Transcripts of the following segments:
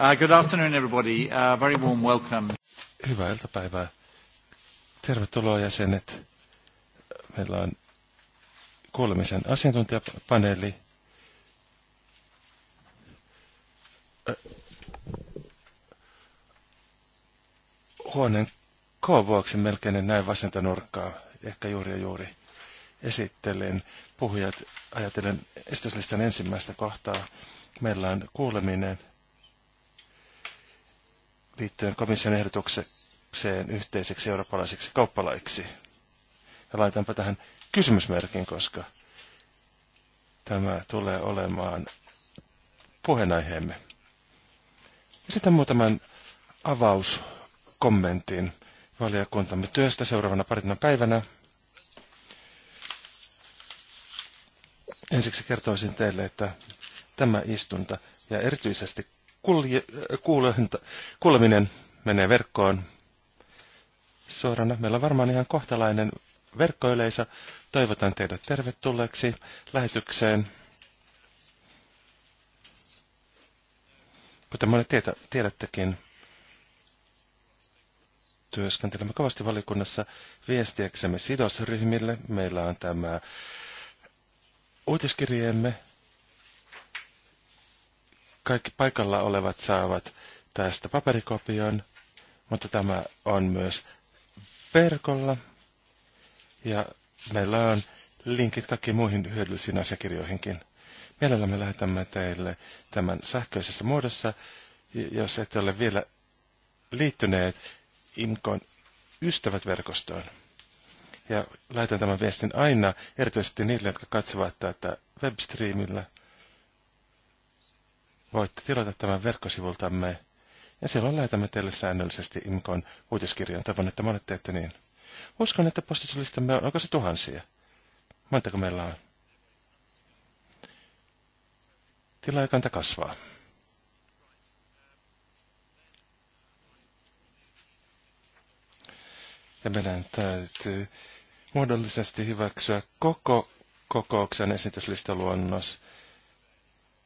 Uh, good afternoon everybody. Uh, very warm welcome. Hyvää iltapäivää. Tervetuloa jäsenet. Meillä on kuulemisen asiantuntijapaneeli. Huoneen koon vuoksi melkein näin vasenta nurkkaa, ehkä juuri ja juuri esittelen puhujat. Ajatellen esityslistan ensimmäistä kohtaa. Meillä on kuuleminen – liittyen komission ehdotukseen yhteiseksi eurooppalaiseksi kauppalaiksi. Ja laitanpa tähän kysymysmerkin, koska tämä tulee olemaan puheenaiheemme. sitten muutaman avauskommentin valiokuntamme työstä seuraavana parina päivänä. Ensiksi kertoisin teille, että tämä istunta ja erityisesti kulje, kuuleminen menee verkkoon suorana. Meillä on varmaan ihan kohtalainen verkkoyleisö. Toivotan teidät tervetulleeksi lähetykseen. Kuten monet tietä, tiedättekin, työskentelemme kovasti valikunnassa viestiäksemme sidosryhmille. Meillä on tämä uutiskirjeemme, kaikki paikalla olevat saavat tästä paperikopion, mutta tämä on myös verkolla. Ja meillä on linkit kaikkiin muihin hyödyllisiin asiakirjoihinkin. Mielellämme lähetämme teille tämän sähköisessä muodossa. Jos ette ole vielä liittyneet Inkon ystävät-verkostoon. Ja laitan tämän viestin aina, erityisesti niille, jotka katsovat tätä webstreamillä – voitte tilata tämän verkkosivultamme ja silloin lähetämme teille säännöllisesti IMKon uutiskirjan. Toivon, että monet teette niin. Uskon, että postitulistamme on, onko se tuhansia? Montako meillä on? Tilaajakanta kasvaa. Ja meidän täytyy muodollisesti hyväksyä koko kokouksen esityslistaluonnos,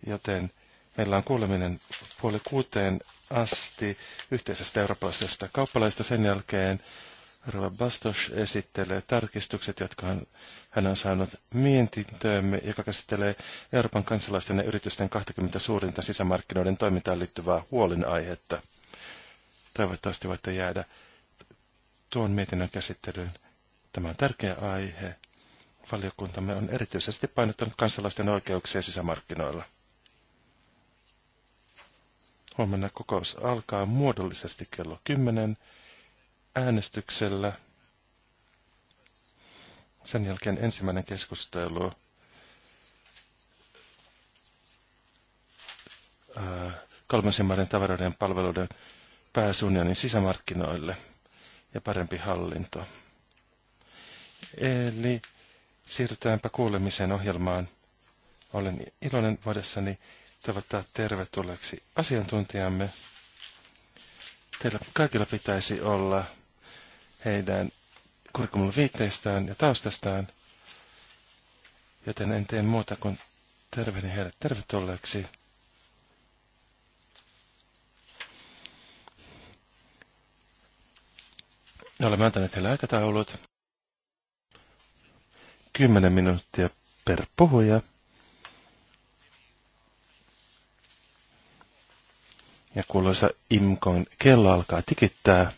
joten Meillä on kuuleminen puoli kuuteen asti yhteisestä eurooppalaisesta kauppalaista. Sen jälkeen Rova Bastos esittelee tarkistukset, jotka hän on saanut mietintöömme, joka käsittelee Euroopan kansalaisten ja yritysten 20 suurinta sisämarkkinoiden toimintaan liittyvää huolenaihetta. Toivottavasti voitte jäädä tuon mietinnön käsittelyyn. Tämä on tärkeä aihe. Valiokuntamme on erityisesti painottanut kansalaisten oikeuksia sisämarkkinoilla. Huomenna kokous alkaa muodollisesti kello 10 äänestyksellä. Sen jälkeen ensimmäinen keskustelu äh, kolmansien maiden tavaroiden ja palveluiden pääsunionin sisämarkkinoille ja parempi hallinto. Eli siirrytäänpä kuulemiseen ohjelmaan. Olen iloinen vuodessani toivottaa tervetulleeksi asiantuntijamme. Teillä kaikilla pitäisi olla heidän kurkumulla viitteistään ja taustastaan, joten en tee muuta kuin tervehdin heidät tervetulleeksi. Olemme antaneet heille aikataulut. Kymmenen minuuttia per puhuja. ja kuuluisa IMKON kello alkaa tikittää.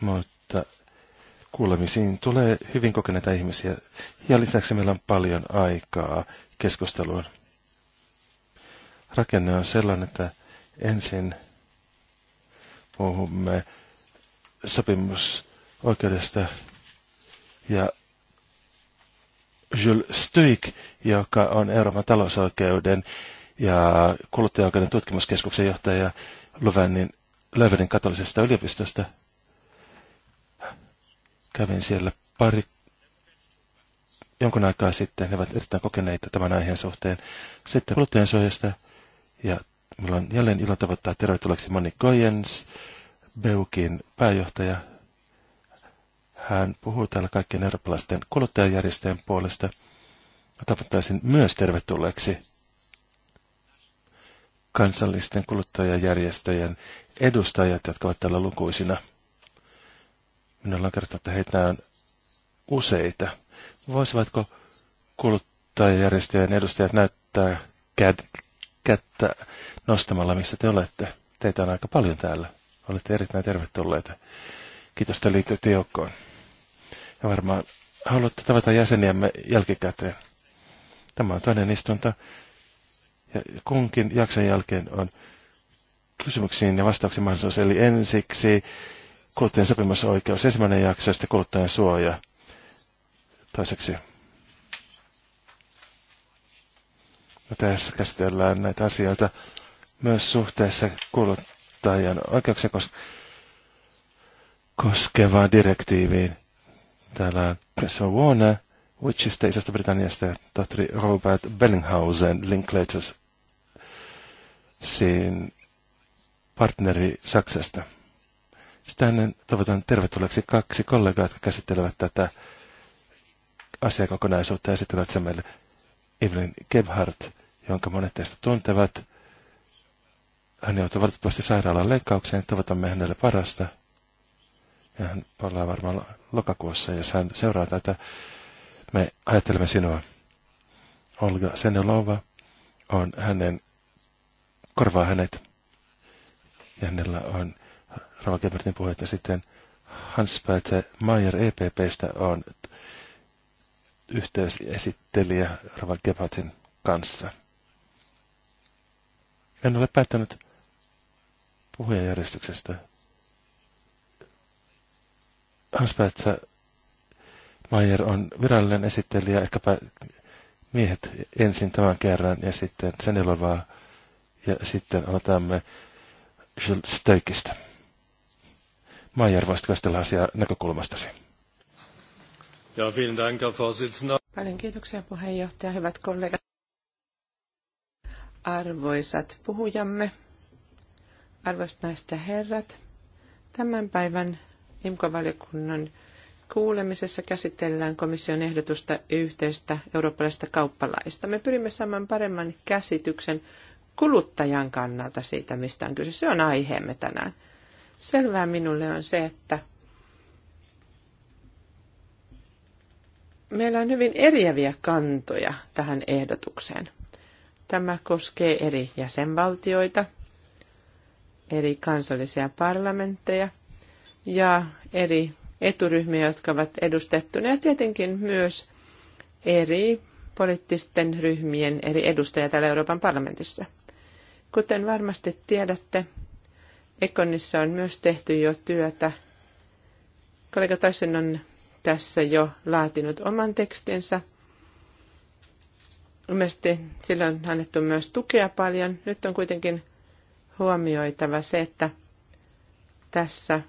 Mutta kuulemisiin tulee hyvin kokeneita ihmisiä ja lisäksi meillä on paljon aikaa keskusteluun. Rakenne on sellainen, että ensin puhumme sopimusoikeudesta ja Jules Stuyck, joka on Euroopan talousoikeuden ja kuluttajaoikeuden tutkimuskeskuksen johtaja Luvennin Lövenin katolisesta yliopistosta. Kävin siellä pari jonkun aikaa sitten. He ovat erittäin kokeneita tämän aiheen suhteen. Sitten kuluttajansuojasta. Ja minulla on jälleen ilo tavoittaa tervetulleeksi Moni Goyens, Beukin pääjohtaja. Hän puhuu täällä kaikkien eurooppalaisten kuluttajajärjestöjen puolesta. Tavoittaisin myös tervetulleeksi kansallisten kuluttajajärjestöjen edustajat, jotka ovat täällä lukuisina. Minulla on kertoa, että heitä on useita. Voisivatko kuluttajajärjestöjen edustajat näyttää käd- kättä nostamalla, missä te olette? Teitä on aika paljon täällä. Olette erittäin tervetulleita. Kiitos, että liittyitte joukkoon ja varmaan haluatte tavata jäseniämme jälkikäteen. Tämä on toinen istunto. Ja kunkin jakson jälkeen on kysymyksiin ja vastauksiin mahdollisuus. Eli ensiksi kuluttajan sopimusoikeus, ensimmäinen jakso, sitten kuluttajan suoja. Toiseksi. No, tässä käsitellään näitä asioita myös suhteessa kuluttajan oikeuksia koskevaan direktiiviin. Täällä on Professor Warner, Wichistä isosta Britanniasta, tohtori Robert Bellinghausen Linklaters sin partneri Saksasta. Sitä ennen toivotan tervetulleeksi kaksi kollegaa, jotka käsittelevät tätä asiakokonaisuutta ja esittelevät se meille Evelyn Gebhardt, jonka monet teistä tuntevat. Hän joutui valitettavasti sairaalan leikkaukseen. Toivotamme hänelle parasta. Ja hän palaa varmaan lokakuussa, jos hän seuraa tätä. Me ajattelemme sinua. Olga Senelova on hänen, korvaa hänet. Ja hänellä on Rava Gebertin puhetta sitten Hans-Peter Mayer EPPstä on yhteysesittelijä Rava Gebertin kanssa. En ole päättänyt puhujajärjestyksestä. Hanspätsä Mayer on virallinen esittelijä, ehkäpä miehet ensin tämän kerran ja sitten Senilovaa ja sitten aloitamme Stöikistä. Mayer, voisitko tällä asiaa näkökulmastasi? Ja, vielen Dank, Paljon kiitoksia puheenjohtaja, hyvät kollegat. Arvoisat puhujamme, arvoisat naiset ja herrat, tämän päivän IMCO-valiokunnan kuulemisessa käsitellään komission ehdotusta yhteistä eurooppalaisesta kauppalaista. Me pyrimme saamaan paremman käsityksen kuluttajan kannalta siitä, mistä on kyse. Se on aiheemme tänään. Selvää minulle on se, että meillä on hyvin eriäviä kantoja tähän ehdotukseen. Tämä koskee eri jäsenvaltioita, eri kansallisia parlamentteja – ja eri eturyhmiä, jotka ovat edustettuna ja tietenkin myös eri poliittisten ryhmien eri edustajia täällä Euroopan parlamentissa. Kuten varmasti tiedätte, Ekonissa on myös tehty jo työtä. Kollega Tyson on tässä jo laatinut oman tekstinsä. Ilmeisesti sillä on annettu myös tukea paljon. Nyt on kuitenkin huomioitava se, että tässä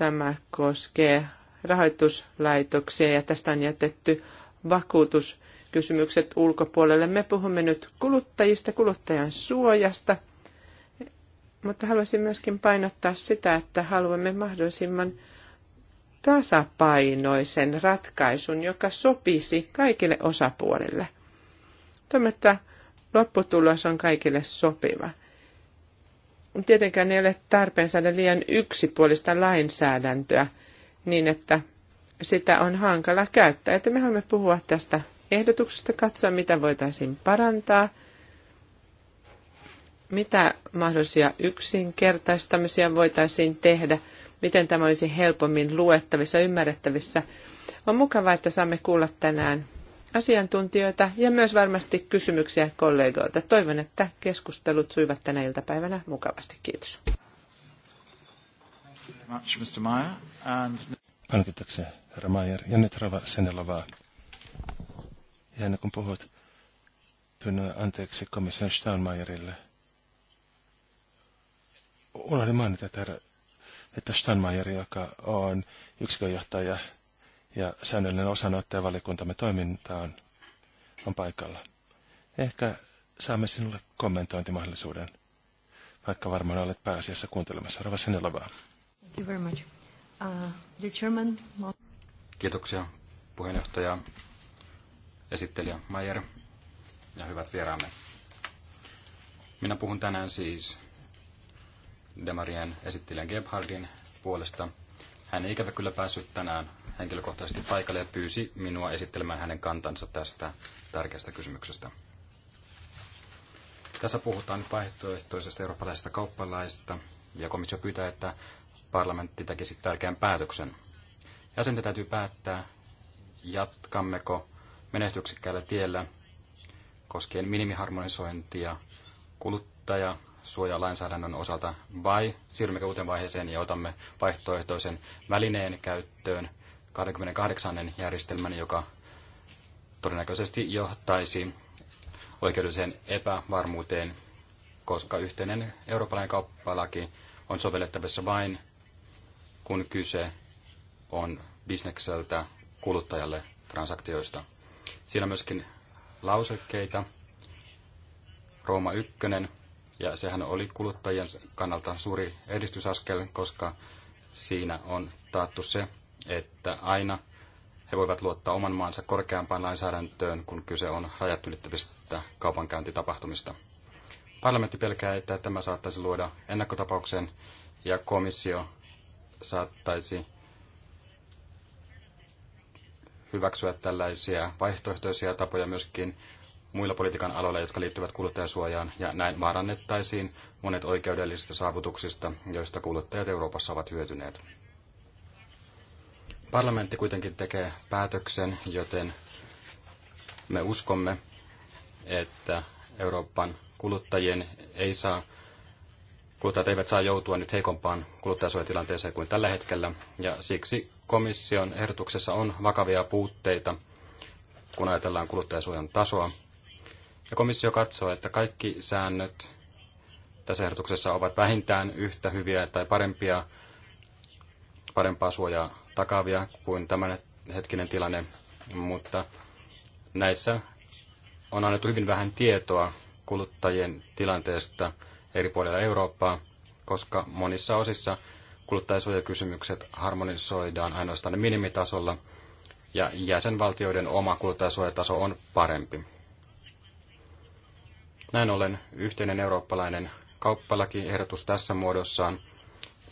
Tämä koskee rahoituslaitoksia ja tästä on jätetty vakuutuskysymykset ulkopuolelle. Me puhumme nyt kuluttajista, kuluttajan suojasta, mutta haluaisin myöskin painottaa sitä, että haluamme mahdollisimman tasapainoisen ratkaisun, joka sopisi kaikille osapuolille. Tämä, että lopputulos on kaikille sopiva. Tietenkään ei ole tarpeen saada liian yksipuolista lainsäädäntöä niin, että sitä on hankala käyttää. Että me haluamme puhua tästä ehdotuksesta, katsoa mitä voitaisiin parantaa, mitä mahdollisia yksinkertaistamisia voitaisiin tehdä, miten tämä olisi helpommin luettavissa, ymmärrettävissä. On mukavaa, että saamme kuulla tänään asiantuntijoita ja myös varmasti kysymyksiä kollegoilta. Toivon, että keskustelut suivat tänä iltapäivänä mukavasti. Kiitos. kiitoksia, herra Mayer. Ja nyt Rava Senelovaa. Ja ennen kuin puhut, pyydän anteeksi komission Steinmeierille. Unohdin mainita, että, herra, että Steinmeier, joka on yksikönjohtaja ja säännöllinen osanottaja valikuntamme toimintaan on paikalla. Ehkä saamme sinulle kommentointimahdollisuuden, vaikka varmaan olet pääasiassa kuuntelemassa. Rova Senelovaa. Thank you very much. Uh, the chairman... Kiitoksia puheenjohtaja, esittelijä Mayer ja hyvät vieraamme. Minä puhun tänään siis Demarien esittelijän Gebhardin puolesta. Hän ei ikävä kyllä päässyt tänään henkilökohtaisesti paikalle ja pyysi minua esittelemään hänen kantansa tästä tärkeästä kysymyksestä. Tässä puhutaan nyt vaihtoehtoisesta eurooppalaisesta kauppalaista, ja komissio pyytää, että parlamentti tekisi tärkeän päätöksen. Jäsenten täytyy päättää, jatkammeko menestyksekkäällä tiellä koskien minimiharmonisointia kuluttaja lainsäädännön osalta vai siirrymmekö uuteen vaiheeseen ja otamme vaihtoehtoisen välineen käyttöön, 28. järjestelmän, joka todennäköisesti johtaisi oikeudelliseen epävarmuuteen, koska yhteinen eurooppalainen kauppalaki on sovellettavissa vain, kun kyse on bisnekseltä kuluttajalle transaktioista. Siinä on myöskin lausekkeita, Rooma 1, ja sehän oli kuluttajien kannalta suuri edistysaskel, koska siinä on taattu se, että aina he voivat luottaa oman maansa korkeampaan lainsäädäntöön, kun kyse on rajat ylittävistä kaupankäyntitapahtumista. Parlamentti pelkää, että tämä saattaisi luoda ennakkotapauksen ja komissio saattaisi hyväksyä tällaisia vaihtoehtoisia tapoja myöskin muilla politiikan aloilla, jotka liittyvät kuluttajasuojaan, ja näin vaarannettaisiin monet oikeudellisista saavutuksista, joista kuluttajat Euroopassa ovat hyötyneet. Parlamentti kuitenkin tekee päätöksen, joten me uskomme, että Euroopan kuluttajien ei saa, kuluttajat eivät saa joutua nyt heikompaan kuluttajasuojatilanteeseen kuin tällä hetkellä, ja siksi komission ehdotuksessa on vakavia puutteita, kun ajatellaan kuluttajasuojan tasoa. Ja komissio katsoo, että kaikki säännöt tässä ehdotuksessa ovat vähintään yhtä hyviä tai parempia, parempaa suojaa takavia kuin tämän hetkinen tilanne, mutta näissä on annettu hyvin vähän tietoa kuluttajien tilanteesta eri puolilla Eurooppaa, koska monissa osissa kuluttajasuojakysymykset harmonisoidaan ainoastaan minimitasolla ja jäsenvaltioiden oma kuluttajasuojataso on parempi. Näin ollen yhteinen eurooppalainen kauppalakiehdotus tässä muodossaan –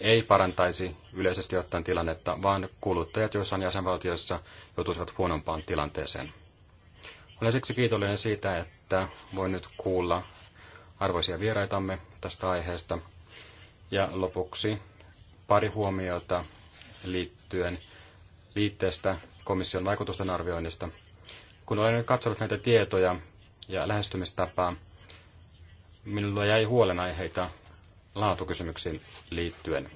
ei parantaisi yleisesti ottaen tilannetta, vaan kuluttajat joissain jäsenvaltioissa joutuisivat huonompaan tilanteeseen. Olen siksi kiitollinen siitä, että voin nyt kuulla arvoisia vieraitamme tästä aiheesta. Ja lopuksi pari huomiota liittyen liitteestä komission vaikutusten arvioinnista. Kun olen nyt katsonut näitä tietoja ja lähestymistapaa, minulla jäi huolenaiheita laatukysymyksiin liittyen.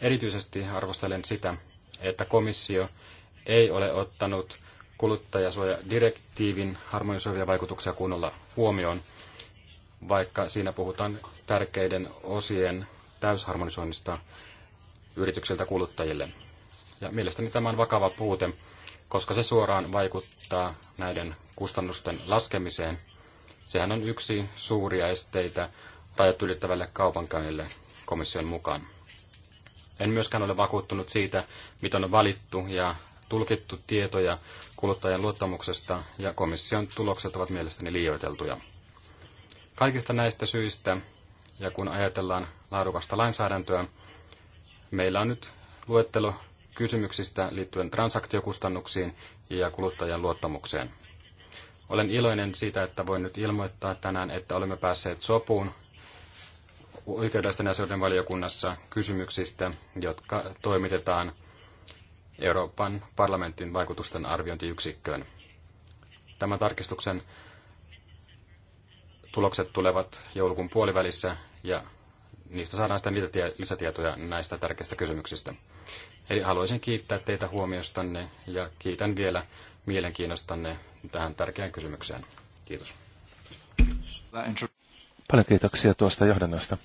Erityisesti arvostelen sitä, että komissio ei ole ottanut kuluttajasuojadirektiivin harmonisoivia vaikutuksia kunnolla huomioon, vaikka siinä puhutaan tärkeiden osien täysharmonisoinnista yrityksiltä kuluttajille. Ja mielestäni tämä on vakava puute, koska se suoraan vaikuttaa näiden kustannusten laskemiseen. Sehän on yksi suuria esteitä rajat ylittävälle kaupankäynnille komission mukaan. En myöskään ole vakuuttunut siitä, mitä on valittu ja tulkittu tietoja kuluttajan luottamuksesta ja komission tulokset ovat mielestäni liioiteltuja. Kaikista näistä syistä, ja kun ajatellaan laadukasta lainsäädäntöä, meillä on nyt luettelo kysymyksistä liittyen transaktiokustannuksiin ja kuluttajan luottamukseen. Olen iloinen siitä, että voin nyt ilmoittaa tänään, että olemme päässeet sopuun oikeudellisten asioiden valiokunnassa kysymyksistä, jotka toimitetaan Euroopan parlamentin vaikutusten arviointiyksikköön. Tämän tarkistuksen tulokset tulevat joulukuun puolivälissä ja niistä saadaan sitten niitä lisätietoja näistä tärkeistä kysymyksistä. Eli haluaisin kiittää teitä huomiostanne ja kiitän vielä mielenkiinnostanne tähän tärkeään kysymykseen. Kiitos. Paljon kiitoksia tuosta johdannosta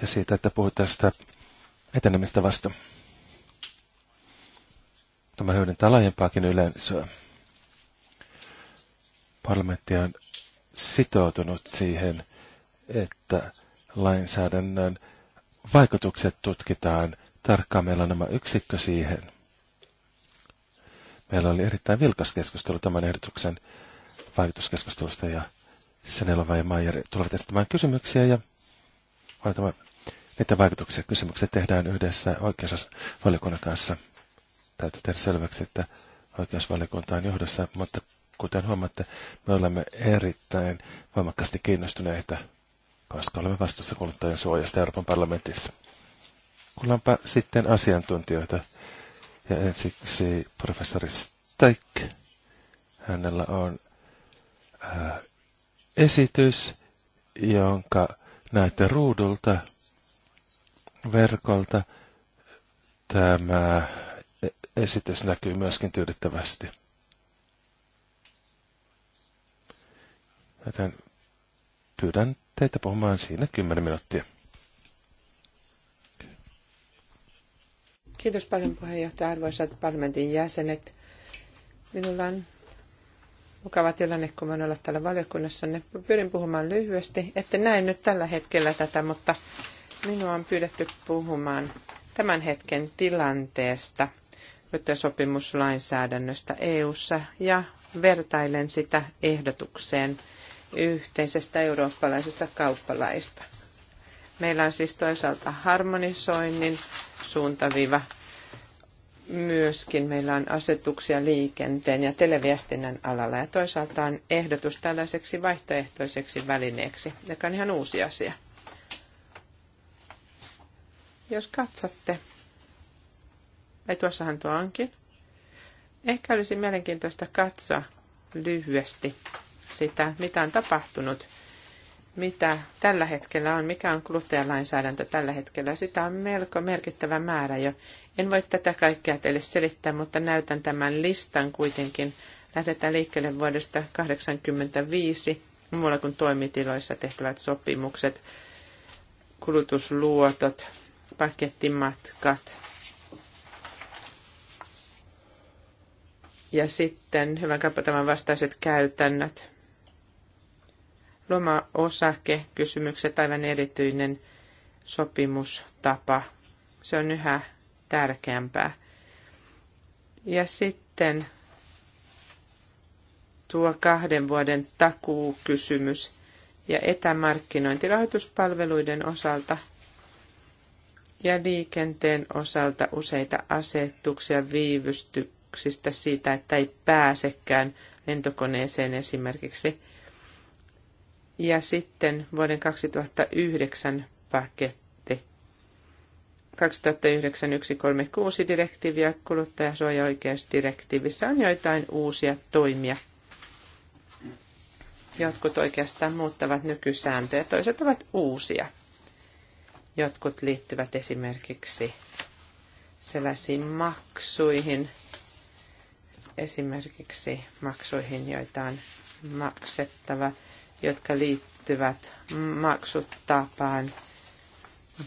ja siitä, että puhutaan sitä etenemistä vasta. Tämä hyödyntää laajempaakin yleisöä. Parlamentti on sitoutunut siihen, että lainsäädännön vaikutukset tutkitaan tarkkaan. Meillä on nämä yksikkö siihen. Meillä oli erittäin vilkas keskustelu tämän ehdotuksen vaikutuskeskustelusta ja Senelova ja Maijari tulevat esittämään kysymyksiä ja olen niiden vaikutuksia kysymykset tehdään yhdessä oikeusvaliokunnan kanssa. Täytyy tehdä selväksi, että oikeusvaliokunta on johdossa, mutta kuten huomaatte, me olemme erittäin voimakkaasti kiinnostuneita, koska olemme vastuussa kuluttajan suojasta Euroopan parlamentissa. Kuullaanpa sitten asiantuntijoita. Ja ensiksi professori Steik. Hänellä on äh, esitys, jonka näette ruudulta verkolta. Tämä esitys näkyy myöskin tyydyttävästi. Joten pyydän teitä puhumaan siinä 10 minuuttia. Kiitos paljon puheenjohtaja, arvoisat parlamentin jäsenet. Minulla on mukava tilanne, kun voin olla täällä valiokunnassa. Pyrin puhumaan lyhyesti, että näen nyt tällä hetkellä tätä, mutta Minua on pyydetty puhumaan tämän hetken tilanteesta sopimuslainsäädännöstä EU:ssa ja vertailen sitä ehdotukseen yhteisestä eurooppalaisesta kauppalaista. Meillä on siis toisaalta harmonisoinnin suuntaviiva. Myöskin meillä on asetuksia liikenteen ja televiestinnän alalla ja toisaalta on ehdotus tällaiseksi vaihtoehtoiseksi välineeksi, joka on ihan uusi asia. Jos katsotte, ei tuossahan tuo onkin. Ehkä olisi mielenkiintoista katsoa lyhyesti sitä, mitä on tapahtunut, mitä tällä hetkellä on, mikä on kuluttajalainsäädäntö tällä hetkellä. Sitä on melko merkittävä määrä jo. En voi tätä kaikkea teille selittää, mutta näytän tämän listan kuitenkin. Lähdetään liikkeelle vuodesta 1985, muualla kuin toimitiloissa tehtävät sopimukset, kulutusluotot, pakettimatkat. Ja sitten hyvän kauppatavan vastaiset käytännöt. Loma-osake, kysymykset, aivan erityinen sopimustapa. Se on yhä tärkeämpää. Ja sitten tuo kahden vuoden takuukysymys ja etämarkkinointirahoituspalveluiden osalta – ja liikenteen osalta useita asetuksia viivystyksistä siitä, että ei pääsekään lentokoneeseen esimerkiksi. Ja sitten vuoden 2009 paketti. 2009 direktiivi ja kuluttajasuojaoikeusdirektiivissä on joitain uusia toimia. Jotkut oikeastaan muuttavat nykysääntöjä, toiset ovat uusia – Jotkut liittyvät esimerkiksi sellaisiin maksuihin, esimerkiksi maksuihin, joita on maksettava, jotka liittyvät maksutapaan,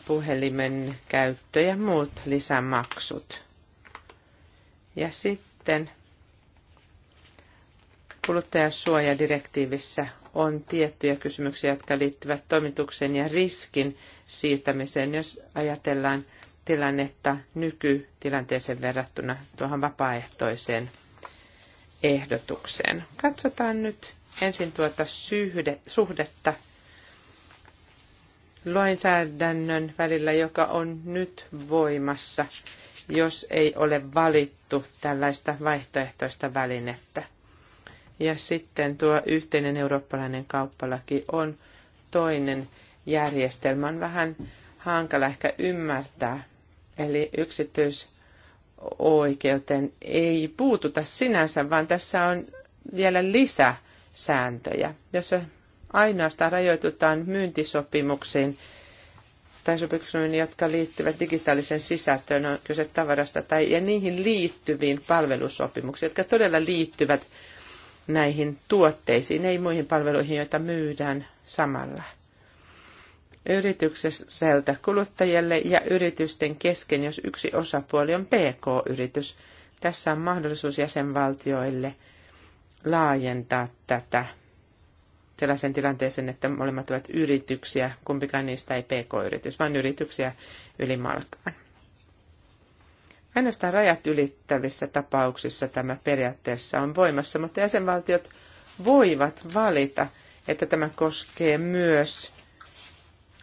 puhelimen käyttö ja muut lisämaksut. Ja sitten kuluttajasuojadirektiivissä on tiettyjä kysymyksiä, jotka liittyvät toimitukseen ja riskin siirtämiseen, jos ajatellaan tilannetta nykytilanteeseen verrattuna tuohon vapaaehtoiseen ehdotukseen. Katsotaan nyt ensin tuota syhde, suhdetta lainsäädännön välillä, joka on nyt voimassa, jos ei ole valittu tällaista vaihtoehtoista välinettä. Ja sitten tuo yhteinen eurooppalainen kauppalaki on toinen järjestelmä. On vähän hankala ehkä ymmärtää. Eli yksityisoikeuteen ei puututa sinänsä, vaan tässä on vielä lisäsääntöjä. Jos ainoastaan rajoitutaan myyntisopimuksiin tai sopimuksiin, jotka liittyvät digitaalisen sisältöön, on kyse tavarasta, tai ja niihin liittyviin palvelusopimuksiin, jotka todella liittyvät näihin tuotteisiin, ei muihin palveluihin, joita myydään samalla. Yritykseltä kuluttajille ja yritysten kesken, jos yksi osapuoli on PK-yritys. Tässä on mahdollisuus jäsenvaltioille laajentaa tätä sellaisen tilanteeseen, että molemmat ovat yrityksiä, kumpikaan niistä ei pk-yritys, vaan yrityksiä yli Ainoastaan rajat ylittävissä tapauksissa tämä periaatteessa on voimassa, mutta jäsenvaltiot voivat valita, että tämä koskee myös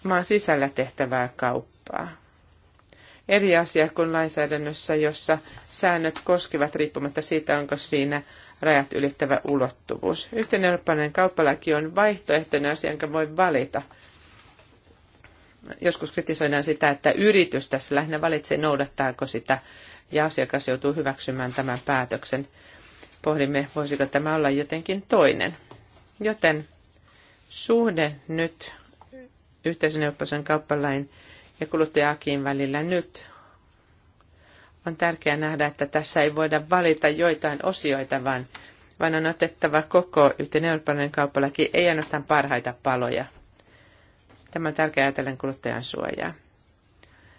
maan sisällä tehtävää kauppaa. Eri asia kuin lainsäädännössä, jossa säännöt koskevat riippumatta siitä, onko siinä rajat ylittävä ulottuvuus. Yhteinen eurooppalainen kauppalaki on vaihtoehtoinen asia, jonka voi valita – joskus kritisoidaan sitä, että yritys tässä lähinnä valitsee noudattaako sitä ja asiakas joutuu hyväksymään tämän päätöksen. Pohdimme, voisiko tämä olla jotenkin toinen. Joten suhde nyt yhteisen kauppalain ja kuluttajaakin välillä nyt on tärkeää nähdä, että tässä ei voida valita joitain osioita, vaan, vaan on otettava koko yhteinen eurooppalainen kauppalaki, ei ainoastaan parhaita paloja, Tämä on tärkeää ajatellen kuluttajan suojaa.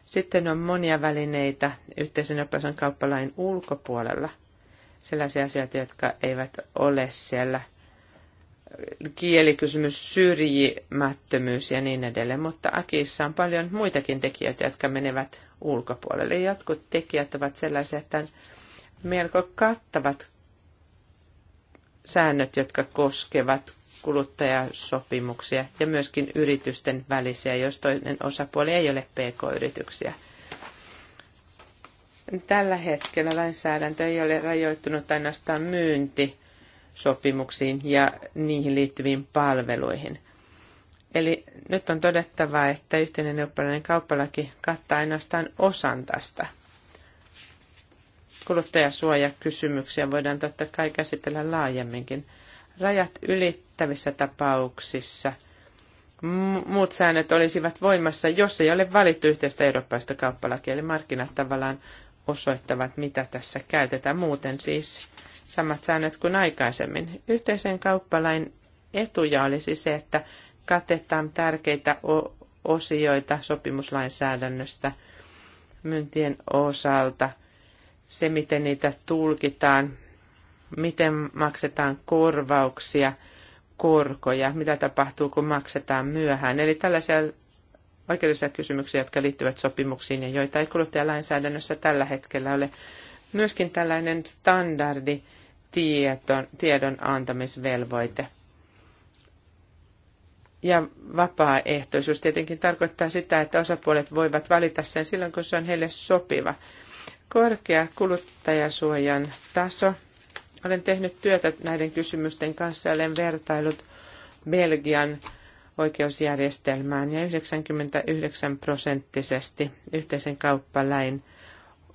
Sitten on monia välineitä yhteisen nopeuden kauppalain ulkopuolella. Sellaisia asioita, jotka eivät ole siellä. Kielikysymys, syrjimättömyys ja niin edelleen. Mutta Akiissa on paljon muitakin tekijöitä, jotka menevät ulkopuolelle. Jotkut tekijät ovat sellaisia, että melko kattavat säännöt, jotka koskevat kuluttajasopimuksia ja myöskin yritysten välisiä, jos toinen osapuoli ei ole pk-yrityksiä. Tällä hetkellä lainsäädäntö ei ole rajoittunut ainoastaan myyntisopimuksiin ja niihin liittyviin palveluihin. Eli nyt on todettava, että yhteinen eurooppalainen kauppalaki kattaa ainoastaan osan tästä. Kuluttajasuojakysymyksiä voidaan totta kai käsitellä laajemminkin – rajat ylittävissä tapauksissa muut säännöt olisivat voimassa, jos ei ole valittu yhteistä eurooppaista kauppalakia, eli markkinat tavallaan osoittavat, mitä tässä käytetään. Muuten siis samat säännöt kuin aikaisemmin. Yhteisen kauppalain etuja olisi se, että katetaan tärkeitä osioita sopimuslainsäädännöstä myyntien osalta, se miten niitä tulkitaan, miten maksetaan korvauksia, korkoja, mitä tapahtuu, kun maksetaan myöhään. Eli tällaisia oikeudellisia kysymyksiä, jotka liittyvät sopimuksiin ja joita ei kuluttajalainsäädännössä tällä hetkellä ole. Myöskin tällainen standardi tiedon, tiedon antamisvelvoite. Ja vapaaehtoisuus tietenkin tarkoittaa sitä, että osapuolet voivat valita sen silloin, kun se on heille sopiva. Korkea kuluttajasuojan taso olen tehnyt työtä näiden kysymysten kanssa, olen vertailut Belgian oikeusjärjestelmään ja 99 prosenttisesti yhteisen kauppalain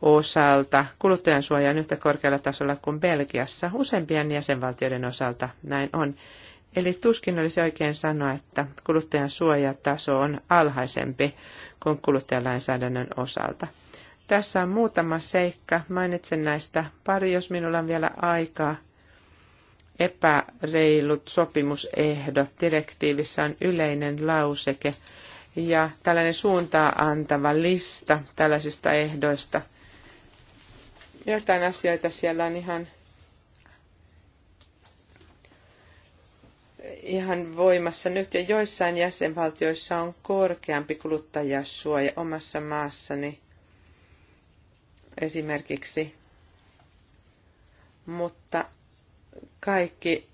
osalta kuluttajansuoja on yhtä korkealla tasolla kuin Belgiassa. Useimpien jäsenvaltioiden osalta näin on. Eli tuskin olisi oikein sanoa, että kuluttajan suojataso on alhaisempi kuin kuluttajalainsäädännön osalta. Tässä on muutama seikka. Mainitsen näistä pari, jos minulla on vielä aikaa. Epäreilut sopimusehdot. Direktiivissä on yleinen lauseke ja tällainen suuntaa antava lista tällaisista ehdoista. Jotain asioita siellä on ihan, ihan voimassa nyt ja joissain jäsenvaltioissa on korkeampi kuluttajasuoja omassa maassani esimerkiksi, mutta kaikki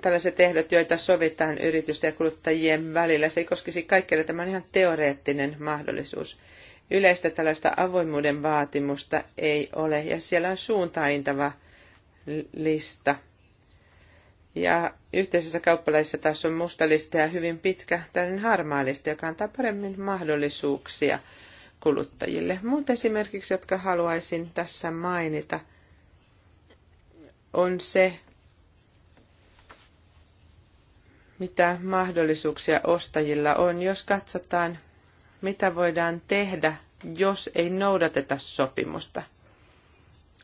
tällaiset ehdot, joita sovitaan yritysten ja kuluttajien välillä, se ei koskisi kaikkea. Tämä on ihan teoreettinen mahdollisuus. Yleistä tällaista avoimuuden vaatimusta ei ole, ja siellä on suuntaintava lista. Ja yhteisessä kauppalaisessa taas on musta lista ja hyvin pitkä tällainen harmaa lista, joka antaa paremmin mahdollisuuksia – kuluttajille. Muut esimerkiksi, jotka haluaisin tässä mainita, on se, mitä mahdollisuuksia ostajilla on, jos katsotaan, mitä voidaan tehdä, jos ei noudateta sopimusta.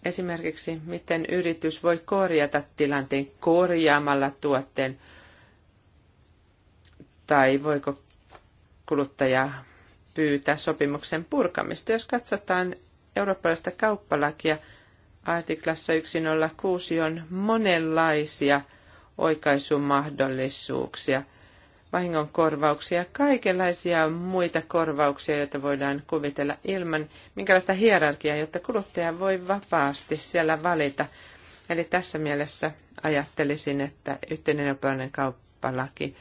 Esimerkiksi, miten yritys voi korjata tilanteen korjaamalla tuotteen, tai voiko kuluttaja pyytää sopimuksen purkamista. Jos katsotaan eurooppalaista kauppalakia, artiklassa 106 on monenlaisia oikaisumahdollisuuksia, vahingonkorvauksia ja kaikenlaisia muita korvauksia, joita voidaan kuvitella ilman minkälaista hierarkiaa, jotta kuluttaja voi vapaasti siellä valita. Eli tässä mielessä ajattelisin, että yhteinen eurooppalainen kauppalaki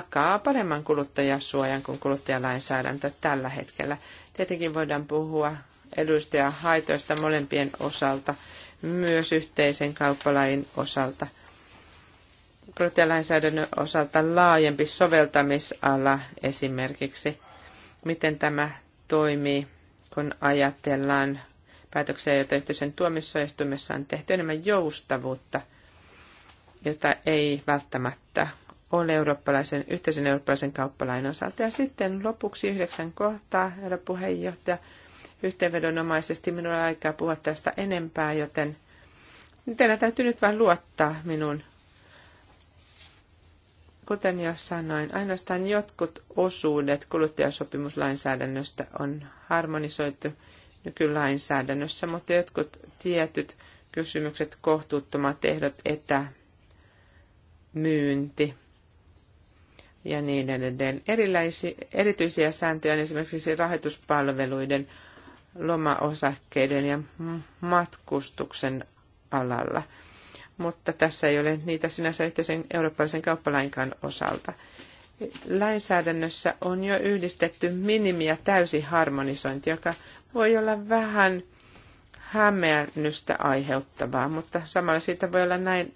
takaa paremman kuluttajasuojan kuin kuluttajalainsäädäntö tällä hetkellä. Tietenkin voidaan puhua eduista ja haitoista molempien osalta, myös yhteisen kauppalain osalta. Kuluttajalainsäädännön osalta laajempi soveltamisala esimerkiksi, miten tämä toimii, kun ajatellaan päätöksiä, joita yhteisen tuomioistuimessa on tehty enemmän joustavuutta, jota ei välttämättä on eurooppalaisen, yhteisen eurooppalaisen kauppalain osalta. Ja sitten lopuksi yhdeksän kohtaa, herra puheenjohtaja. Yhteenvedonomaisesti minulla on aikaa puhua tästä enempää, joten teidän täytyy nyt vain luottaa minun. Kuten jo sanoin, ainoastaan jotkut osuudet kuluttajasopimuslainsäädännöstä on harmonisoitu nykylainsäädännössä, mutta jotkut tietyt kysymykset, kohtuuttomat ehdot, etämyynti, ja niin edelleen. Erilaisi, erityisiä sääntöjä on esimerkiksi rahoituspalveluiden, lomaosakkeiden ja matkustuksen alalla. Mutta tässä ei ole niitä sinänsä yhteisen eurooppalaisen kauppalainkaan osalta. Lainsäädännössä on jo yhdistetty minimi- ja täysiharmonisointi, joka voi olla vähän hämmennystä aiheuttavaa, mutta samalla siitä voi olla näin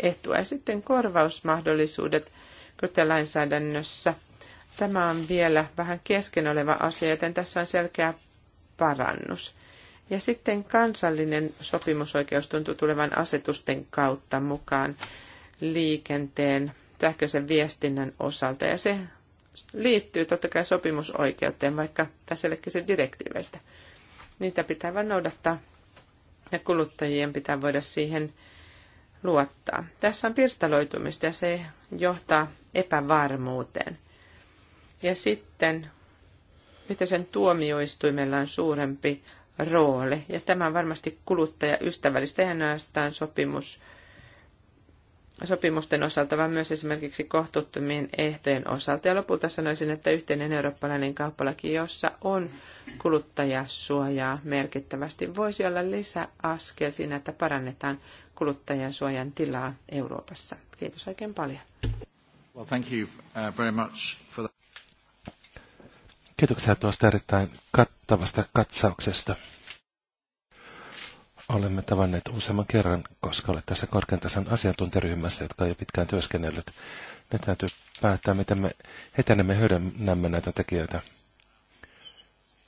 etua. Ja sitten korvausmahdollisuudet – kuluttajalainsäädännössä. Tämä on vielä vähän kesken oleva asia, joten tässä on selkeä parannus. Ja sitten kansallinen sopimusoikeus tuntuu tulevan asetusten kautta mukaan liikenteen sähköisen viestinnän osalta. Ja se liittyy totta kai sopimusoikeuteen, vaikka tässä ei se direktiiveistä. Niitä pitää vain noudattaa ja kuluttajien pitää voida siihen luottaa. Tässä on pirstaloitumista ja se johtaa epävarmuuteen. Ja sitten yhteisen tuomioistuimella on suurempi rooli. Ja tämä on varmasti ystävällistä ja ainoastaan sopimus, sopimusten osalta, vaan myös esimerkiksi kohtuuttomien ehtojen osalta. Ja lopulta sanoisin, että yhteinen eurooppalainen kauppalaki, jossa on kuluttajasuojaa merkittävästi, voisi olla lisäaskel siinä, että parannetaan kuluttajansuojan tilaa Euroopassa. Kiitos oikein paljon. Well, thank you uh, very much for Kiitoksia tuosta erittäin kattavasta katsauksesta. Olemme tavanneet useamman kerran, koska olet tässä korkean tason asiantuntijaryhmässä, jotka on jo pitkään työskennellyt. Nyt täytyy päättää, miten me etenemme hyödynnämme näitä tekijöitä.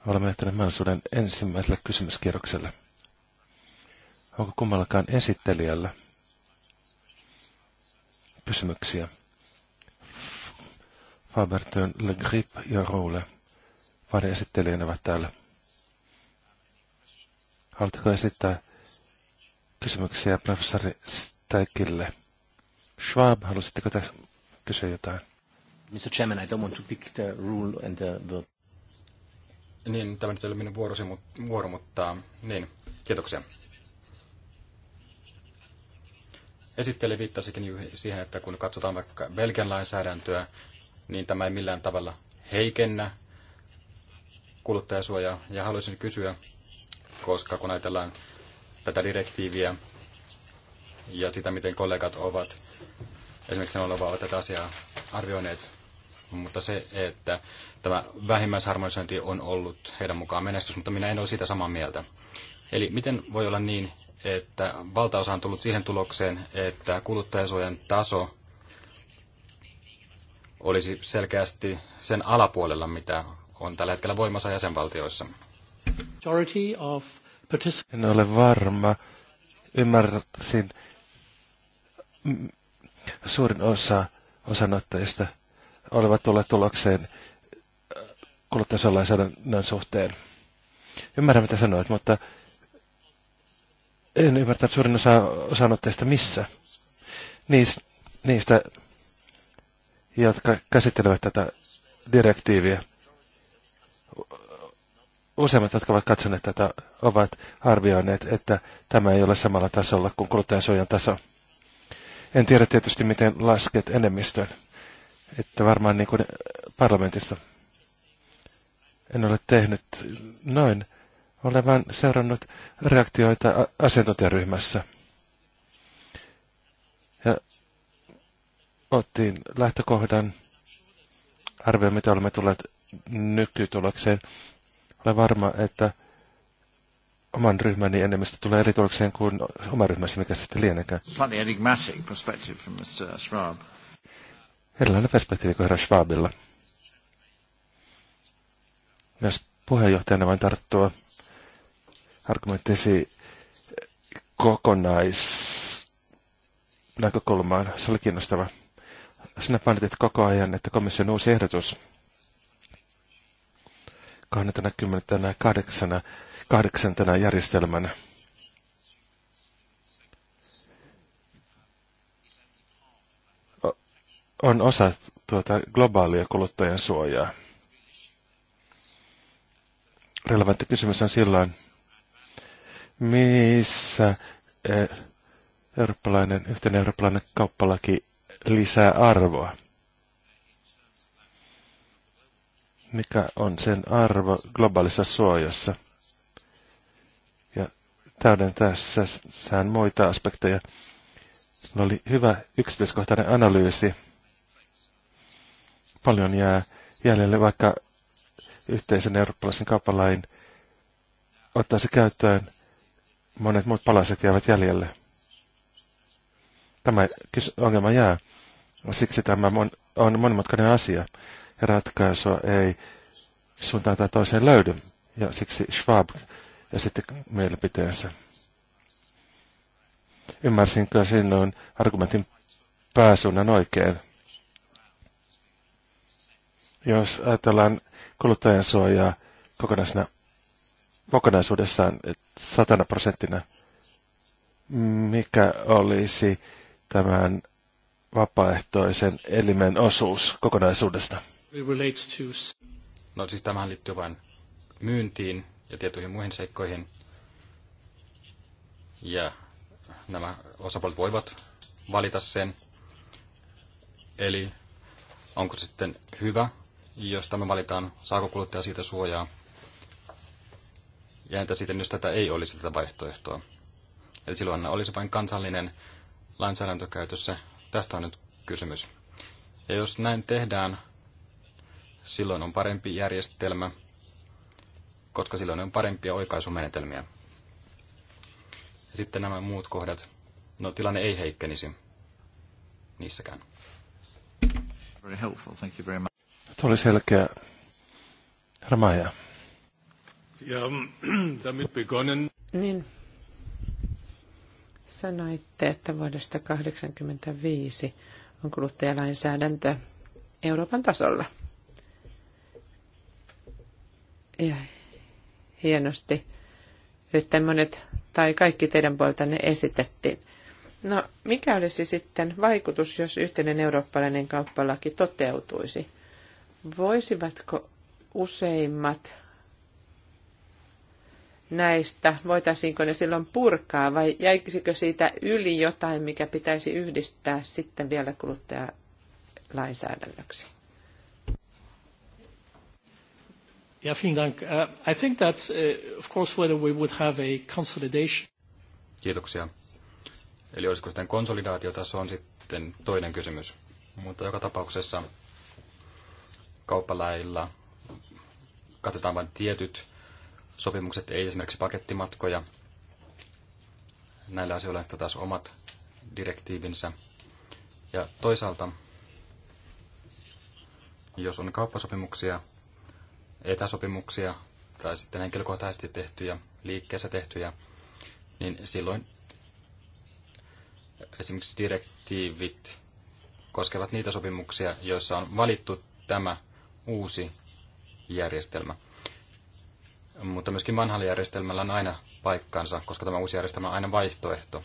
Olemme jättäneet mahdollisuuden ensimmäiselle kysymyskierrokselle. Onko kummallakaan esittelijällä kysymyksiä? Fabertön, Le Grip ja Roule, vaiden esittelijänä ovat täällä. Haluatteko esittää kysymyksiä professori Steikille? Schwab, halusitteko te kysyä jotain? Mr. Chairman, I don't want to pick the rule and the... the... Niin, tämä nyt ei ole minun vuorosi, mutta, vuoro, mutta niin, kiitoksia. Esitteli viittasikin siihen, että kun katsotaan vaikka Belgian lainsäädäntöä, niin tämä ei millään tavalla heikennä kuluttajasuojaa. Ja haluaisin kysyä, koska kun ajatellaan tätä direktiiviä ja sitä, miten kollegat ovat esimerkiksi sen ovat tätä asiaa arvioineet, mutta se, että tämä vähimmäisharmonisointi on ollut heidän mukaan menestys, mutta minä en ole siitä samaa mieltä. Eli miten voi olla niin, että valtaosa on tullut siihen tulokseen, että kuluttajasuojan taso olisi selkeästi sen alapuolella, mitä on tällä hetkellä voimassa jäsenvaltioissa. En ole varma. Ymmärsin suurin osa osanottajista olevat tulleet tulokseen äh, kuluttajasuojan suhteen. Ymmärrän, mitä sanoit, mutta en ymmärtänyt suurin osa sanotteista missä. Niis, niistä, jotka käsittelevät tätä direktiiviä. Useimmat, jotka ovat katsoneet tätä, ovat arvioineet, että tämä ei ole samalla tasolla kuin kuluttajansuojan taso. En tiedä tietysti, miten lasket enemmistön. Että varmaan niin kuin parlamentissa. En ole tehnyt noin olen vain seurannut reaktioita asiantuntijaryhmässä. Ja ottiin lähtökohdan arvio, mitä olemme tulleet nykytulokseen. Olen varma, että oman ryhmäni enemmistö tulee eri tulokseen kuin oma ryhmäsi mikä sitten lienekään. Erilainen perspektiivi kuin herra Schwabilla. Myös puheenjohtajana voin tarttua argumenttisi kokonaisnäkökulmaan. Se oli kiinnostava. Sinä painotit koko ajan, että komission uusi ehdotus 28. 8. järjestelmänä on osa tuota globaalia kuluttajan suojaa. Relevantti kysymys on silloin, missä eh, eurooppalainen, yhteinen eurooppalainen kauppalaki lisää arvoa. Mikä on sen arvo globaalissa suojassa? Ja täyden tässä sään muita aspekteja. Meillä oli hyvä yksityiskohtainen analyysi. Paljon jää jäljelle, vaikka yhteisen eurooppalaisen kauppalain ottaisi käyttöön monet muut palaset jäävät jäljelle. Tämä ongelma jää. Siksi tämä on monimutkainen asia ja ratkaisua ei suuntaan tai toiseen löydy. Ja siksi Schwab ja sitten mielipiteensä. Ymmärsinkö sinun argumentin pääsuunnan oikein? Jos ajatellaan kuluttajan suojaa kokonaisena kokonaisuudessaan satana prosenttina, mikä olisi tämän vapaaehtoisen elimen osuus kokonaisuudesta? No siis tämähän liittyy vain myyntiin ja tietyihin muihin seikkoihin. Ja nämä osapuolet voivat valita sen. Eli onko sitten hyvä, jos tämä valitaan, saako kuluttaja siitä suojaa ja entä sitten, jos tätä ei olisi tätä vaihtoehtoa? Eli silloin olisi vain kansallinen lainsäädäntö käytössä. Tästä on nyt kysymys. Ja jos näin tehdään, silloin on parempi järjestelmä, koska silloin on parempia oikaisumenetelmiä. Ja sitten nämä muut kohdat. No tilanne ei heikkenisi niissäkään. Very helpful, thank you very much. Tämä oli selkeä. Ramaja. Sie haben damit begonnen. Niin. Sanoitte, että vuodesta 1985 on kuluttajalainsäädäntö Euroopan tasolla. Ja hienosti erittäin monet tai kaikki teidän puoltanne esitettiin. No, mikä olisi sitten vaikutus, jos yhteinen eurooppalainen kauppalaki toteutuisi? Voisivatko useimmat näistä, voitaisiinko ne silloin purkaa vai jäisikö siitä yli jotain, mikä pitäisi yhdistää sitten vielä kuluttajalainsäädännöksi? Dank. Uh, I think that, uh, äh, of course, whether we would have a consolidation. Kiitoksia. Eli olisiko sitten konsolidaatiota, on sitten toinen kysymys. Mutta joka tapauksessa kauppalailla katsotaan vain tietyt sopimukset, ei esimerkiksi pakettimatkoja. Näillä asioilla on taas omat direktiivinsä. Ja toisaalta, jos on kauppasopimuksia, etäsopimuksia tai sitten henkilökohtaisesti tehtyjä, liikkeessä tehtyjä, niin silloin esimerkiksi direktiivit koskevat niitä sopimuksia, joissa on valittu tämä uusi järjestelmä. Mutta myöskin vanhalla järjestelmällä on aina paikkansa, koska tämä uusi järjestelmä on aina vaihtoehto.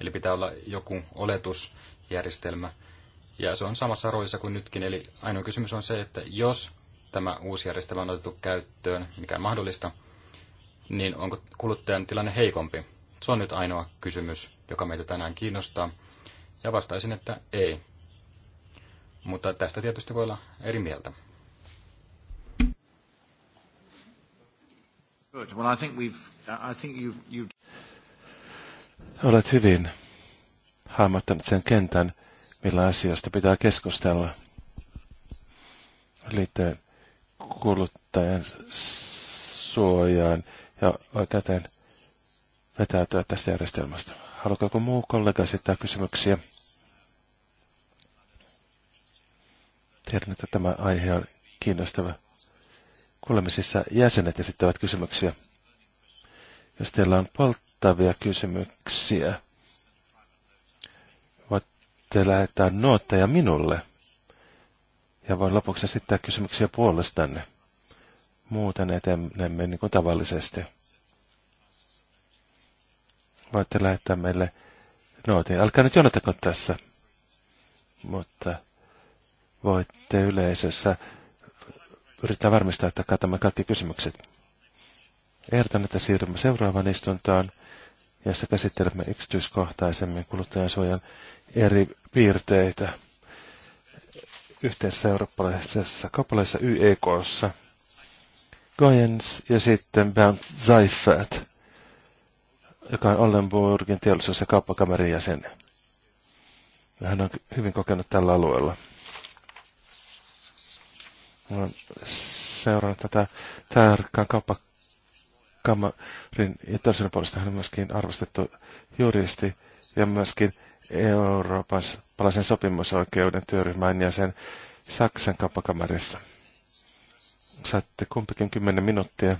Eli pitää olla joku oletusjärjestelmä. Ja se on samassa roolissa kuin nytkin. Eli ainoa kysymys on se, että jos tämä uusi järjestelmä on otettu käyttöön, mikä on mahdollista, niin onko kuluttajan tilanne heikompi? Se on nyt ainoa kysymys, joka meitä tänään kiinnostaa. Ja vastaisin, että ei. Mutta tästä tietysti voi olla eri mieltä. Good. Well, I think we've, I think you've, you've... Olet hyvin hahmottanut sen kentän, millä asiasta pitää keskustella liittyen kuluttajan suojaan ja oikeuteen vetäytyä tästä järjestelmästä. Haluatko joku muu kollega esittää kysymyksiä? Tiedän, että tämä aihe on kiinnostava kuulemisissa jäsenet esittävät kysymyksiä. Jos teillä on polttavia kysymyksiä, voitte lähettää nuotteja minulle. Ja voin lopuksi esittää kysymyksiä puolestanne. Muuten etenemme niin kuin tavallisesti. Voitte lähettää meille nootin. Älkää nyt jonotako tässä. Mutta voitte yleisössä yrittää varmistaa, että katamme kaikki kysymykset. Ehdotan, että siirrymme seuraavaan istuntoon, jossa käsittelemme yksityiskohtaisemmin kuluttajansuojan eri piirteitä yhteisessä eurooppalaisessa kaupallisessa YEKssa. Goyens ja sitten Bernd Seifert, joka on Ollenburgin teollisuus- ja kauppakamerin jäsen. Hän on hyvin kokenut tällä alueella. Olen seurannut tätä tärkkään kauppakamarin ja toisen puolesta hän on myöskin arvostettu juristi ja myöskin Euroopan palaisen sopimusoikeuden työryhmän ja sen Saksan kauppakamarissa. Saatte kumpikin kymmenen minuuttia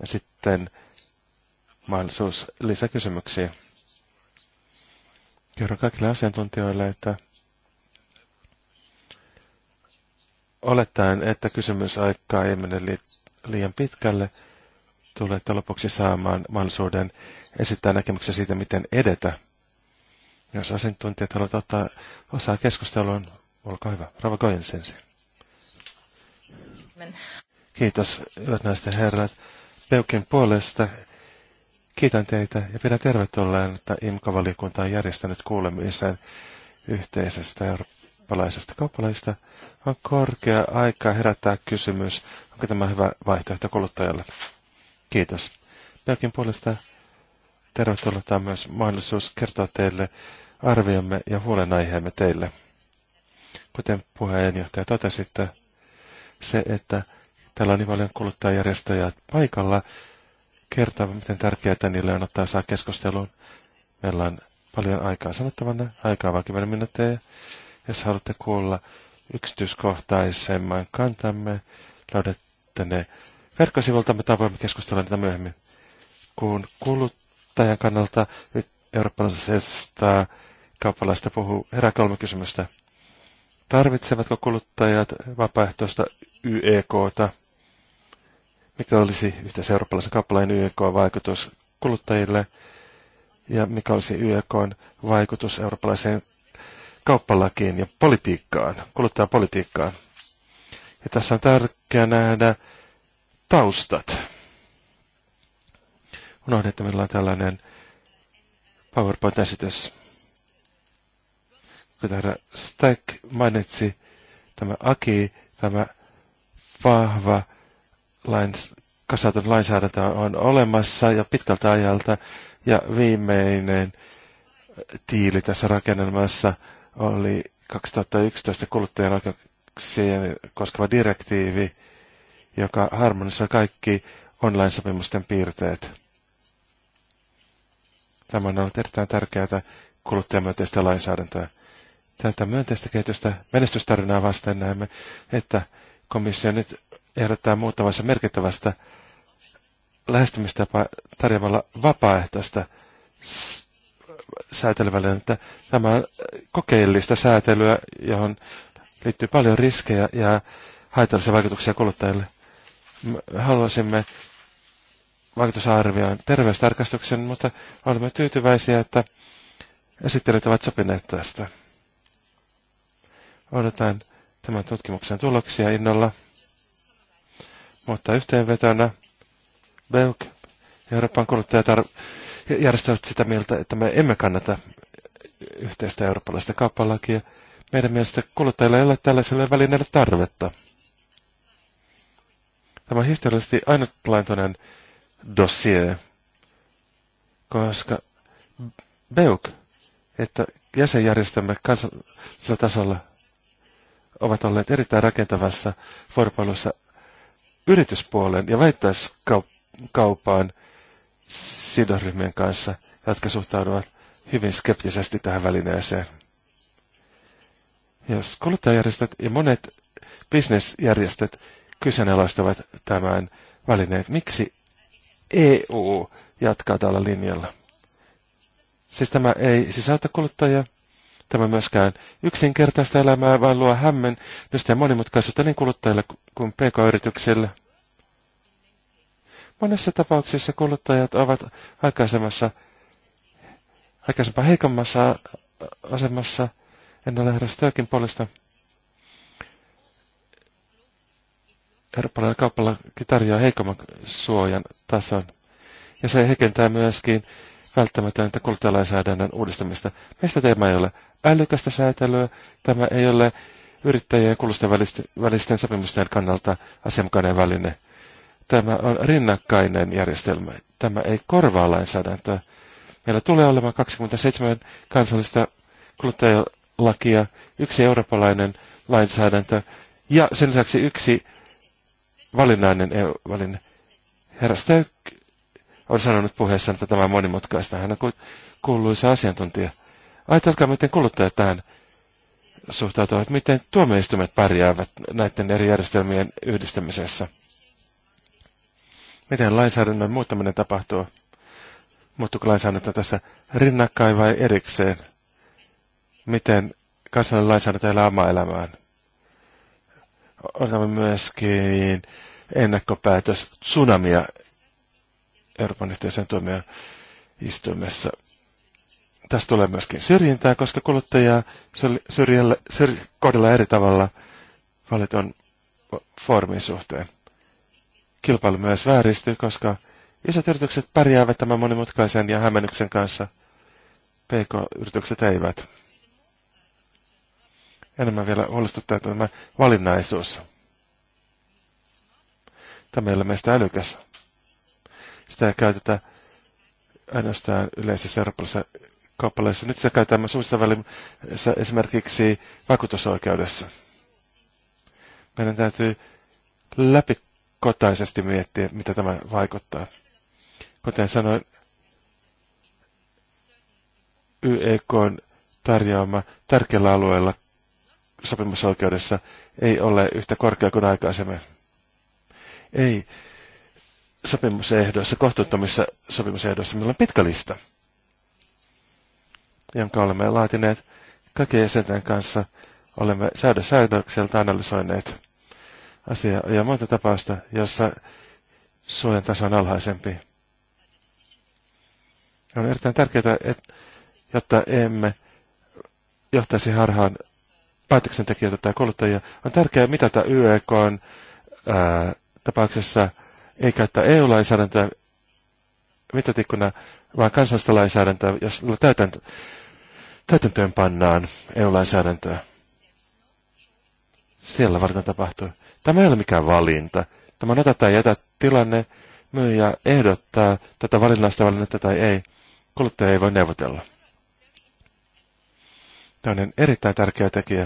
ja sitten mahdollisuus lisäkysymyksiä. Kerron kaikille asiantuntijoille, että olettaen, että aikaa ei mene li- liian pitkälle, tulette lopuksi saamaan mahdollisuuden esittää näkemyksiä siitä, miten edetä. Jos asiantuntijat haluavat ottaa osaa keskusteluun, olkaa hyvä. Rava Goins Kiitos, hyvät naiset herrat. Peukin puolesta kiitän teitä ja pidän tervetulleen, että IMKA-valiokunta on järjestänyt kuulemisen yhteisestä Euroopan eurooppalaisesta kauppalaista, on korkea aika herättää kysymys, onko tämä hyvä vaihtoehto kuluttajalle. Kiitos. Pelkin puolesta tervetuloa on myös mahdollisuus kertoa teille arviomme ja huolenaiheemme teille. Kuten puheenjohtaja totesitte, se, että täällä on niin paljon kuluttajajärjestöjä paikalla, kertoo, miten tärkeää niille on ottaa saa keskusteluun. Meillä on paljon aikaa sanottavana, aikaa vain 10 minuuttia, jos haluatte kuulla yksityiskohtaisemman kantamme, löydätte ne verkkosivulta, mitä voimme keskustella niitä myöhemmin. Kun kuluttajan kannalta nyt eurooppalaisesta kaupalaista puhuu, herää kolme kysymystä. Tarvitsevatko kuluttajat vapaaehtoista YEKta? Mikä olisi yhteisen eurooppalaisen kaupalainen YEK-vaikutus kuluttajille? Ja mikä olisi YEKn vaikutus eurooppalaiseen kauppalakiin ja politiikkaan, kuluttajapolitiikkaan. Ja tässä on tärkeää nähdä taustat. Unohdin, että meillä on tällainen PowerPoint-esitys. Kuten herra Stack mainitsi, tämä AKI, tämä vahva lains, kasautun lainsäädäntö on olemassa ja pitkältä ajalta. Ja viimeinen tiili tässä rakennelmassa – oli 2011 kuluttajan koskeva direktiivi, joka harmonisoi kaikki online-sopimusten piirteet. Tämä on ollut erittäin tärkeää kuluttajamyönteistä lainsäädäntöä. Tätä myönteistä kehitystä menestystarinaa vasten näemme, että komissio nyt ehdottaa muuttavassa merkittävästä lähestymistapaa tarjoamalla vapaaehtoista että Tämä on kokeellista säätelyä, johon liittyy paljon riskejä ja haitallisia vaikutuksia kuluttajille. Me haluaisimme vaikutusarvioon terveystarkastuksen, mutta olemme tyytyväisiä, että esittelijät ovat sopineet tästä. Odotan tämän tutkimuksen tuloksia innolla. Mutta yhteenvetona BEUK, Euroopan kuluttajatar- järjestöt sitä mieltä, että me emme kannata yhteistä eurooppalaista kauppalakia. Meidän mielestä kuluttajilla ei ole tällaiselle välineelle tarvetta. Tämä on historiallisesti ainutlaintoinen dossier, koska BEUK, että jäsenjärjestömme kansallisella tasolla ovat olleet erittäin rakentavassa vuoropuolussa yrityspuolen ja väittäiskaupaan sidonryhmien kanssa, jotka suhtautuvat hyvin skeptisesti tähän välineeseen. Jos kuluttajajärjestöt ja monet bisnesjärjestöt kyseenalaistavat tämän välineen, miksi EU jatkaa tällä linjalla? Siis tämä ei sisältä kuluttajia, tämä myöskään yksinkertaista elämää, vaan luo hämmennystä ja monimutkaisuutta niin kuluttajille kuin pk-yrityksille – Monessa tapauksessa kuluttajat ovat aikaisemmassa, aikaisempaa heikommassa asemassa. En ole herra Stökin puolesta. Eurooppalainen kauppalaki tarjoaa heikomman suojan tason. Ja se heikentää myöskin välttämätöntä kuluttajalainsäädännön uudistamista. Meistä teema ei ole älykästä säätelyä, tämä ei ole yrittäjien ja kuluttajien välisten sopimusten kannalta asianmukainen väline. Tämä on rinnakkainen järjestelmä. Tämä ei korvaa lainsäädäntöä. Meillä tulee olemaan 27 kansallista kuluttajalakia, yksi eurooppalainen lainsäädäntö ja sen lisäksi yksi valinnainen EU-valinne. Herra Stöyk on sanonut puheessaan, että tämä on monimutkaista. Hän on kuuluisa asiantuntija. Ajatelkaa, miten kuluttajat tähän suhtautuvat, miten tuomioistuimet pärjäävät näiden eri järjestelmien yhdistämisessä. Miten lainsäädännön muuttaminen tapahtuu? Muuttuuko lainsäädäntö tässä rinnakkain vai erikseen? Miten kansallinen lainsäädäntö elää omaa elämään? Otamme myöskin ennakkopäätös tsunamia Euroopan yhteisön tuomioon istuimessa. Tästä tulee myöskin syrjintää, koska kuluttajaa syrjällä, syrj, kohdellaan eri tavalla valiton formin suhteen kilpailu myös vääristyy, koska isot yritykset pärjäävät tämän monimutkaisen ja hämmennyksen kanssa. PK-yritykset eivät. Enemmän vielä huolestuttaa tämä valinnaisuus. Tämä ei ole meistä älykäs. Sitä ei käytetä ainoastaan yleisessä eurooppalaisessa kauppaleissa. Nyt sitä käytetään myös uusissa välissä esimerkiksi vakuutusoikeudessa. Meidän täytyy läpi kotaisesti miettiä, mitä tämä vaikuttaa. Kuten sanoin, YEK on tarjoama tärkeällä alueella sopimusoikeudessa ei ole yhtä korkea kuin aikaisemmin. Ei sopimusehdoissa, kohtuuttomissa sopimusehdoissa, meillä on pitkä lista, jonka olemme laatineet kaikkien jäsenten kanssa, olemme säädösäädökseltä analysoineet asia ja monta tapausta, jossa suojan taso on alhaisempi. On erittäin tärkeää, että, jotta emme johtaisi harhaan päätöksentekijöitä tai kuluttajia. On tärkeää mitata YEK on, ää, tapauksessa ei käyttää EU-lainsäädäntöä mitatikkuna, vaan kansallista lainsäädäntöä, jos täytäntöön pannaan EU-lainsäädäntöä. Siellä varten tapahtuu. Tämä ei ole mikään valinta. Tämä on tätä jätä tilanne. Myyjä ehdottaa tätä valinnasta valinnetta tai ei. Kuluttaja ei voi neuvotella. Tämä on erittäin tärkeä tekijä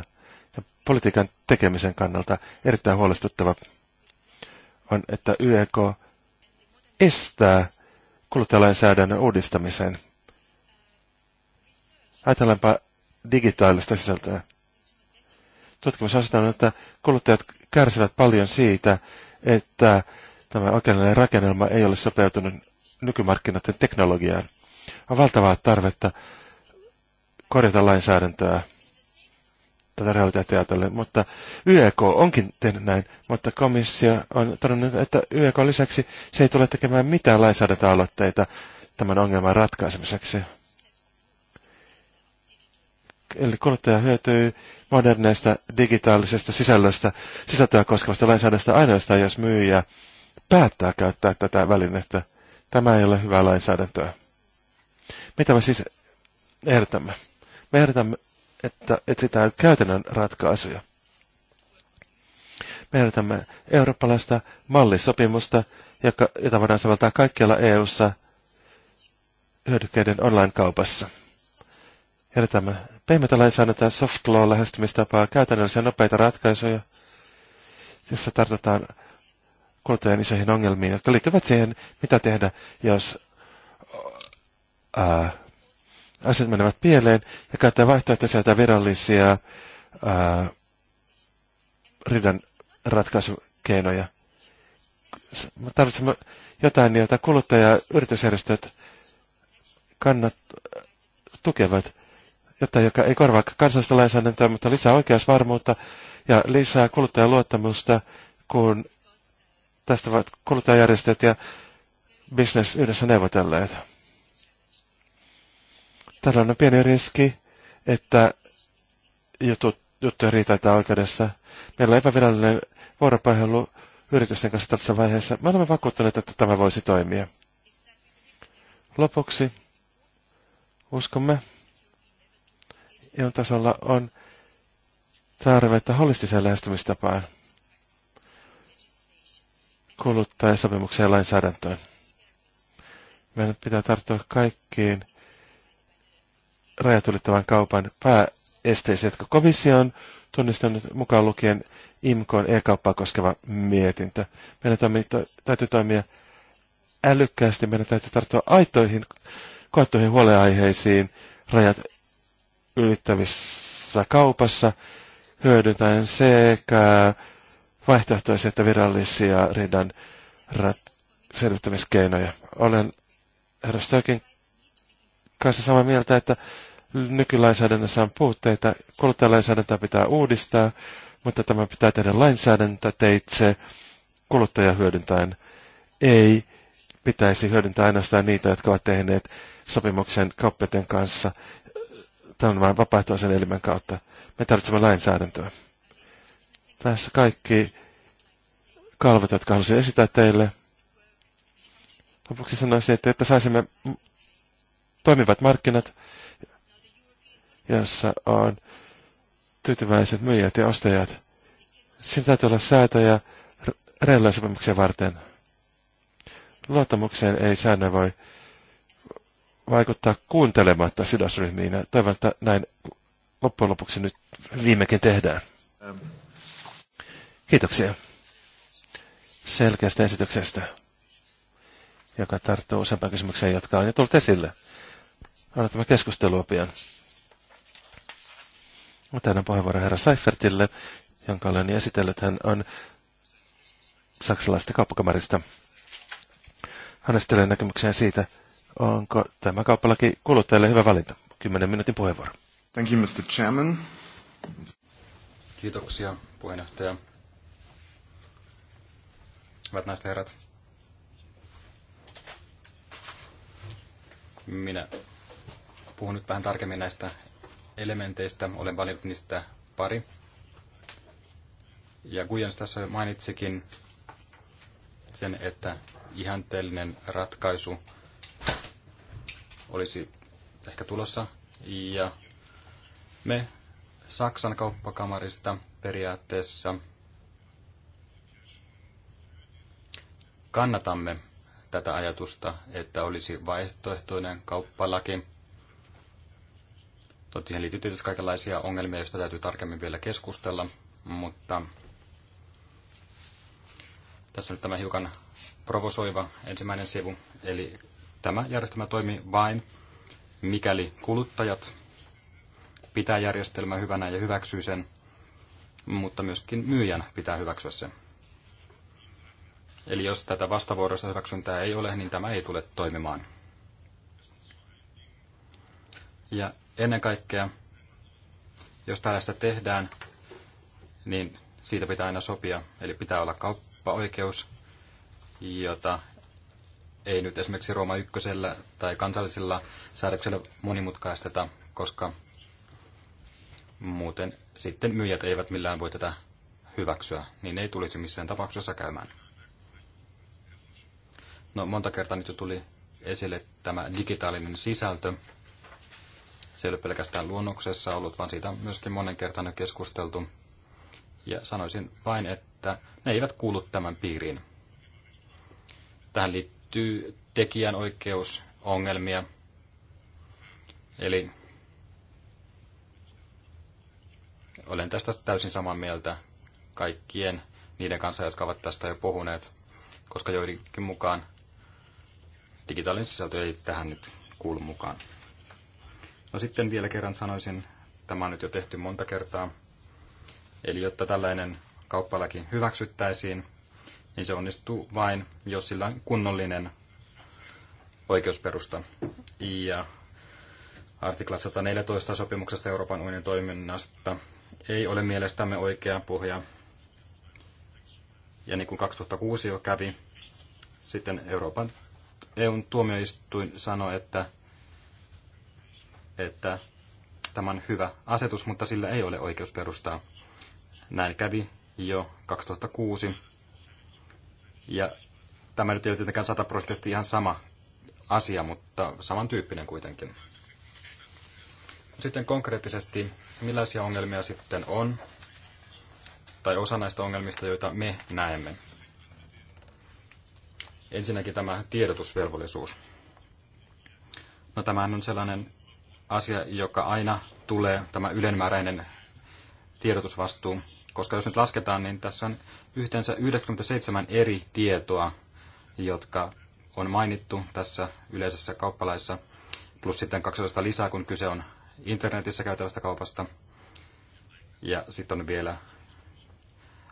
ja politiikan tekemisen kannalta erittäin huolestuttava on, että YEK estää kuluttajalainsäädännön uudistamisen. Ajatellaanpa digitaalista sisältöä. Tutkimus on sanonut, että kuluttajat kärsivät paljon siitä, että tämä oikeudellinen rakennelma ei ole sopeutunut nykymarkkinoiden teknologiaan. On valtavaa tarvetta korjata lainsäädäntöä tätä realiteettia ajatellen, mutta YEK onkin tehnyt näin, mutta komissio on todennut, että YEK lisäksi se ei tule tekemään mitään lainsäädäntöaloitteita tämän ongelman ratkaisemiseksi. Eli kuluttaja hyötyy moderneista digitaalisesta sisällöstä, sisältöä koskevasta lainsäädännöstä ainoastaan, jos myyjä päättää käyttää tätä välinettä. Tämä ei ole hyvää lainsäädäntöä. Mitä me siis ehdotamme? Me ehdotamme, että etsitään käytännön ratkaisuja. Me ehdotamme eurooppalaista mallisopimusta, joka, jota voidaan soveltaa kaikkialla EU-ssa hyödykkeiden online-kaupassa. Ehdotamme pehmeitä lainsäädäntöä, soft law lähestymistapaa, käytännöllisiä nopeita ratkaisuja, joissa tartutaan kuluttajan isoihin ongelmiin, jotka liittyvät siihen, mitä tehdä, jos ää, asiat menevät pieleen, ja käyttää vaihtoehtoisia tai virallisia ää, ridan ratkaisukeinoja. tarvitsemme jotain, jota kuluttaja- ja yritysjärjestöt kannat, tukevat. Jotta joka ei korvaa kansallista lainsäädäntöä, mutta lisää oikeusvarmuutta ja lisää kuluttajan luottamusta, kun tästä ovat kuluttajajärjestöt ja business yhdessä neuvotelleet. Tällainen pieni riski, että jutut, juttuja riitä oikeudessa. Meillä on epävirallinen vuoropuhelu yritysten kanssa tässä vaiheessa. Me olemme vakuuttuneet, että tämä voisi toimia. Lopuksi uskomme, jon tasolla on tarvetta holistiseen lähestymistapaan kuluttajasopimukseen lainsäädäntöön. Meidän pitää tarttua kaikkiin rajat ylittävän kaupan pääesteisiin, jotka komissio on tunnistanut mukaan lukien IMKon e-kauppaa koskeva mietintö. Meidän täytyy toimia älykkäästi, meidän täytyy tarttua aitoihin koettuihin huoleaiheisiin rajat ylittävissä kaupassa hyödyntäen sekä vaihtoehtoisia että virallisia ridan rat- selvittämiskeinoja. Olen herra Stökin kanssa samaa mieltä, että nykylainsäädännössä on puutteita, kuluttajalainsäädäntöä pitää uudistaa, mutta tämä pitää tehdä teitse kuluttaja hyödyntäen. Ei pitäisi hyödyntää ainoastaan niitä, jotka ovat tehneet sopimuksen kauppiaiden kanssa Tämä on vain vapaaehtoisen elimen kautta. Me tarvitsemme lainsäädäntöä. Tässä kaikki kalvot, jotka haluaisin esittää teille. Lopuksi sanoisin, että, että saisimme toimivat markkinat, jossa on tyytyväiset myyjät ja ostajat. Siinä täytyy olla säätöjä reiluja sopimuksia varten. Luottamukseen ei säännö voi vaikuttaa kuuntelematta sidosryhmiin. Ja toivon, että näin loppujen lopuksi nyt viimekin tehdään. Kiitoksia selkeästä esityksestä, joka tarttuu useampaan kysymykseen, jotka on jo tullut esille. tämä keskustelua pian. Otan puheenvuoro herra Seifertille, jonka olen esitellyt. Hän on saksalaista kauppakamarista. Hän esittelee näkemyksiä siitä, Onko tämä kauppalaki kuluttajalle hyvä valinta? 10 minuutin puheenvuoro. Thank you, Mr. Chairman. Kiitoksia, puheenjohtaja. Hyvät naiset herrat. Minä puhun nyt vähän tarkemmin näistä elementeistä. Olen valinnut niistä pari. Ja Gujens tässä mainitsikin sen, että ihanteellinen ratkaisu olisi ehkä tulossa. Ja me Saksan kauppakamarista periaatteessa kannatamme tätä ajatusta, että olisi vaihtoehtoinen kauppalaki. Totta siihen liittyy tietysti kaikenlaisia ongelmia, joista täytyy tarkemmin vielä keskustella, mutta tässä on nyt tämä hiukan provosoiva ensimmäinen sivu, eli Tämä järjestelmä toimii vain, mikäli kuluttajat pitää järjestelmää hyvänä ja hyväksyy sen, mutta myöskin myyjän pitää hyväksyä sen. Eli jos tätä vastavuoroista hyväksyntää ei ole, niin tämä ei tule toimimaan. Ja ennen kaikkea, jos tällaista tehdään, niin siitä pitää aina sopia. Eli pitää olla kauppaoikeus, jota ei nyt esimerkiksi Rooma ykkösellä tai kansallisella säädöksellä monimutkaisteta, koska muuten sitten myyjät eivät millään voi tätä hyväksyä, niin ei tulisi missään tapauksessa käymään. No monta kertaa nyt jo tuli esille tämä digitaalinen sisältö. Se ei ole pelkästään luonnoksessa ollut, vaan siitä on myöskin monen kertaan jo keskusteltu. Ja sanoisin vain, että ne eivät kuulu tämän piiriin. Tähän liittyy liittyy tekijänoikeusongelmia. Eli olen tästä täysin samaa mieltä kaikkien niiden kanssa, jotka ovat tästä jo puhuneet, koska joidenkin mukaan digitaalinen sisältö ei tähän nyt kuulu mukaan. No sitten vielä kerran sanoisin, tämä on nyt jo tehty monta kertaa, eli jotta tällainen kauppalaki hyväksyttäisiin, niin se onnistuu vain, jos sillä on kunnollinen oikeusperusta. Ja artikla 114 sopimuksesta Euroopan unionin toiminnasta ei ole mielestämme oikea pohja. Ja niin kuin 2006 jo kävi, sitten Euroopan EUn tuomioistuin sanoi, että, että tämä on hyvä asetus, mutta sillä ei ole oikeusperustaa. Näin kävi jo 2006 ja tämä nyt ei ole tietenkään sataprosenttisesti ihan sama asia, mutta samantyyppinen kuitenkin. Sitten konkreettisesti, millaisia ongelmia sitten on, tai osa näistä ongelmista, joita me näemme. Ensinnäkin tämä tiedotusvelvollisuus. No tämä on sellainen asia, joka aina tulee, tämä ylenmääräinen tiedotusvastuu. Koska jos nyt lasketaan, niin tässä on yhteensä 97 eri tietoa, jotka on mainittu tässä yleisessä kauppalaissa, plus sitten 12 lisää, kun kyse on internetissä käytävästä kaupasta. Ja sitten on vielä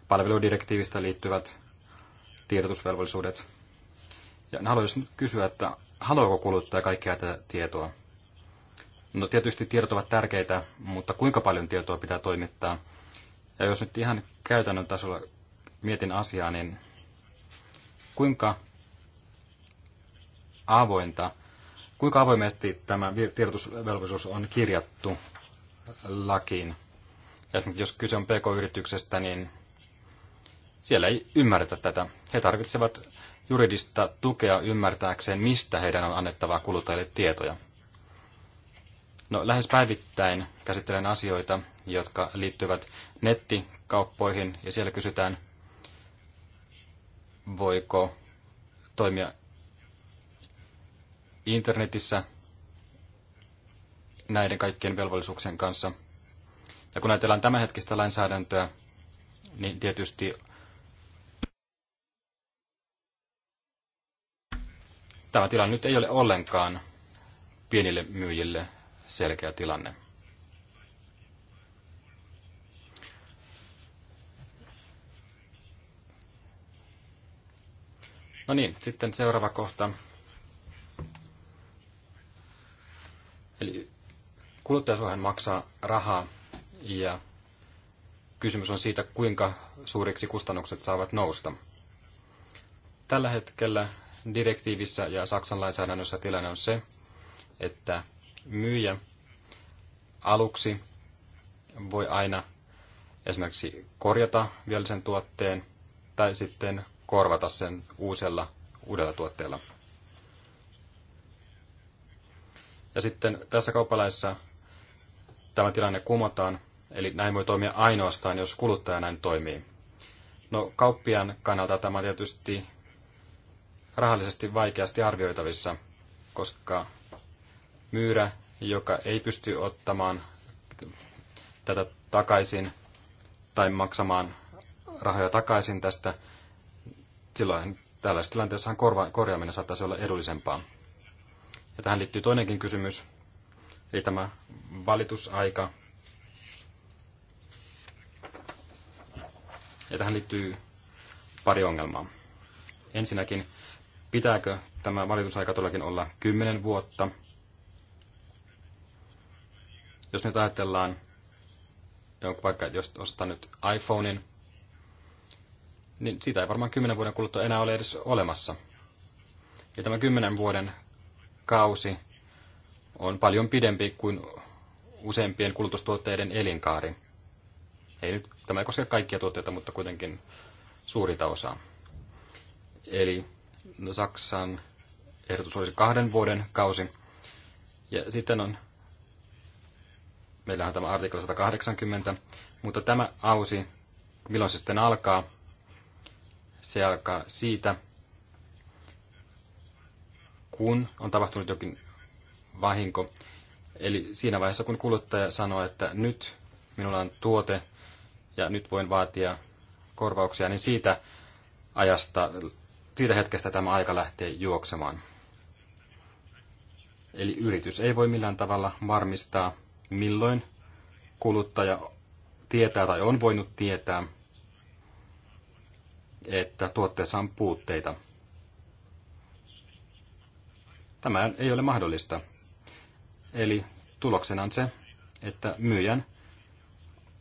palveludirektiivistä liittyvät tiedotusvelvollisuudet. Ja haluaisin nyt kysyä, että haluaako kuluttaja kaikkea tätä tietoa? No tietysti tiedot ovat tärkeitä, mutta kuinka paljon tietoa pitää toimittaa? Ja jos nyt ihan käytännön tasolla mietin asiaa, niin kuinka avointa, kuinka avoimesti tämä tiedotusvelvollisuus on kirjattu lakiin? Ja jos kyse on pk-yrityksestä, niin siellä ei ymmärretä tätä. He tarvitsevat juridista tukea ymmärtääkseen, mistä heidän on annettavaa kuluttajille tietoja. No, lähes päivittäin käsittelen asioita, jotka liittyvät nettikauppoihin, ja siellä kysytään, voiko toimia internetissä näiden kaikkien velvollisuuksien kanssa. Ja kun ajatellaan tämänhetkistä lainsäädäntöä, niin tietysti tämä tilanne nyt ei ole ollenkaan pienille myyjille selkeä tilanne. No niin, sitten seuraava kohta. Eli kuluttajasuojan maksaa rahaa ja kysymys on siitä, kuinka suuriksi kustannukset saavat nousta. Tällä hetkellä direktiivissä ja Saksan lainsäädännössä tilanne on se, että myyjä aluksi voi aina esimerkiksi korjata vielä sen tuotteen tai sitten korvata sen uusella uudella tuotteella. Ja sitten tässä kauppalaissa tämä tilanne kumotaan, eli näin voi toimia ainoastaan, jos kuluttaja näin toimii. No kauppian kannalta tämä on tietysti rahallisesti vaikeasti arvioitavissa, koska myyrä, joka ei pysty ottamaan tätä takaisin tai maksamaan rahoja takaisin tästä, silloin tällaisessa tilanteessa korjaaminen saattaisi olla edullisempaa. Ja tähän liittyy toinenkin kysymys, eli tämä valitusaika. Ja tähän liittyy pari ongelmaa. Ensinnäkin, pitääkö tämä valitusaika todellakin olla 10 vuotta – jos nyt ajatellaan, vaikka jos ostaa nyt iPhonein, niin sitä ei varmaan kymmenen vuoden kuluttua enää ole edes olemassa. Ja tämä kymmenen vuoden kausi on paljon pidempi kuin useimpien kulutustuotteiden elinkaari. Ei nyt, tämä ei koske kaikkia tuotteita, mutta kuitenkin suurinta osaa. Eli no, Saksan ehdotus olisi kahden vuoden kausi. Ja sitten on Meillähän on tämä artikla 180, mutta tämä ausi, milloin se sitten alkaa? Se alkaa siitä, kun on tapahtunut jokin vahinko. Eli siinä vaiheessa, kun kuluttaja sanoo, että nyt minulla on tuote ja nyt voin vaatia korvauksia, niin siitä ajasta, siitä hetkestä tämä aika lähtee juoksemaan. Eli yritys ei voi millään tavalla varmistaa, milloin kuluttaja tietää tai on voinut tietää, että tuotteessa on puutteita. Tämä ei ole mahdollista. Eli tuloksena on se, että myyjän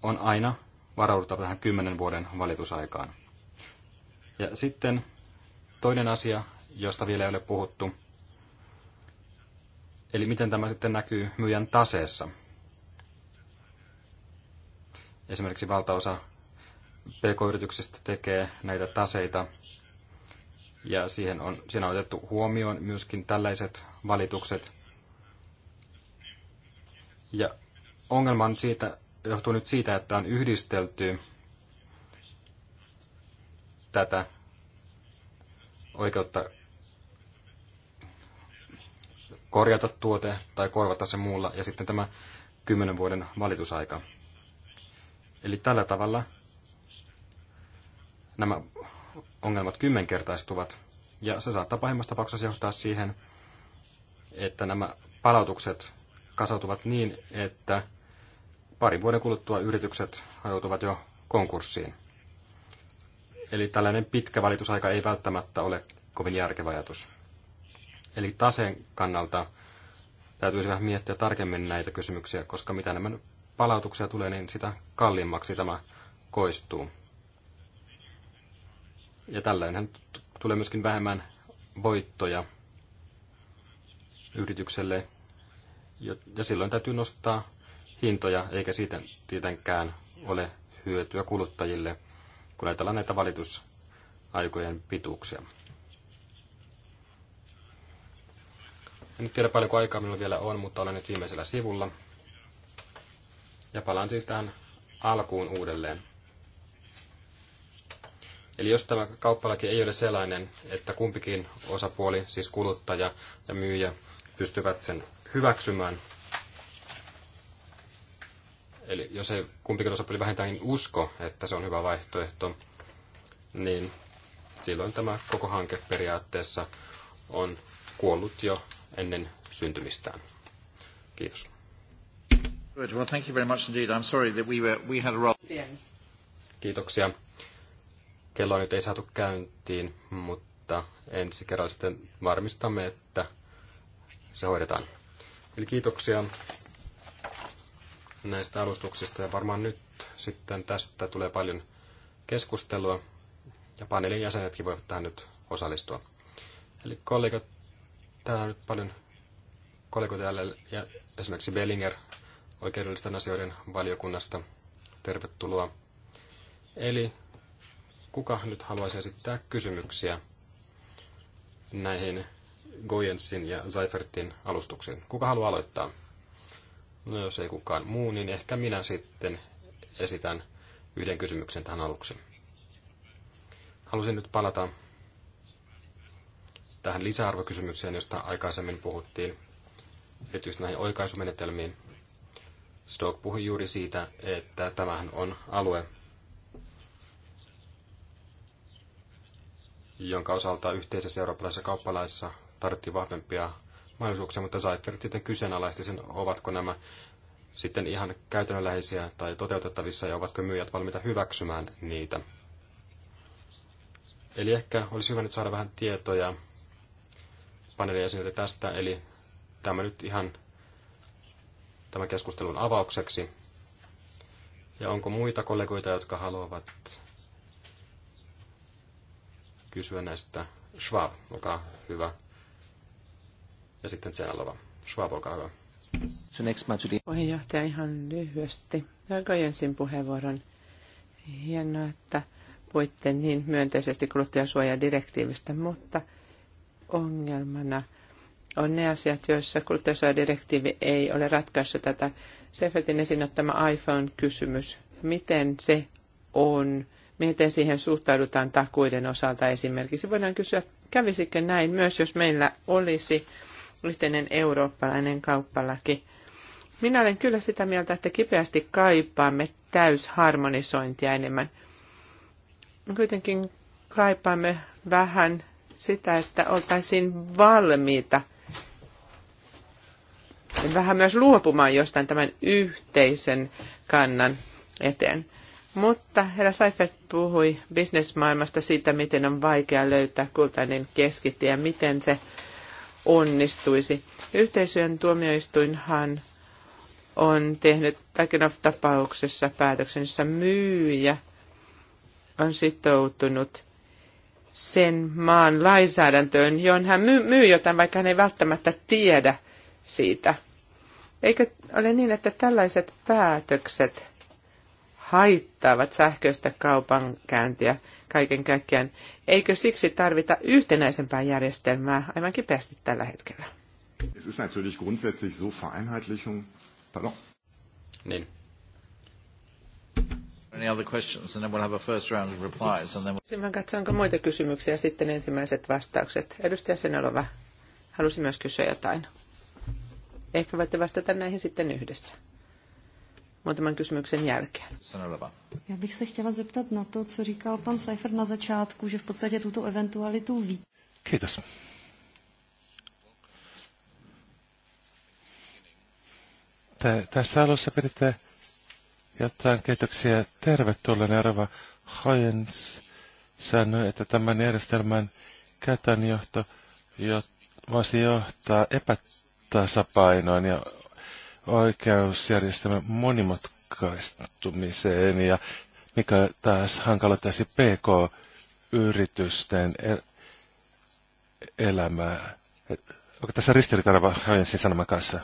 on aina varauduttava tähän 10 vuoden valitusaikaan. Ja sitten toinen asia, josta vielä ei ole puhuttu, eli miten tämä sitten näkyy myyjän taseessa. Esimerkiksi valtaosa PK-yrityksistä tekee näitä taseita, ja siihen on, siinä on otettu huomioon myöskin tällaiset valitukset. Ja ongelma on siitä, johtuu nyt siitä, että on yhdistelty tätä oikeutta korjata tuote tai korvata se muulla, ja sitten tämä kymmenen vuoden valitusaika. Eli tällä tavalla nämä ongelmat kymmenkertaistuvat, ja se saattaa pahimmassa tapauksessa johtaa siihen, että nämä palautukset kasautuvat niin, että parin vuoden kuluttua yritykset ajoutuvat jo konkurssiin. Eli tällainen pitkä valitusaika ei välttämättä ole kovin järkevä ajatus. Eli taseen kannalta täytyisi vähän miettiä tarkemmin näitä kysymyksiä, koska mitä nämä palautuksia tulee, niin sitä kalliimmaksi tämä koistuu. Ja tällöinhän tulee myöskin vähemmän voittoja yritykselle, ja silloin täytyy nostaa hintoja, eikä siitä tietenkään ole hyötyä kuluttajille, kun ajatellaan näitä valitusaikojen pituuksia. En nyt tiedä paljonko aikaa minulla vielä on, mutta olen nyt viimeisellä sivulla. Ja palaan siis tähän alkuun uudelleen. Eli jos tämä kauppalaki ei ole sellainen, että kumpikin osapuoli, siis kuluttaja ja myyjä, pystyvät sen hyväksymään, eli jos ei kumpikin osapuoli vähintäänkin usko, että se on hyvä vaihtoehto, niin silloin tämä koko hanke periaatteessa on kuollut jo ennen syntymistään. Kiitos. Good. Well, thank you very much indeed. I'm sorry that we, were, we had a roll. Kiitoksia. Kello nyt ei saatu käyntiin, mutta ensi kerralla sitten varmistamme, että se hoidetaan. Eli kiitoksia näistä alustuksista ja varmaan nyt sitten tästä tulee paljon keskustelua ja paneelin jäsenetkin voivat tähän nyt osallistua. Eli kollegat, täällä on nyt paljon kollegoita jälleen ja esimerkiksi Bellinger oikeudellisten asioiden valiokunnasta. Tervetuloa. Eli kuka nyt haluaisi esittää kysymyksiä näihin Goyensin ja Seifertin alustuksiin? Kuka haluaa aloittaa? No jos ei kukaan muu, niin ehkä minä sitten esitän yhden kysymyksen tähän aluksi. Halusin nyt palata tähän lisäarvokysymykseen, josta aikaisemmin puhuttiin, erityisesti näihin oikaisumenetelmiin. Stock puhui juuri siitä, että tämähän on alue, jonka osalta yhteisessä eurooppalaisessa kauppalaissa tarvittiin vahvempia mahdollisuuksia, mutta Seifert sitten kyseenalaisti sen, ovatko nämä sitten ihan käytännönläheisiä tai toteutettavissa ja ovatko myyjät valmiita hyväksymään niitä. Eli ehkä olisi hyvä nyt saada vähän tietoja paneelin tästä, eli tämä nyt ihan tämän keskustelun avaukseksi. Ja onko muita kollegoita, jotka haluavat kysyä näistä? Schwab, olkaa hyvä. Ja sitten Senalova. Schwab, olkaa hyvä. Puheenjohtaja ihan lyhyesti. Saanko Jensin puheenvuoron? Hienoa, että puitte niin myönteisesti kuluttajasuojadirektiivistä, mutta ongelmana – on ne asiat, joissa kuluttajasuojadirektiivi ei ole ratkaissut tätä. Sefertin esiin ottama iPhone-kysymys, miten se on, miten siihen suhtaudutaan takuiden osalta esimerkiksi. Voidaan kysyä, kävisikö näin myös, jos meillä olisi yhteinen eurooppalainen kauppalaki. Minä olen kyllä sitä mieltä, että kipeästi kaipaamme täysharmonisointia enemmän. Kuitenkin kaipaamme vähän sitä, että oltaisiin valmiita – vähän myös luopumaan jostain tämän yhteisen kannan eteen. Mutta herra Seifert puhui bisnesmaailmasta siitä, miten on vaikea löytää kultainen keskitie ja miten se onnistuisi. Yhteisöjen tuomioistuinhan on tehnyt Takenov-tapauksessa päätöksen, jossa myyjä on sitoutunut sen maan lainsäädäntöön, johon hän myy jotain, vaikka hän ei välttämättä tiedä – siitä. Eikö ole niin, että tällaiset päätökset haittaavat sähköistä kaupankäyntiä kaiken kaikkiaan? Eikö siksi tarvita yhtenäisempää järjestelmää aivan kipeästi tällä hetkellä? Es ist natürlich grundsätzlich so Vereinheitlichung. Pardon. Niin. Any other questions, and then we'll have a first round of replies, and then we'll... Katsoinko muita kysymyksiä sitten ensimmäiset vastaukset. Edustaja Senelova halusi myös kysyä jotain. Ehkä voitte vastata näihin sitten yhdessä muutaman kysymyksen jälkeen. Ja bych se chtěla zeptat na to, co říkal pan Seifert na začátku, že v podstatě tuto eventualitu ví. Kiitos. tässä alussa pidätte jotain kiitoksia. Tervetulleen Arva Hoyens sanoi, että tämän järjestelmän käytännönjohto jo, voisi johtaa epätoivoisuuteen tasapainoon ja oikeusjärjestelmän monimutkaistumiseen ja mikä taas hankaloittaisi PK-yritysten el- elämää. Onko tässä ristiriitarva Hajensin sanoman kanssa?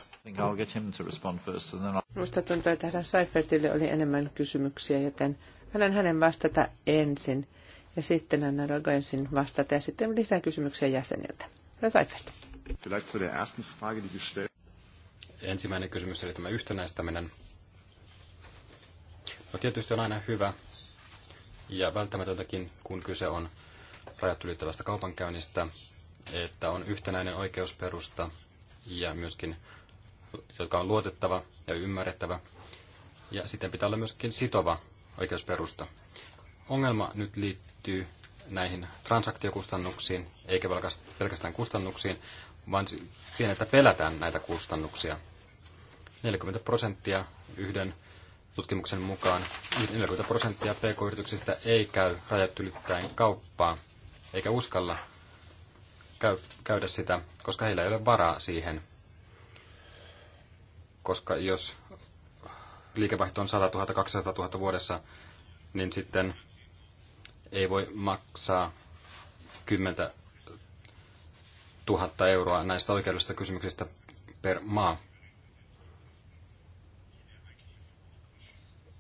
Minusta tuntuu, että herra Seifertille oli enemmän kysymyksiä, joten hänen hänen vastata ensin ja sitten hän Rogensin vastata ja sitten lisää kysymyksiä jäseniltä. Herra Seifert. Ensimmäinen kysymys eli tämä yhtenäistäminen. No tietysti on aina hyvä ja välttämätöntäkin, kun kyse on rajat ylittävästä kaupankäynnistä, että on yhtenäinen oikeusperusta ja myöskin, joka on luotettava ja ymmärrettävä. Ja sitten pitää olla myöskin sitova oikeusperusta. Ongelma nyt liittyy näihin transaktiokustannuksiin, eikä pelkästään kustannuksiin, vaan siihen, että pelätään näitä kustannuksia. 40 prosenttia yhden tutkimuksen mukaan 40 prosenttia pk-yrityksistä ei käy rajat ylittäen kauppaa, eikä uskalla käy, käydä sitä, koska heillä ei ole varaa siihen. Koska jos liikevaihto on 100 000, 200 000 vuodessa, niin sitten ei voi maksaa 10 tuhatta euroa näistä oikeudellisista kysymyksistä per maa.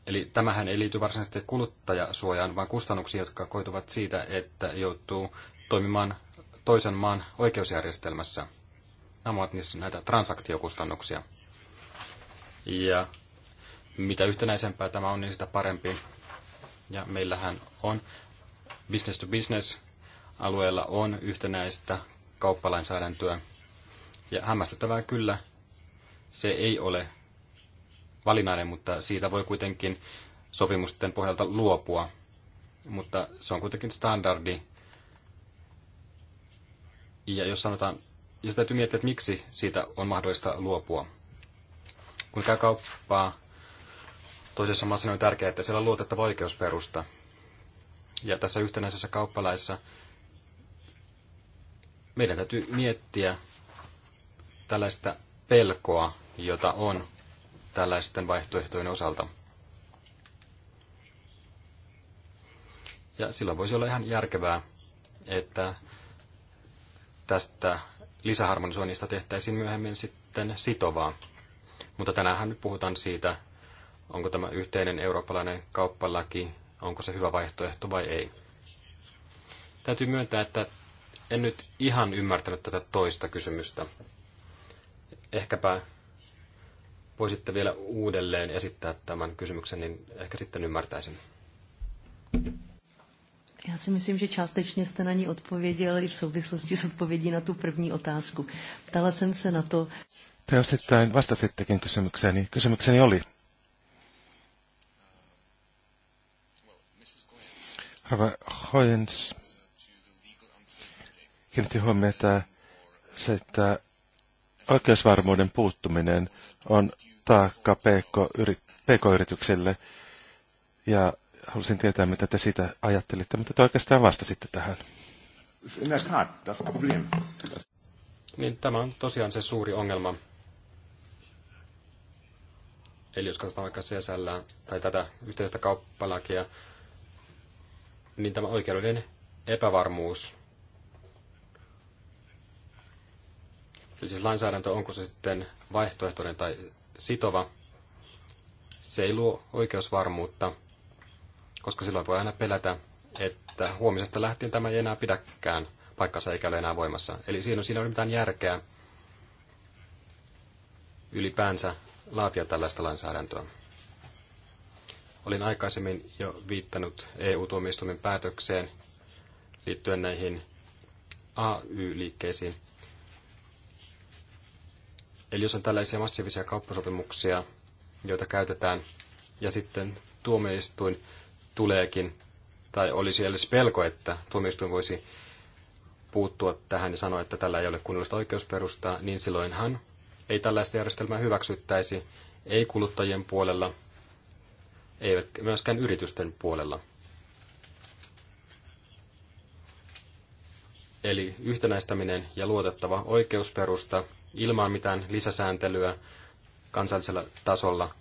Eli tämähän ei liity varsinaisesti kuluttajasuojaan, vaan kustannuksiin, jotka koituvat siitä, että joutuu toimimaan toisen maan oikeusjärjestelmässä. Nämä ovat niissä näitä transaktiokustannuksia. Ja mitä yhtenäisempää tämä on, niin sitä parempi. Ja meillähän on business to business alueella on yhtenäistä kauppalainsäädäntöä. Ja hämmästyttävää kyllä, se ei ole valinnainen, mutta siitä voi kuitenkin sopimusten pohjalta luopua. Mutta se on kuitenkin standardi. Ja jos sanotaan, ja sitä täytyy miettiä, että miksi siitä on mahdollista luopua. Kun käy kauppaa toisessa maassa, on tärkeää, että siellä on luotettava oikeusperusta. Ja tässä yhtenäisessä kauppalaissa meidän täytyy miettiä tällaista pelkoa, jota on tällaisten vaihtoehtojen osalta. Ja silloin voisi olla ihan järkevää, että tästä lisäharmonisoinnista tehtäisiin myöhemmin sitten sitovaa. Mutta tänään nyt puhutaan siitä, onko tämä yhteinen eurooppalainen kauppalaki, onko se hyvä vaihtoehto vai ei. Täytyy myöntää, että en nyt ihan ymmärtänyt tätä toista kysymystä. Ehkäpä voisitte vielä uudelleen esittää tämän kysymyksen, niin ehkä sitten ymmärtäisin. Já si myslím, že částečně jste na ní odpověděl i v souvislosti s odpovědí na tu první otázku. Ptala jsem se na to... Te osittain vastasittekin kysymykseni. Kysymykseni oli. Hava Hojens, kiinnitti että se, että oikeusvarmuuden puuttuminen on taakka pk-yrityksille. Ja halusin tietää, mitä te siitä ajattelitte, mutta te oikeastaan vastasitte tähän. Niin, tämä on tosiaan se suuri ongelma. Eli jos katsotaan vaikka CSL tai tätä yhteistä kauppalakia, niin tämä oikeudellinen epävarmuus Eli siis lainsäädäntö, onko se sitten vaihtoehtoinen tai sitova, se ei luo oikeusvarmuutta, koska silloin voi aina pelätä, että huomisesta lähtien tämä ei enää pidäkään paikkansa eikä ole enää voimassa. Eli siinä, siinä ei ole mitään järkeä ylipäänsä laatia tällaista lainsäädäntöä. Olin aikaisemmin jo viittanut EU-tuomioistuimen päätökseen liittyen näihin AY-liikkeisiin. Eli jos on tällaisia massiivisia kauppasopimuksia, joita käytetään, ja sitten tuomioistuin tuleekin, tai olisi edes pelko, että tuomioistuin voisi puuttua tähän ja sanoa, että tällä ei ole kunnollista oikeusperustaa, niin silloinhan ei tällaista järjestelmää hyväksyttäisi, ei kuluttajien puolella, ei myöskään yritysten puolella. Eli yhtenäistäminen ja luotettava oikeusperusta – ilman mitään lisäsääntelyä kansallisella tasolla.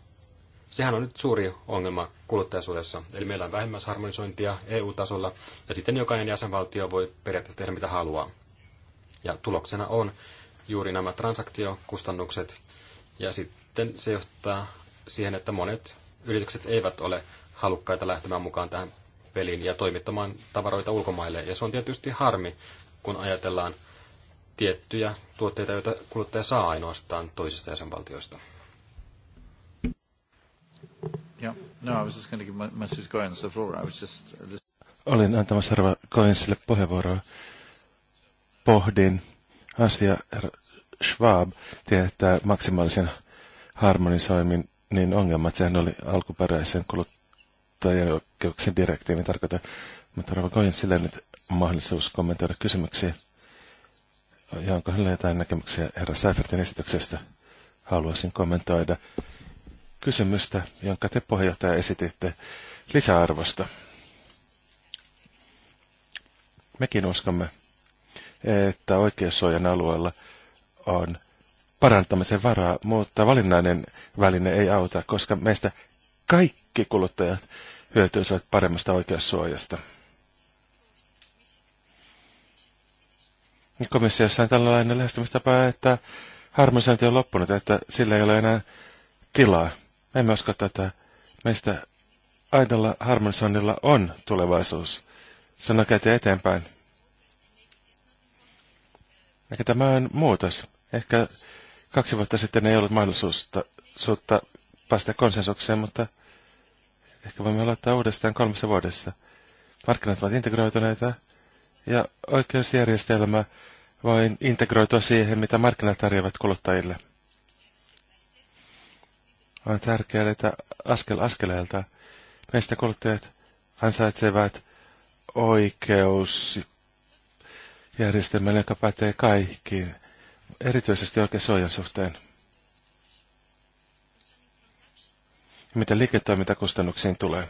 Sehän on nyt suuri ongelma kuluttajasuudessa. Eli meillä on vähimmäisharmonisointia EU-tasolla, ja sitten jokainen jäsenvaltio voi periaatteessa tehdä mitä haluaa. Ja tuloksena on juuri nämä transaktiokustannukset, ja sitten se johtaa siihen, että monet yritykset eivät ole halukkaita lähtemään mukaan tähän peliin ja toimittamaan tavaroita ulkomaille. Ja se on tietysti harmi, kun ajatellaan tiettyjä tuotteita, joita kuluttaja saa ainoastaan toisista jäsenvaltioista. No, uh, Olin antamassa Rova Koensille puheenvuoroa. Pohdin asia Schwab tietää maksimaalisen harmonisoimin niin ongelmat. Sehän oli alkuperäisen kuluttajien oikeuksien direktiivin tarkoite, Mutta Rova Koensille nyt mahdollisuus kommentoida kysymyksiä. Jaanko no, hänellä jotain näkemyksiä herra Seifertin esityksestä? Haluaisin kommentoida kysymystä, jonka te puheenjohtaja esititte lisäarvosta. Mekin uskomme, että oikeussuojan alueella on parantamisen varaa, mutta valinnainen väline ei auta, koska meistä kaikki kuluttajat hyötyisivät paremmasta oikeussuojasta. Komissiossa on tällainen lähestymistapa, että harmonisointi on loppunut, että sillä ei ole enää tilaa. Me emme usko tätä. Meistä aidolla harmonisoinnilla on tulevaisuus. Se on oikein eteenpäin. Ehkä tämä on muutos. Ehkä kaksi vuotta sitten ei ollut mahdollisuutta päästä konsensukseen, mutta ehkä voimme aloittaa uudestaan kolmessa vuodessa. Markkinat ovat integroituneita, ja oikeusjärjestelmä voi integroitua siihen, mitä markkinat tarjoavat kuluttajille. On tärkeää, että askel askeleelta meistä kuluttajat ansaitsevat oikeusjärjestelmän, joka pätee kaikkiin, erityisesti oikeusuojan suhteen. Mitä liiketoimintakustannuksiin tulee?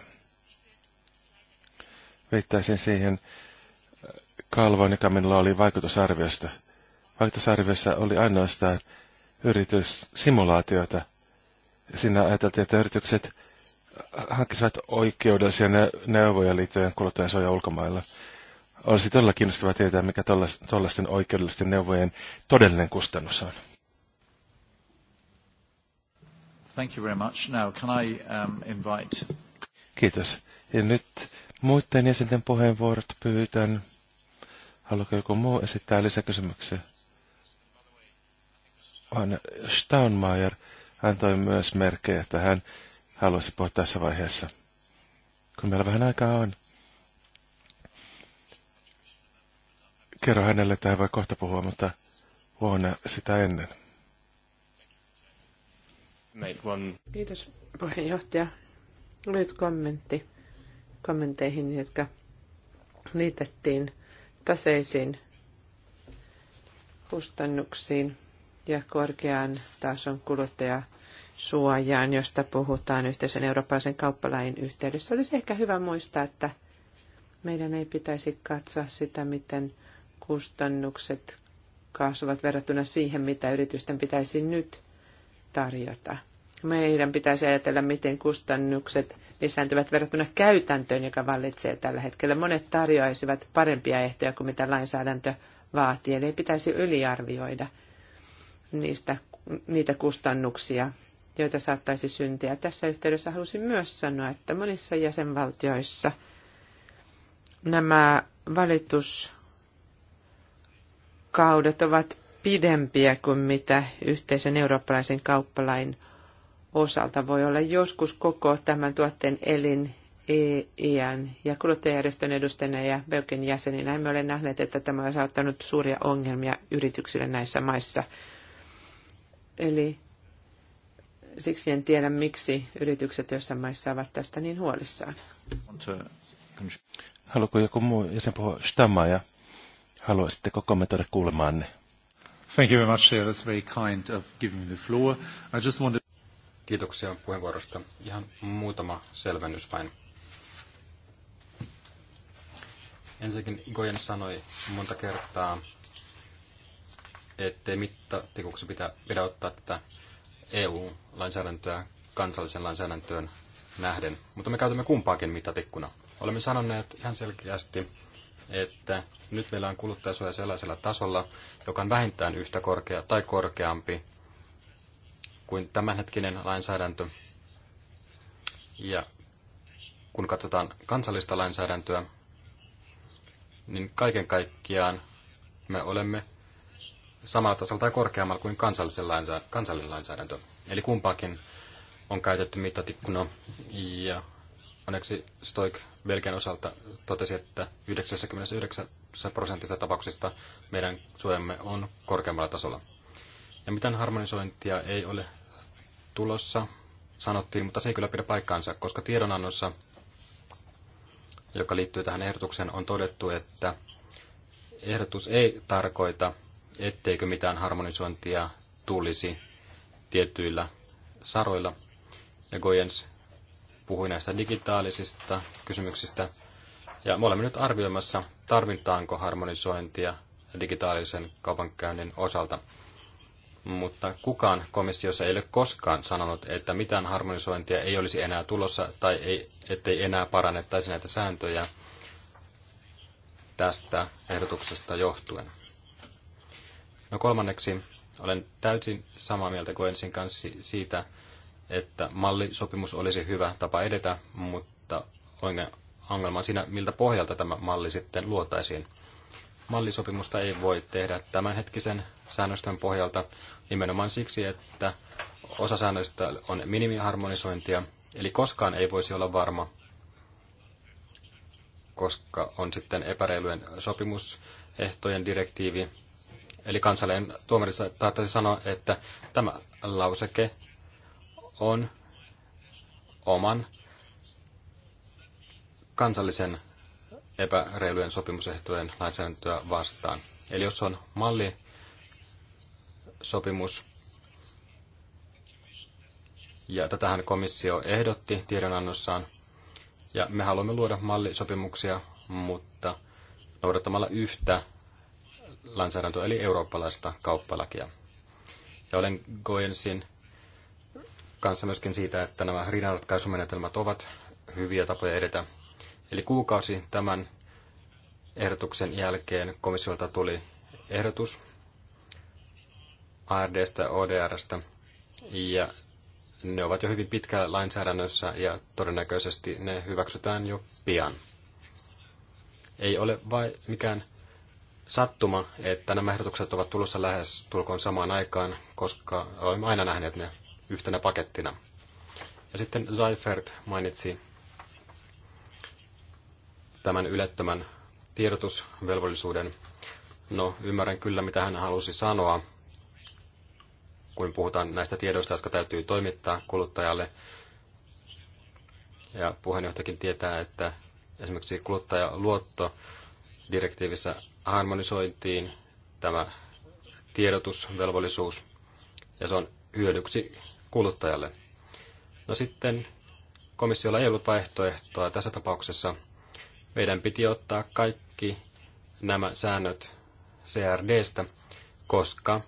Viittaisin siihen, kalvoin, joka minulla oli vaikutusarviosta. Vaikutusarviossa oli ainoastaan yrityssimulaatioita. Siinä ajateltiin, että yritykset hankkisivat oikeudellisia neuvoja liittyen kuluttajansuoja ulkomailla. Olisi todella kiinnostavaa tietää, mikä tuollaisten oikeudellisten neuvojen todellinen kustannus on. Thank you very much. Now, can I um, invite... Kiitos. Ja nyt muiden jäsenten puheenvuorot pyytän. Haluatko joku muu esittää lisäkysymyksiä? Vaan Steinmeier antoi myös merkkejä, että hän haluaisi puhua tässä vaiheessa. Kun meillä vähän aikaa on. Kerro hänelle, että hän voi kohta puhua, mutta huone sitä ennen. Kiitos puheenjohtaja. Lyhyt kommentti kommenteihin, jotka liitettiin taseisiin kustannuksiin ja korkean tason kuluttajasuojaan, josta puhutaan yhteisen eurooppalaisen kauppalain yhteydessä. Olisi ehkä hyvä muistaa, että meidän ei pitäisi katsoa sitä, miten kustannukset kasvavat verrattuna siihen, mitä yritysten pitäisi nyt tarjota meidän pitäisi ajatella, miten kustannukset lisääntyvät verrattuna käytäntöön, joka vallitsee tällä hetkellä. Monet tarjoaisivat parempia ehtoja kuin mitä lainsäädäntö vaatii, eli ei pitäisi yliarvioida niistä, niitä kustannuksia, joita saattaisi syntyä. Tässä yhteydessä halusin myös sanoa, että monissa jäsenvaltioissa nämä valituskaudet ovat pidempiä kuin mitä yhteisen eurooppalaisen kauppalain osalta voi olla joskus koko tämän tuotteen elin e, iän ja kuluttajajärjestön edustajana ja Belgian jäseninä emme ole nähneet, että tämä on saattanut suuria ongelmia yrityksille näissä maissa. Eli siksi en tiedä, miksi yritykset joissain maissa ovat tästä niin huolissaan. Haluatko joku muu jäsen puhua Stammaa ja haluaisitteko kommentoida kuulemaanne? Thank you very much, Chair. That's very kind of giving me the floor. I just wanted... Kiitoksia puheenvuorosta. Ihan muutama selvennys vain. Ensinnäkin Gojen sanoi monta kertaa, ettei mittatikuksi pitää, pidä ottaa tätä EU-lainsäädäntöä kansallisen lainsäädäntöön nähden, mutta me käytämme kumpaakin mittatikkuna. Olemme sanoneet ihan selkeästi, että nyt meillä on kuluttajasuoja sellaisella tasolla, joka on vähintään yhtä korkea tai korkeampi kuin tämänhetkinen lainsäädäntö. Ja kun katsotaan kansallista lainsäädäntöä, niin kaiken kaikkiaan me olemme samalla tasolla tai korkeammalla kuin kansallinen lainsäädäntö. Eli kumpaakin on käytetty mittatikkuna. Ja onneksi Stoik Belgian osalta totesi, että 99 prosentissa tapauksista meidän suojamme on korkeammalla tasolla. Ja mitään harmonisointia ei ole tulossa, sanottiin, mutta se ei kyllä pidä paikkaansa, koska tiedonannossa, joka liittyy tähän ehdotukseen, on todettu, että ehdotus ei tarkoita, etteikö mitään harmonisointia tulisi tietyillä saroilla. Ja Goyens puhui näistä digitaalisista kysymyksistä. Ja me olemme nyt arvioimassa, tarvitaanko harmonisointia digitaalisen kaupankäynnin osalta mutta kukaan komissiossa ei ole koskaan sanonut, että mitään harmonisointia ei olisi enää tulossa tai ei, ettei enää parannettaisi näitä sääntöjä tästä ehdotuksesta johtuen. No kolmanneksi, olen täysin samaa mieltä kuin ensin kanssa siitä, että mallisopimus olisi hyvä tapa edetä, mutta ongelma on siinä, miltä pohjalta tämä malli sitten luotaisiin mallisopimusta ei voi tehdä tämänhetkisen säännöstön pohjalta nimenomaan siksi, että osa säännöistä on minimiharmonisointia, eli koskaan ei voisi olla varma, koska on sitten epäreilujen sopimusehtojen direktiivi. Eli kansallinen tuomari taattaisi sanoa, että tämä lauseke on oman kansallisen epäreilujen sopimusehtojen lainsäädäntöä vastaan. Eli jos on malli sopimus, ja tätähän komissio ehdotti tiedonannossaan, ja me haluamme luoda mallisopimuksia, mutta noudattamalla yhtä lainsäädäntöä, eli eurooppalaista kauppalakia. Ja olen Goensin kanssa myöskin siitä, että nämä riidanratkaisumenetelmät ovat hyviä tapoja edetä Eli kuukausi tämän ehdotuksen jälkeen komissiolta tuli ehdotus ARDstä ja ODRstä, ja ne ovat jo hyvin pitkällä lainsäädännössä ja todennäköisesti ne hyväksytään jo pian. Ei ole vai mikään sattuma, että nämä ehdotukset ovat tulossa lähes tulkoon samaan aikaan, koska olemme aina nähneet ne yhtenä pakettina. Ja sitten Seifert mainitsi tämän ylettömän tiedotusvelvollisuuden. No, ymmärrän kyllä, mitä hän halusi sanoa, kun puhutaan näistä tiedoista, jotka täytyy toimittaa kuluttajalle. Ja puheenjohtajakin tietää, että esimerkiksi kuluttajaluotto direktiivissä harmonisointiin tämä tiedotusvelvollisuus, ja se on hyödyksi kuluttajalle. No sitten komissiolla ei ollut vaihtoehtoa tässä tapauksessa, meidän piti ottaa kaikki nämä säännöt CRDstä, koska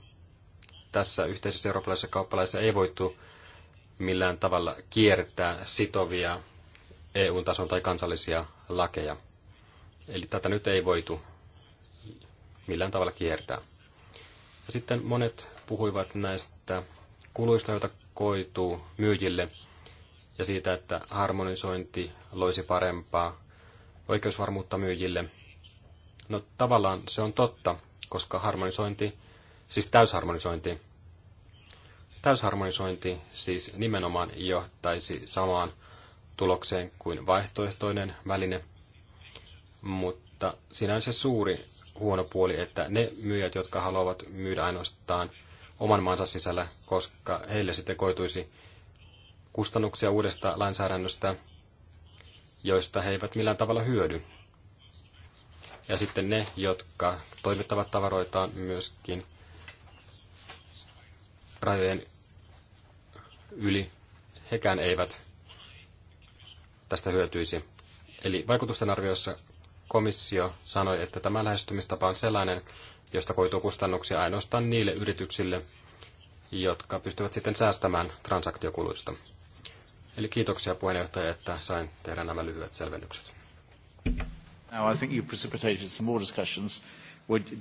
tässä yhteisessä eurooppalaisessa kauppalaisessa ei voitu millään tavalla kiertää sitovia EU-tason tai kansallisia lakeja. Eli tätä nyt ei voitu millään tavalla kiertää. Ja sitten monet puhuivat näistä kuluista, joita koituu myyjille, ja siitä, että harmonisointi loisi parempaa oikeusvarmuutta myyjille. No tavallaan se on totta, koska harmonisointi, siis täysharmonisointi, täysharmonisointi siis nimenomaan johtaisi samaan tulokseen kuin vaihtoehtoinen väline, mutta sinänsä suuri huono puoli, että ne myyjät, jotka haluavat myydä ainoastaan oman maansa sisällä, koska heille sitten koituisi kustannuksia uudesta lainsäädännöstä, joista he eivät millään tavalla hyödy. Ja sitten ne, jotka toimittavat tavaroitaan myöskin rajojen yli, hekään eivät tästä hyötyisi. Eli vaikutusten arviossa komissio sanoi, että tämä lähestymistapa on sellainen, josta koituu kustannuksia ainoastaan niille yrityksille, jotka pystyvät sitten säästämään transaktiokuluista. Eli kiitoksia puheenjohtaja, että sain tehdä nämä lyhyet selvennykset. Now I think you precipitated some more discussions.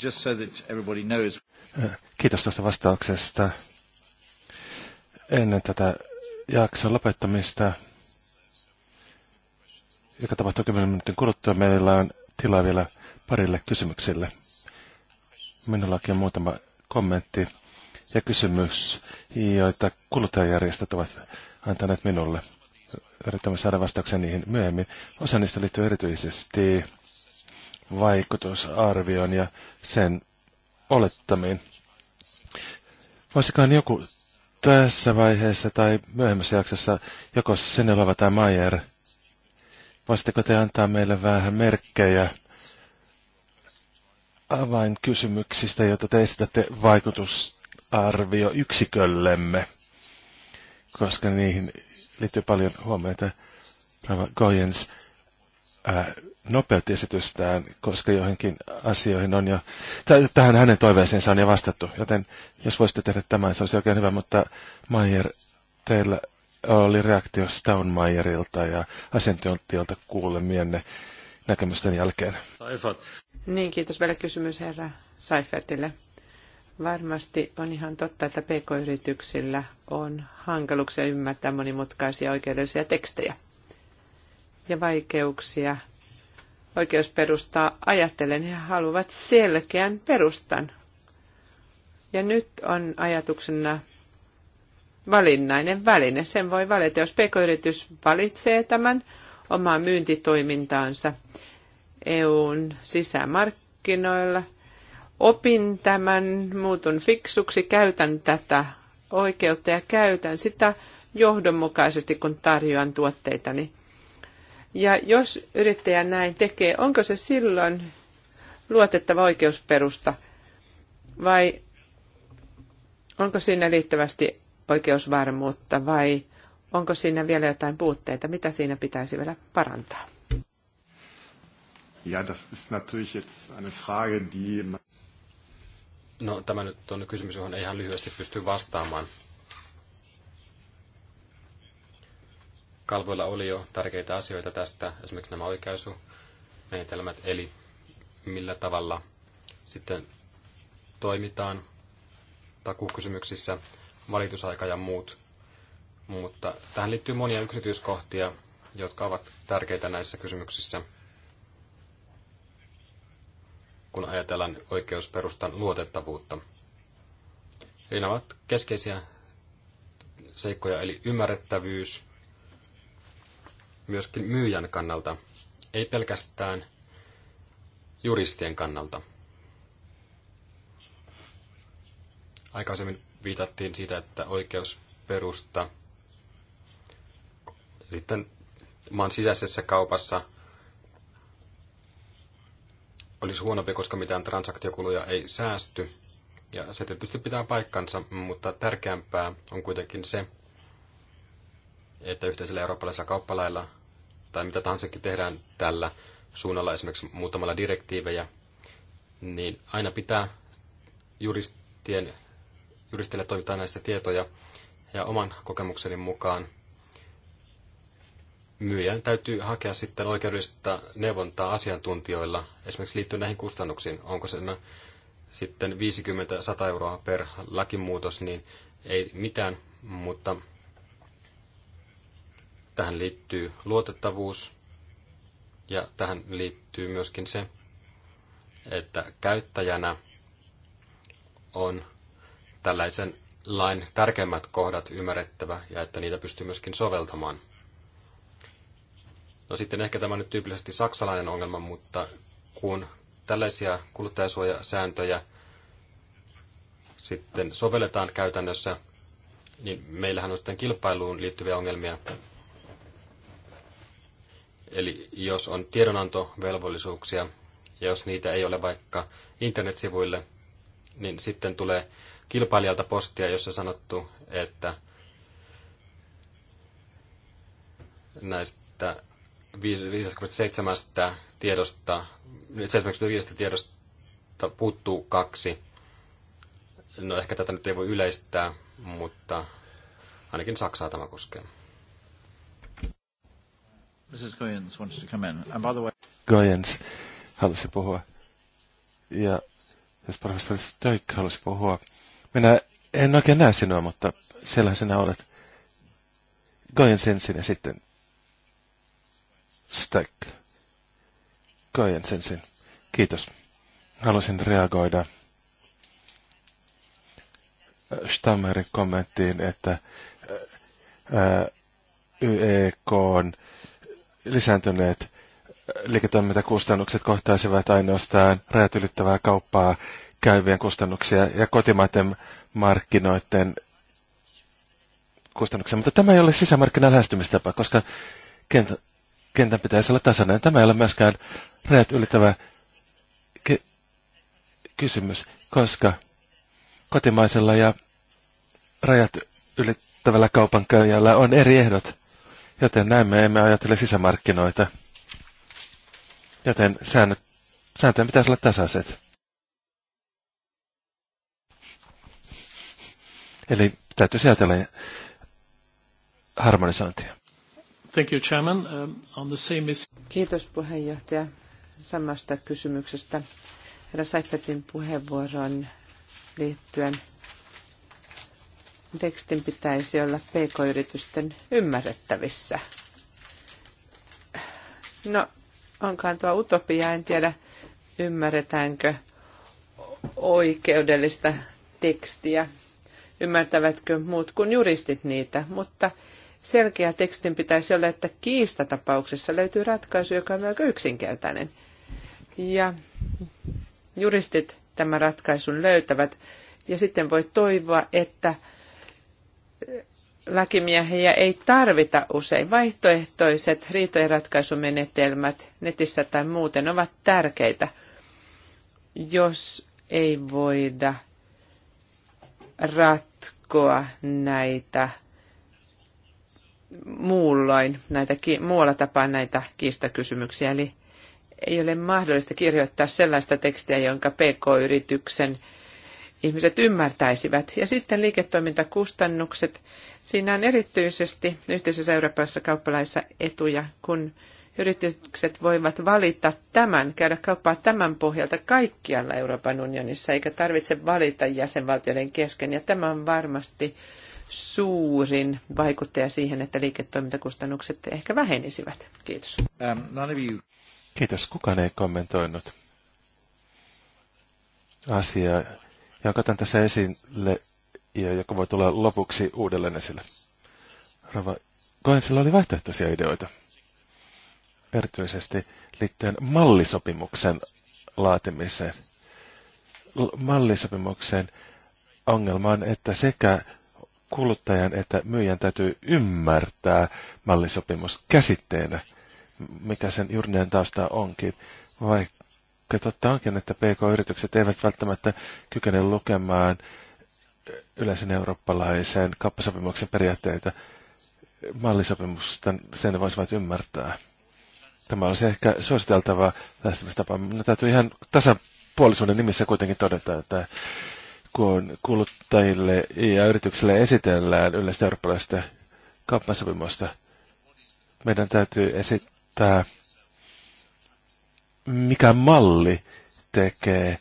Just so that everybody knows. Kiitos tuosta vastauksesta. Ennen tätä jakson lopettamista, joka tapahtuu 10 minuutin kuluttua, meillä on tilaa vielä parille kysymyksille. Minullakin on muutama kommentti ja kysymys, joita kuluttajajärjestöt ovat antaneet minulle. Yritämme saada vastauksen niihin myöhemmin. Osa niistä liittyy erityisesti vaikutusarvioon ja sen olettamiin. Voisikaan joku tässä vaiheessa tai myöhemmässä jaksossa, joko sinne oleva tai Mayer, voisitteko te antaa meille vähän merkkejä avainkysymyksistä, joita te esitätte vaikutusarvio yksiköllemme? koska niihin liittyy paljon huomioita, Rava Goyens nopeutti esitystään, koska joihinkin asioihin on jo, tähän hänen toiveeseensa on jo vastattu, joten jos voisitte tehdä tämän, se olisi oikein hyvä, mutta Mayer, teillä oli reaktio Staunmayerilta ja asiantuntijalta kuulemienne näkemysten jälkeen. Niin, kiitos vielä kysymys herra Seifertille. Varmasti on ihan totta, että pk-yrityksillä on hankaluuksia ymmärtää monimutkaisia oikeudellisia tekstejä ja vaikeuksia oikeusperustaa ajatellen. He haluavat selkeän perustan. Ja nyt on ajatuksena valinnainen väline. Sen voi valita, jos pk-yritys valitsee tämän omaa myyntitoimintaansa EUn sisämarkkinoilla – opin tämän, muutun fiksuksi, käytän tätä oikeutta ja käytän sitä johdonmukaisesti, kun tarjoan tuotteitani. Ja jos yrittäjä näin tekee, onko se silloin luotettava oikeusperusta vai onko siinä liittävästi oikeusvarmuutta vai onko siinä vielä jotain puutteita? Mitä siinä pitäisi vielä parantaa? Ja, das ist natürlich jetzt eine Frage, die... No tämä nyt on kysymys, johon ei ihan lyhyesti pysty vastaamaan. Kalvoilla oli jo tärkeitä asioita tästä, esimerkiksi nämä oikaisumenetelmät, eli millä tavalla sitten toimitaan takuukysymyksissä, valitusaika ja muut. Mutta tähän liittyy monia yksityiskohtia, jotka ovat tärkeitä näissä kysymyksissä – kun ajatellaan oikeusperustan luotettavuutta. Eli nämä ovat keskeisiä seikkoja, eli ymmärrettävyys myöskin myyjän kannalta, ei pelkästään juristien kannalta. Aikaisemmin viitattiin siitä, että oikeusperusta sitten maan sisäisessä kaupassa – olisi huonompi, koska mitään transaktiokuluja ei säästy. Ja se tietysti pitää paikkansa, mutta tärkeämpää on kuitenkin se, että yhteisellä eurooppalaisella kauppalailla tai mitä tahansakin tehdään tällä suunnalla, esimerkiksi muutamalla direktiivejä, niin aina pitää juristien, juristille toimittaa näistä tietoja. Ja oman kokemukseni mukaan myyjän täytyy hakea sitten oikeudellista neuvontaa asiantuntijoilla, esimerkiksi liittyen näihin kustannuksiin. Onko se sitten 50-100 euroa per lakimuutos, niin ei mitään, mutta tähän liittyy luotettavuus ja tähän liittyy myöskin se, että käyttäjänä on tällaisen lain tärkeimmät kohdat ymmärrettävä ja että niitä pystyy myöskin soveltamaan. No sitten ehkä tämä on nyt tyypillisesti saksalainen ongelma, mutta kun tällaisia kuluttajasuojasääntöjä sitten sovelletaan käytännössä, niin meillähän on sitten kilpailuun liittyviä ongelmia. Eli jos on tiedonantovelvollisuuksia ja jos niitä ei ole vaikka internetsivuille, niin sitten tulee kilpailijalta postia, jossa sanottu, että näistä 57 tiedosta, 75 tiedosta puuttuu kaksi. No ehkä tätä nyt ei voi yleistää, mutta ainakin Saksaa tämä koskee. Mrs. Goyens wants to come in. And by the way... Goyens halusi puhua. Ja jos professori Stoik halusi puhua. Minä en oikein näe sinua, mutta siellä sinä olet. Goyens ensin ja sitten Stack. Kajan sensin. Kiitos. Haluaisin reagoida Stammerin kommenttiin, että YEK on lisääntyneet liiketoimintakustannukset kohtaisivat ainoastaan rajat ylittävää kauppaa käyvien kustannuksia ja kotimaiden markkinoiden kustannuksia. Mutta tämä ei ole sisämarkkinan lähestymistapa, koska kentän kentän pitäisi olla tasainen. Tämä ei ole myöskään rajat ylittävä kysymys, koska kotimaisella ja rajat ylittävällä kaupankäyjällä on eri ehdot, joten näin me emme ajatele sisämarkkinoita. Joten säännöt, sääntöjen pitäisi olla tasaiset. Eli täytyy olla harmonisointia. Thank you, Chairman. Um, on the same is... Kiitos puheenjohtaja samasta kysymyksestä. Herra Saippetin puheenvuoron liittyen tekstin pitäisi olla pk-yritysten ymmärrettävissä. No, onkaan tuo utopia, en tiedä ymmärretäänkö oikeudellista tekstiä, ymmärtävätkö muut kuin juristit niitä, mutta – selkeä tekstin pitäisi olla, että kiistatapauksessa löytyy ratkaisu, joka on aika yksinkertainen. Ja juristit tämän ratkaisun löytävät. Ja sitten voi toivoa, että lakimiehiä ei tarvita usein. Vaihtoehtoiset riitojen ratkaisumenetelmät netissä tai muuten ovat tärkeitä, jos ei voida ratkoa näitä muulloin näitä, muualla tapaa näitä kiistakysymyksiä. Eli ei ole mahdollista kirjoittaa sellaista tekstiä, jonka PK-yrityksen ihmiset ymmärtäisivät. Ja sitten liiketoimintakustannukset. Siinä on erityisesti yhteisessä Euroopassa kauppalaissa etuja, kun yritykset voivat valita tämän, käydä kauppaa tämän pohjalta kaikkialla Euroopan unionissa, eikä tarvitse valita jäsenvaltioiden kesken. Ja tämä on varmasti suurin vaikuttaja siihen, että liiketoimintakustannukset ehkä vähenisivät? Kiitos. Um, Kiitos. Kukaan ei kommentoinut asiaa, jonka otan tässä esille ja joka voi tulla lopuksi uudelleen esille. Rava sillä oli vaihtoehtoisia ideoita, erityisesti liittyen mallisopimuksen laatimiseen. Mallisopimuksen ongelma on, että sekä kuluttajan että myyjän täytyy ymmärtää mallisopimus käsitteenä, mikä sen juridinen tausta onkin, vaikka totta onkin, että PK-yritykset eivät välttämättä kykene lukemaan yleisen eurooppalaisen kauppasopimuksen periaatteita mallisopimusta, sen voisivat ymmärtää. Tämä olisi ehkä suositeltava lähestymistapa. Minun täytyy ihan tasapuolisuuden nimissä kuitenkin todeta, että kun kuluttajille ja yrityksille esitellään yleistä eurooppalaista kauppasopimusta, meidän täytyy esittää, mikä malli tekee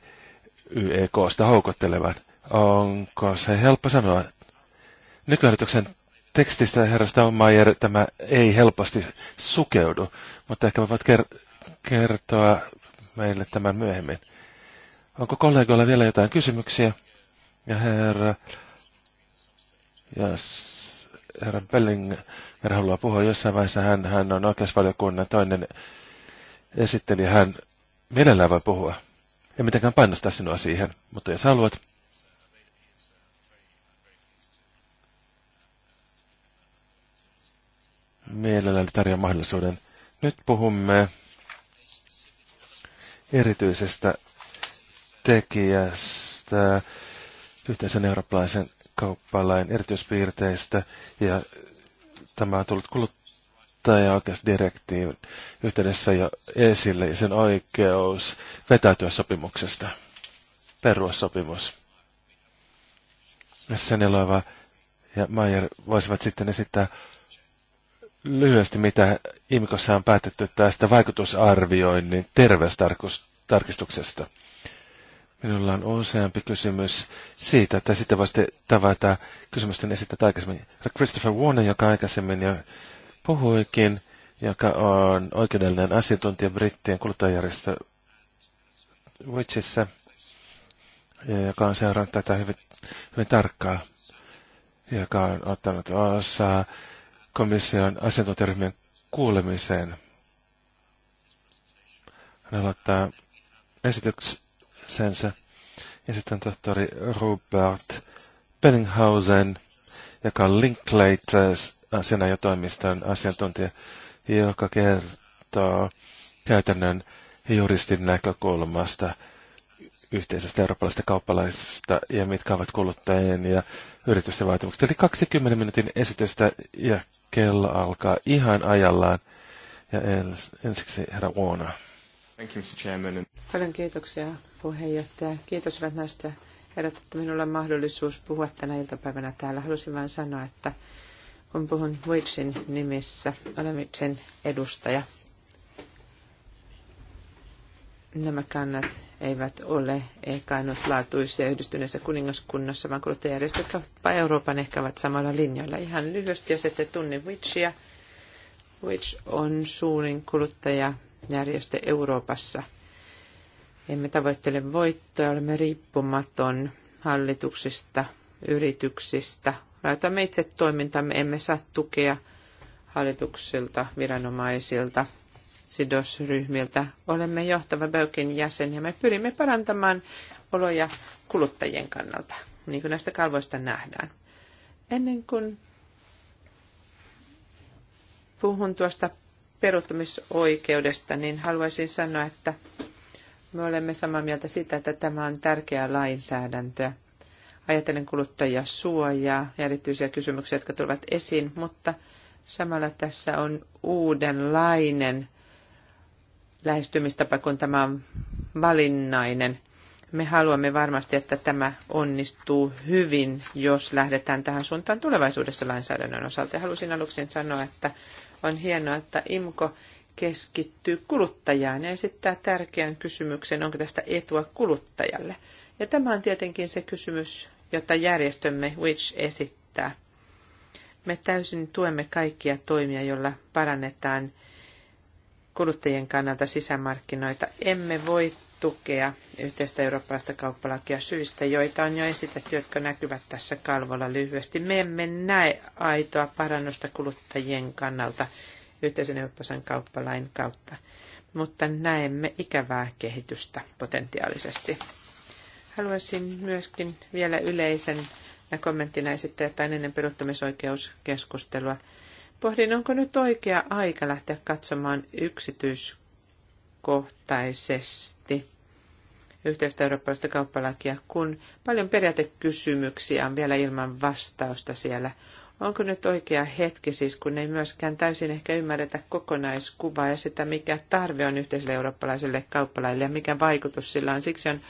YEKsta houkuttelevan. Onko se helppo sanoa? Nykyhallituksen tekstistä herra Staumayer tämä ei helposti sukeudu, mutta ehkä voit ker- kertoa meille tämän myöhemmin. Onko kollegoilla vielä jotain kysymyksiä? ja herra, ja herra herra haluaa puhua jossain vaiheessa. Hän, hän on oikeusvaliokunnan toinen esitteli. Hän mielellään voi puhua. En mitenkään painostaa sinua siihen, mutta jos haluat. Mielelläni tarjoan mahdollisuuden. Nyt puhumme erityisestä tekijästä yhteisen eurooppalaisen kauppalain erityispiirteistä ja tämä on tullut kuluttajaoikeusdirektiivin yhteydessä jo esille ja sen oikeus vetäytyä sopimuksesta, perua sopimus. Senilova ja Mayer voisivat sitten esittää lyhyesti, mitä IMIKOssa on päätetty tästä vaikutusarvioinnin terveystarkistuksesta. Minulla on useampi kysymys siitä, että sitten voisitte tavata kysymysten esittää aikaisemmin. Christopher Warner, joka aikaisemmin jo puhuikin, joka on oikeudellinen asiantuntija brittien kuluttajajärjestö Witchissä, joka on seurannut tätä hyvin, hyvin tarkkaan, joka on ottanut osaa komission asiantuntijaryhmien kuulemiseen. Hän aloittaa esityks, itsensä. Ja sitten tohtori Robert Benninghausen joka on linklater toimiston asiantuntija, joka kertoo käytännön juristin näkökulmasta yhteisestä eurooppalaisesta kauppalaisesta ja mitkä ovat kuluttajien ja yritysten vaatimukset. Eli 20 minuutin esitystä ja kello alkaa ihan ajallaan. Ja ens, ensiksi herra Vuona. Thank you, Mr. Chairman. Paljon kiitoksia puheenjohtaja. Kiitos hyvät näistä herrat, että minulla on mahdollisuus puhua tänä iltapäivänä täällä. Halusin vain sanoa, että kun puhun Witsin nimissä, olen sen edustaja. Nämä kannat eivät ole ehkä ainutlaatuisia yhdistyneessä kuningaskunnassa, vaan kuluttajajärjestöt kautta Euroopan ehkä ovat samalla linjoilla. Ihan lyhyesti, jos ette tunne Witchia, Witch on suurin kuluttajajärjestö Euroopassa – emme tavoittele voittoa, olemme riippumaton hallituksista, yrityksistä. Laitamme itse toimintamme, emme saa tukea hallituksilta, viranomaisilta, sidosryhmiltä. Olemme johtava Bökin jäsen ja me pyrimme parantamaan oloja kuluttajien kannalta, niin kuin näistä kalvoista nähdään. Ennen kuin puhun tuosta peruuttamisoikeudesta, niin haluaisin sanoa, että me olemme samaa mieltä siitä, että tämä on tärkeä lainsäädäntö. Ajatellen kuluttajasuojaa ja erityisiä kysymyksiä, jotka tulevat esiin, mutta samalla tässä on uudenlainen lähestymistapa, kun tämä on valinnainen. Me haluamme varmasti, että tämä onnistuu hyvin, jos lähdetään tähän suuntaan tulevaisuudessa lainsäädännön osalta. Ja halusin aluksi sanoa, että on hienoa, että IMKO keskittyy kuluttajaan ja esittää tärkeän kysymyksen, onko tästä etua kuluttajalle. Ja tämä on tietenkin se kysymys, jota järjestömme Which esittää. Me täysin tuemme kaikkia toimia, joilla parannetaan kuluttajien kannalta sisämarkkinoita. Emme voi tukea yhteistä eurooppalaista kauppalakia syistä, joita on jo esitetty, jotka näkyvät tässä kalvolla lyhyesti. Me emme näe aitoa parannusta kuluttajien kannalta yhteisen eurooppalaisen kauppalain kautta. Mutta näemme ikävää kehitystä potentiaalisesti. Haluaisin myöskin vielä yleisen kommenttina esittää tai ennen peruuttamisoikeuskeskustelua. Pohdin, onko nyt oikea aika lähteä katsomaan yksityiskohtaisesti yhteistä eurooppalaista kauppalakia, kun paljon periaatekysymyksiä on vielä ilman vastausta siellä. Onko nyt oikea hetki siis, kun ei myöskään täysin ehkä ymmärretä kokonaiskuvaa ja sitä, mikä tarve on yhteiselle eurooppalaiselle kauppalaille ja mikä vaikutus sillä on. Siksi on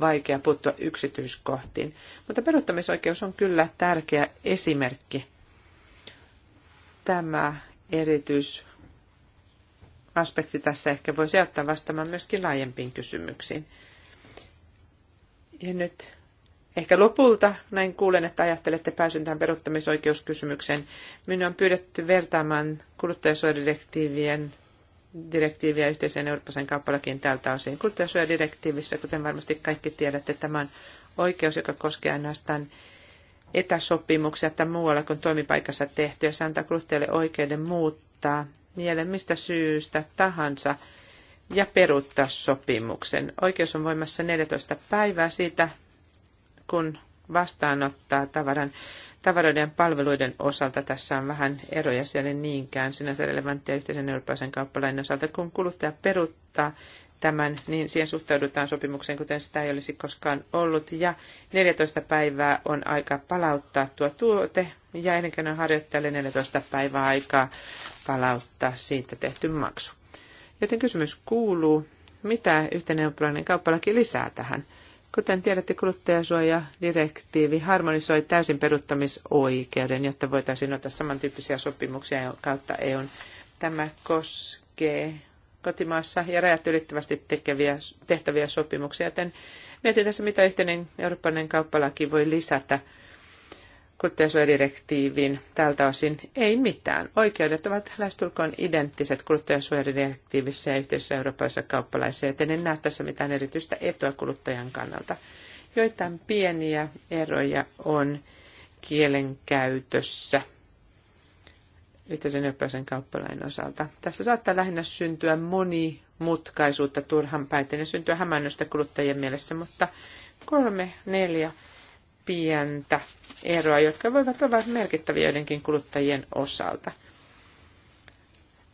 vaikea puuttua yksityiskohtiin. Mutta peruuttamisoikeus on kyllä tärkeä esimerkki. Tämä erityis aspekti tässä ehkä voisi auttaa vastaamaan myöskin laajempiin kysymyksiin. Ja nyt Ehkä lopulta näin kuulen, että ajattelette pääsyn tähän peruuttamisoikeuskysymykseen. Minun on pyydetty vertaamaan kuluttajasuojadirektiivien direktiiviä yhteiseen Euroopan kauppalakiin tältä osin. Kuluttajasuojadirektiivissä, kuten varmasti kaikki tiedätte, tämä on oikeus, joka koskee ainoastaan etäsopimuksia tai muualla kuin toimipaikassa tehtyä. Se antaa kuluttajalle oikeuden muuttaa mielen mistä syystä tahansa ja peruuttaa sopimuksen. Oikeus on voimassa 14 päivää siitä kun vastaanottaa tavaran, tavaroiden palveluiden osalta tässä on vähän eroja siellä niinkään sinänsä relevanttia yhteisen eurooppalaisen kauppalain osalta. Kun kuluttaja peruuttaa tämän, niin siihen suhtaudutaan sopimukseen, kuten sitä ei olisi koskaan ollut. Ja 14 päivää on aika palauttaa tuo tuote ja elinkeinon harjoittajalle 14 päivää aikaa palauttaa siitä tehty maksu. Joten kysymys kuuluu, mitä yhteinen eurooppalainen kauppalaki lisää tähän? Kuten tiedätte, kuluttajasuojadirektiivi harmonisoi täysin peruuttamisoikeuden, jotta voitaisiin ottaa samantyyppisiä sopimuksia kautta EUn. Tämä koskee kotimaassa ja rajat ylittävästi tekeviä, tehtäviä sopimuksia, joten mietin tässä, mitä yhteinen eurooppalainen kauppalaki voi lisätä kuluttajansuojadirektiiviin tältä osin ei mitään. Oikeudet ovat lähestulkoon identtiset kuluttajansuojadirektiivissä ja yhteisessä eurooppalaisessa kauppalaisessa, joten en näe tässä mitään erityistä etua kuluttajan kannalta. Joitain pieniä eroja on kielenkäytössä yhteisen eurooppalaisen kauppalain osalta. Tässä saattaa lähinnä syntyä monimutkaisuutta turhan päiten ja syntyä hämännystä kuluttajien mielessä, mutta kolme, neljä pientä eroa, jotka voivat olla merkittäviä joidenkin kuluttajien osalta.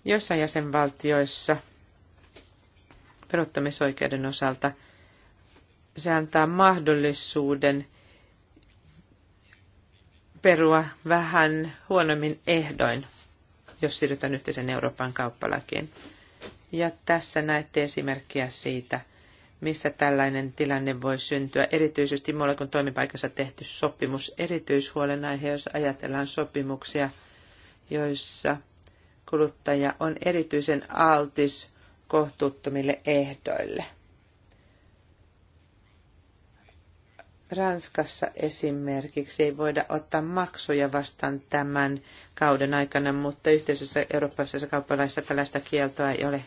Joissain jäsenvaltioissa verottamisoikeuden osalta se antaa mahdollisuuden perua vähän huonommin ehdoin, jos siirrytään yhteisen Euroopan kauppalakiin. Ja tässä näette esimerkkiä siitä, missä tällainen tilanne voi syntyä. Erityisesti muualla toimipaikassa tehty sopimus. Erityishuolenaihe, jos ajatellaan sopimuksia, joissa kuluttaja on erityisen altis kohtuuttomille ehdoille. Ranskassa esimerkiksi ei voida ottaa maksuja vastaan tämän kauden aikana, mutta yhteisessä eurooppalaisessa kauppalaissa tällaista kieltoa ei ole.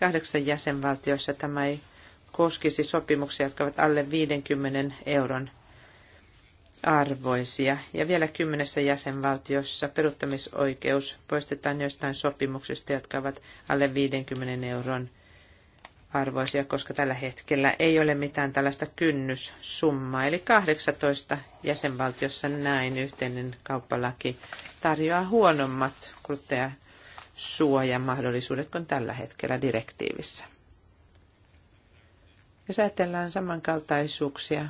Kahdeksan jäsenvaltiossa tämä ei koskisi sopimuksia, jotka ovat alle 50 euron arvoisia. Ja vielä kymmenessä jäsenvaltiossa peruuttamisoikeus poistetaan joistain sopimuksista, jotka ovat alle 50 euron arvoisia, koska tällä hetkellä ei ole mitään tällaista kynnyssummaa. Eli 18 jäsenvaltiossa näin yhteinen kauppalaki tarjoaa huonommat kuluttajasuojamahdollisuudet kuin tällä hetkellä direktiivissä. Jos ajatellaan samankaltaisuuksia,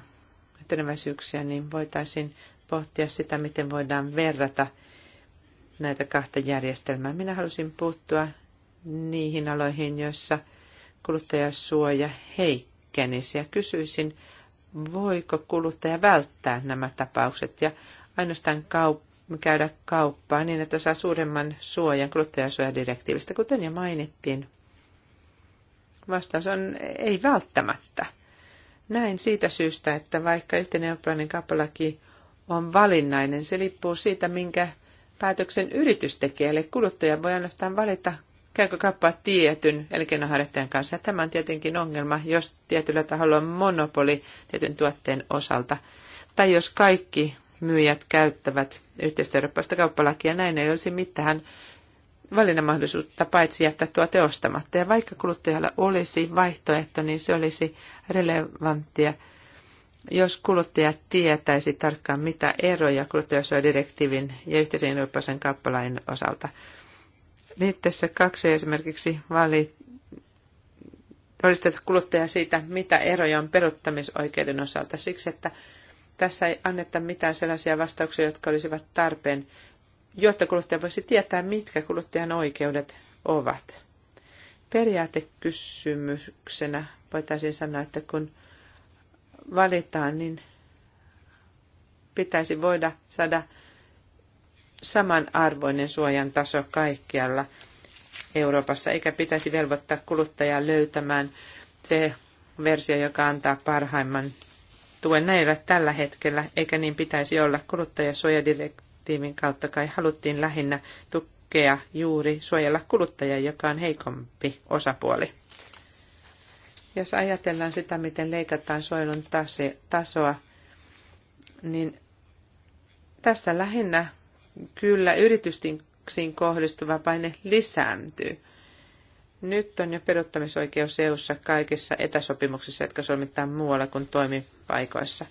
eteneväisyyksiä, niin voitaisiin pohtia sitä, miten voidaan verrata näitä kahta järjestelmää. Minä halusin puuttua niihin aloihin, joissa kuluttajasuoja heikkenisi ja kysyisin, voiko kuluttaja välttää nämä tapaukset ja ainoastaan kaup- käydä kauppaa niin, että saa suuremman suojan kuluttajasuojadirektiivistä, kuten jo mainittiin. Vastaus on ei välttämättä. Näin siitä syystä, että vaikka yhteinen eurooppalainen kauppalaki on valinnainen, se lippuu siitä, minkä päätöksen yritys tekee. Eli kuluttaja voi ainoastaan valita, käykö kauppaa tietyn elinkeinoharjoittajan kanssa. Tämä on tietenkin ongelma, jos tietyllä taholla on monopoli tietyn tuotteen osalta. Tai jos kaikki myyjät käyttävät yhteistä eurooppalaista kauppalakia, näin ei olisi mitään valinnan mahdollisuutta paitsi jättää tuo teostamatta. Ja vaikka kuluttajalla olisi vaihtoehto, niin se olisi relevanttia, jos kuluttaja tietäisi tarkkaan, mitä eroja kuluttajasuojadirektiivin ja yhteisen eurooppalaisen kappalain osalta. Liitteessä kaksi esimerkiksi valit todisteta kuluttajaa siitä, mitä eroja on peruttamisoikeuden osalta, siksi että tässä ei anneta mitään sellaisia vastauksia, jotka olisivat tarpeen, jotta kuluttaja voisi tietää, mitkä kuluttajan oikeudet ovat. Periaatekysymyksenä voitaisiin sanoa, että kun valitaan, niin pitäisi voida saada samanarvoinen suojan taso kaikkialla Euroopassa, eikä pitäisi velvoittaa kuluttajaa löytämään se versio, joka antaa parhaimman tuen. näillä tällä hetkellä, eikä niin pitäisi olla. Kuluttajasuojadirektiivi direktiivin kautta kai haluttiin lähinnä tukea juuri suojella kuluttajaa, joka on heikompi osapuoli. Jos ajatellaan sitä, miten leikataan suojelun tase, tasoa, niin tässä lähinnä kyllä yritysten kohdistuva paine lisääntyy. Nyt on jo peruuttamisoikeus EU:ssa kaikissa etäsopimuksissa, jotka solmitaan muualla kuin toimipaikoissa.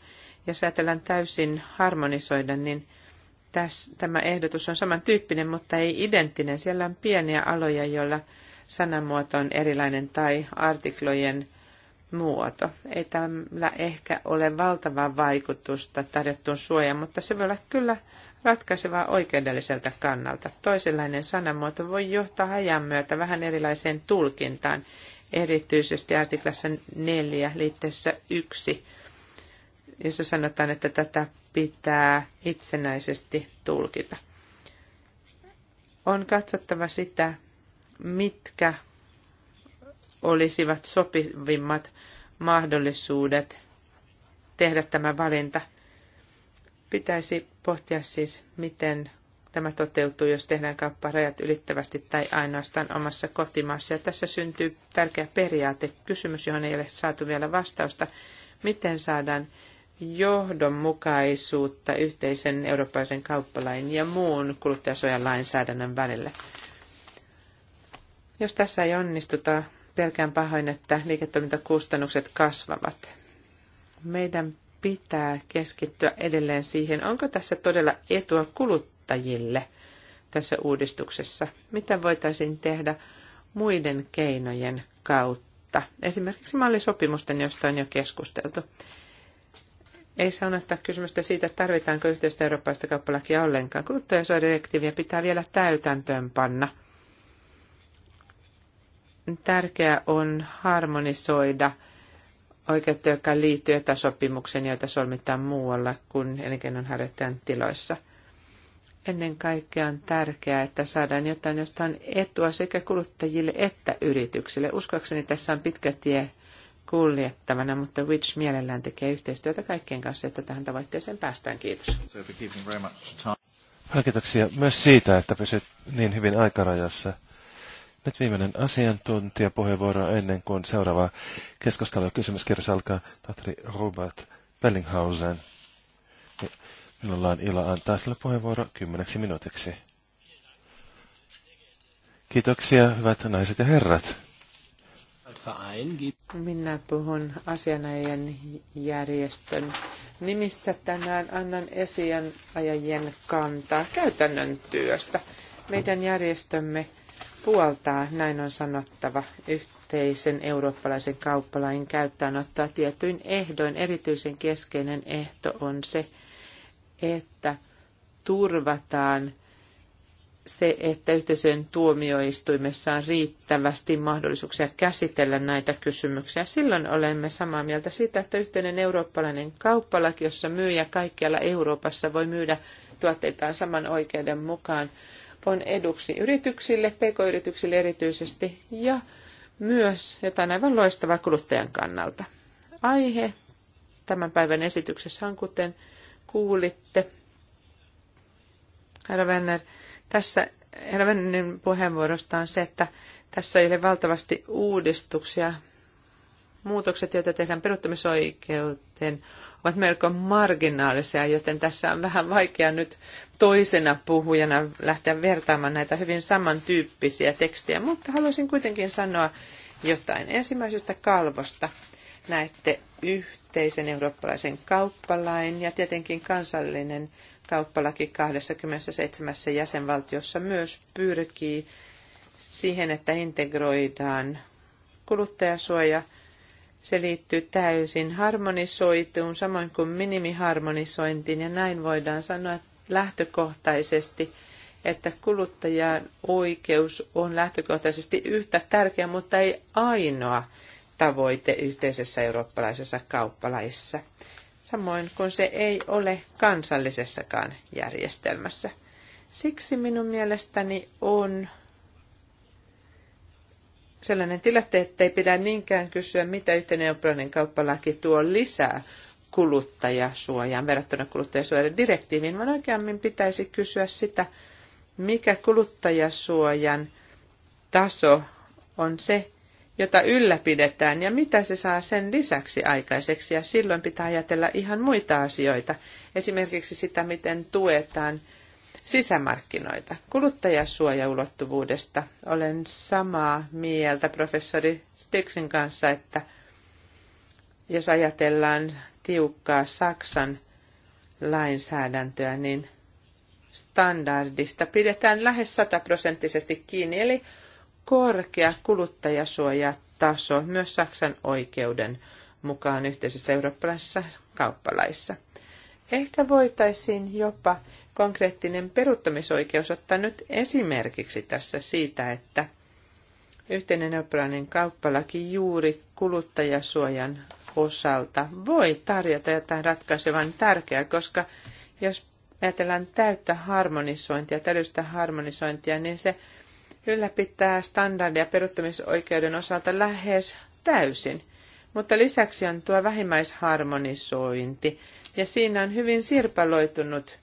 Jos ajatellaan täysin harmonisoida, niin – täs, tämä ehdotus on samantyyppinen, mutta ei identtinen. Siellä on pieniä aloja, joilla sanamuoto on erilainen tai artiklojen muoto. Ei tällä ehkä ole valtavaa vaikutusta tarjottuun suojaan, mutta se voi olla kyllä ratkaisevaa oikeudelliselta kannalta. Toisenlainen sanamuoto voi johtaa ajan myötä vähän erilaiseen tulkintaan, erityisesti artiklassa 4 liitteessä 1, jossa sanotaan, että tätä pitää itsenäisesti tulkita. On katsottava sitä, mitkä olisivat sopivimmat mahdollisuudet tehdä tämä valinta. Pitäisi pohtia siis, miten tämä toteutuu, jos tehdään kauppa rajat ylittävästi tai ainoastaan omassa kotimaassa. Ja tässä syntyy tärkeä periaate, kysymys, johon ei ole saatu vielä vastausta. Miten saadaan johdonmukaisuutta yhteisen eurooppalaisen kauppalain ja muun kuluttajasojan lainsäädännön välillä. Jos tässä ei onnistuta, pelkään pahoin, että liiketoimintakustannukset kasvavat. Meidän pitää keskittyä edelleen siihen, onko tässä todella etua kuluttajille tässä uudistuksessa. Mitä voitaisiin tehdä muiden keinojen kautta? Esimerkiksi mallisopimusten, josta on jo keskusteltu ei saa unohtaa kysymystä siitä, tarvitaanko yhteistä eurooppalaista kauppalakia ollenkaan. Kuluttajansuojadirektiiviä pitää vielä täytäntöön panna. Tärkeää on harmonisoida oikeutta, joka liittyy etäsopimukseen, joita solmitaan muualla kuin elinkeinonharjoittajan tiloissa. Ennen kaikkea on tärkeää, että saadaan jotain, josta on etua sekä kuluttajille että yrityksille. Uskoakseni tässä on pitkä tie kuljettavana, mutta Witch mielellään tekee yhteistyötä kaikkien kanssa, että tähän tavoitteeseen päästään. Kiitos. Paljon kiitoksia myös siitä, että pysyt niin hyvin aikarajassa. Nyt viimeinen asiantuntijapuheenvuoro ennen kuin seuraava keskustelu ja kysymyskierros alkaa. Tohtori Robert Bellinghausen. Minulla on ilo antaa sille puheenvuoro kymmeneksi minuutiksi. Kiitoksia, hyvät naiset ja herrat. Minä puhun asianajajien järjestön nimissä tänään. Annan asianajajien kantaa käytännön työstä. Meidän järjestömme puoltaa, näin on sanottava, yhteisen eurooppalaisen kauppalain käyttöönottoa tietyin ehdoin. Erityisen keskeinen ehto on se, että turvataan se, että yhteisöjen tuomioistuimessa on riittävästi mahdollisuuksia käsitellä näitä kysymyksiä. Silloin olemme samaa mieltä siitä, että yhteinen eurooppalainen kauppalaki, jossa myyjä kaikkialla Euroopassa voi myydä tuotteitaan saman oikeuden mukaan, on eduksi yrityksille, pk-yrityksille erityisesti ja myös jotain aivan loistavaa kuluttajan kannalta. Aihe tämän päivän esityksessä on, kuten kuulitte, herra Werner, tässä herra Vennin puheenvuorosta on se, että tässä ei ole valtavasti uudistuksia. Muutokset, joita tehdään peruuttamisoikeuteen, ovat melko marginaalisia, joten tässä on vähän vaikea nyt toisena puhujana lähteä vertaamaan näitä hyvin samantyyppisiä tekstejä, mutta haluaisin kuitenkin sanoa jotain. Ensimmäisestä kalvosta näette yhteisen eurooppalaisen kauppalain ja tietenkin kansallinen kauppalaki 27 jäsenvaltiossa myös pyrkii siihen, että integroidaan kuluttajasuoja. Se liittyy täysin harmonisoituun, samoin kuin minimiharmonisointiin, ja näin voidaan sanoa lähtökohtaisesti, että kuluttajan oikeus on lähtökohtaisesti yhtä tärkeä, mutta ei ainoa tavoite yhteisessä eurooppalaisessa kauppalaissa samoin kuin se ei ole kansallisessakaan järjestelmässä. Siksi minun mielestäni on sellainen tilanne, että ei pidä niinkään kysyä, mitä yhteinen eurooppalainen kauppalaki tuo lisää kuluttajasuojaan verrattuna direktiiviin, vaan oikeammin pitäisi kysyä sitä, mikä kuluttajasuojan taso on se, jota ylläpidetään ja mitä se saa sen lisäksi aikaiseksi. Ja silloin pitää ajatella ihan muita asioita, esimerkiksi sitä, miten tuetaan sisämarkkinoita. Kuluttajasuojaulottuvuudesta olen samaa mieltä professori Stixin kanssa, että jos ajatellaan tiukkaa Saksan lainsäädäntöä, niin standardista pidetään lähes sataprosenttisesti kiinni, eli korkea kuluttajasuojataso myös Saksan oikeuden mukaan yhteisessä eurooppalaisessa kauppalaissa. Ehkä voitaisiin jopa konkreettinen peruuttamisoikeus ottaa nyt esimerkiksi tässä siitä, että yhteinen eurooppalainen kauppalaki juuri kuluttajasuojan osalta voi tarjota jotain ratkaisevan tärkeää, koska jos ajatellaan täyttä harmonisointia, täydellistä harmonisointia, niin se ylläpitää standardia peruuttamisoikeuden osalta lähes täysin, mutta lisäksi on tuo vähimmäisharmonisointi, ja siinä on hyvin sirpaloitunut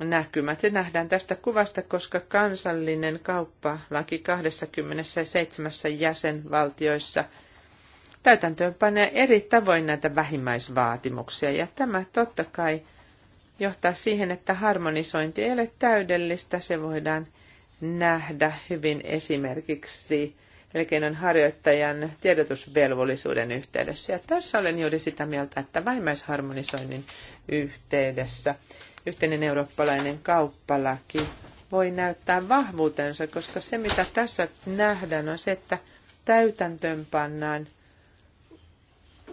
näkymät. Se nähdään tästä kuvasta, koska kansallinen kauppalaki 27 jäsenvaltioissa täytäntöön panee eri tavoin näitä vähimmäisvaatimuksia, ja tämä totta kai johtaa siihen, että harmonisointi ei ole täydellistä, se voidaan nähdä hyvin esimerkiksi elinkeinon harjoittajan tiedotusvelvollisuuden yhteydessä. Ja tässä olen juuri sitä mieltä, että vähimmäisharmonisoinnin yhteydessä yhteinen eurooppalainen kauppalaki voi näyttää vahvuutensa, koska se mitä tässä nähdään on se, että täytäntöön pannaan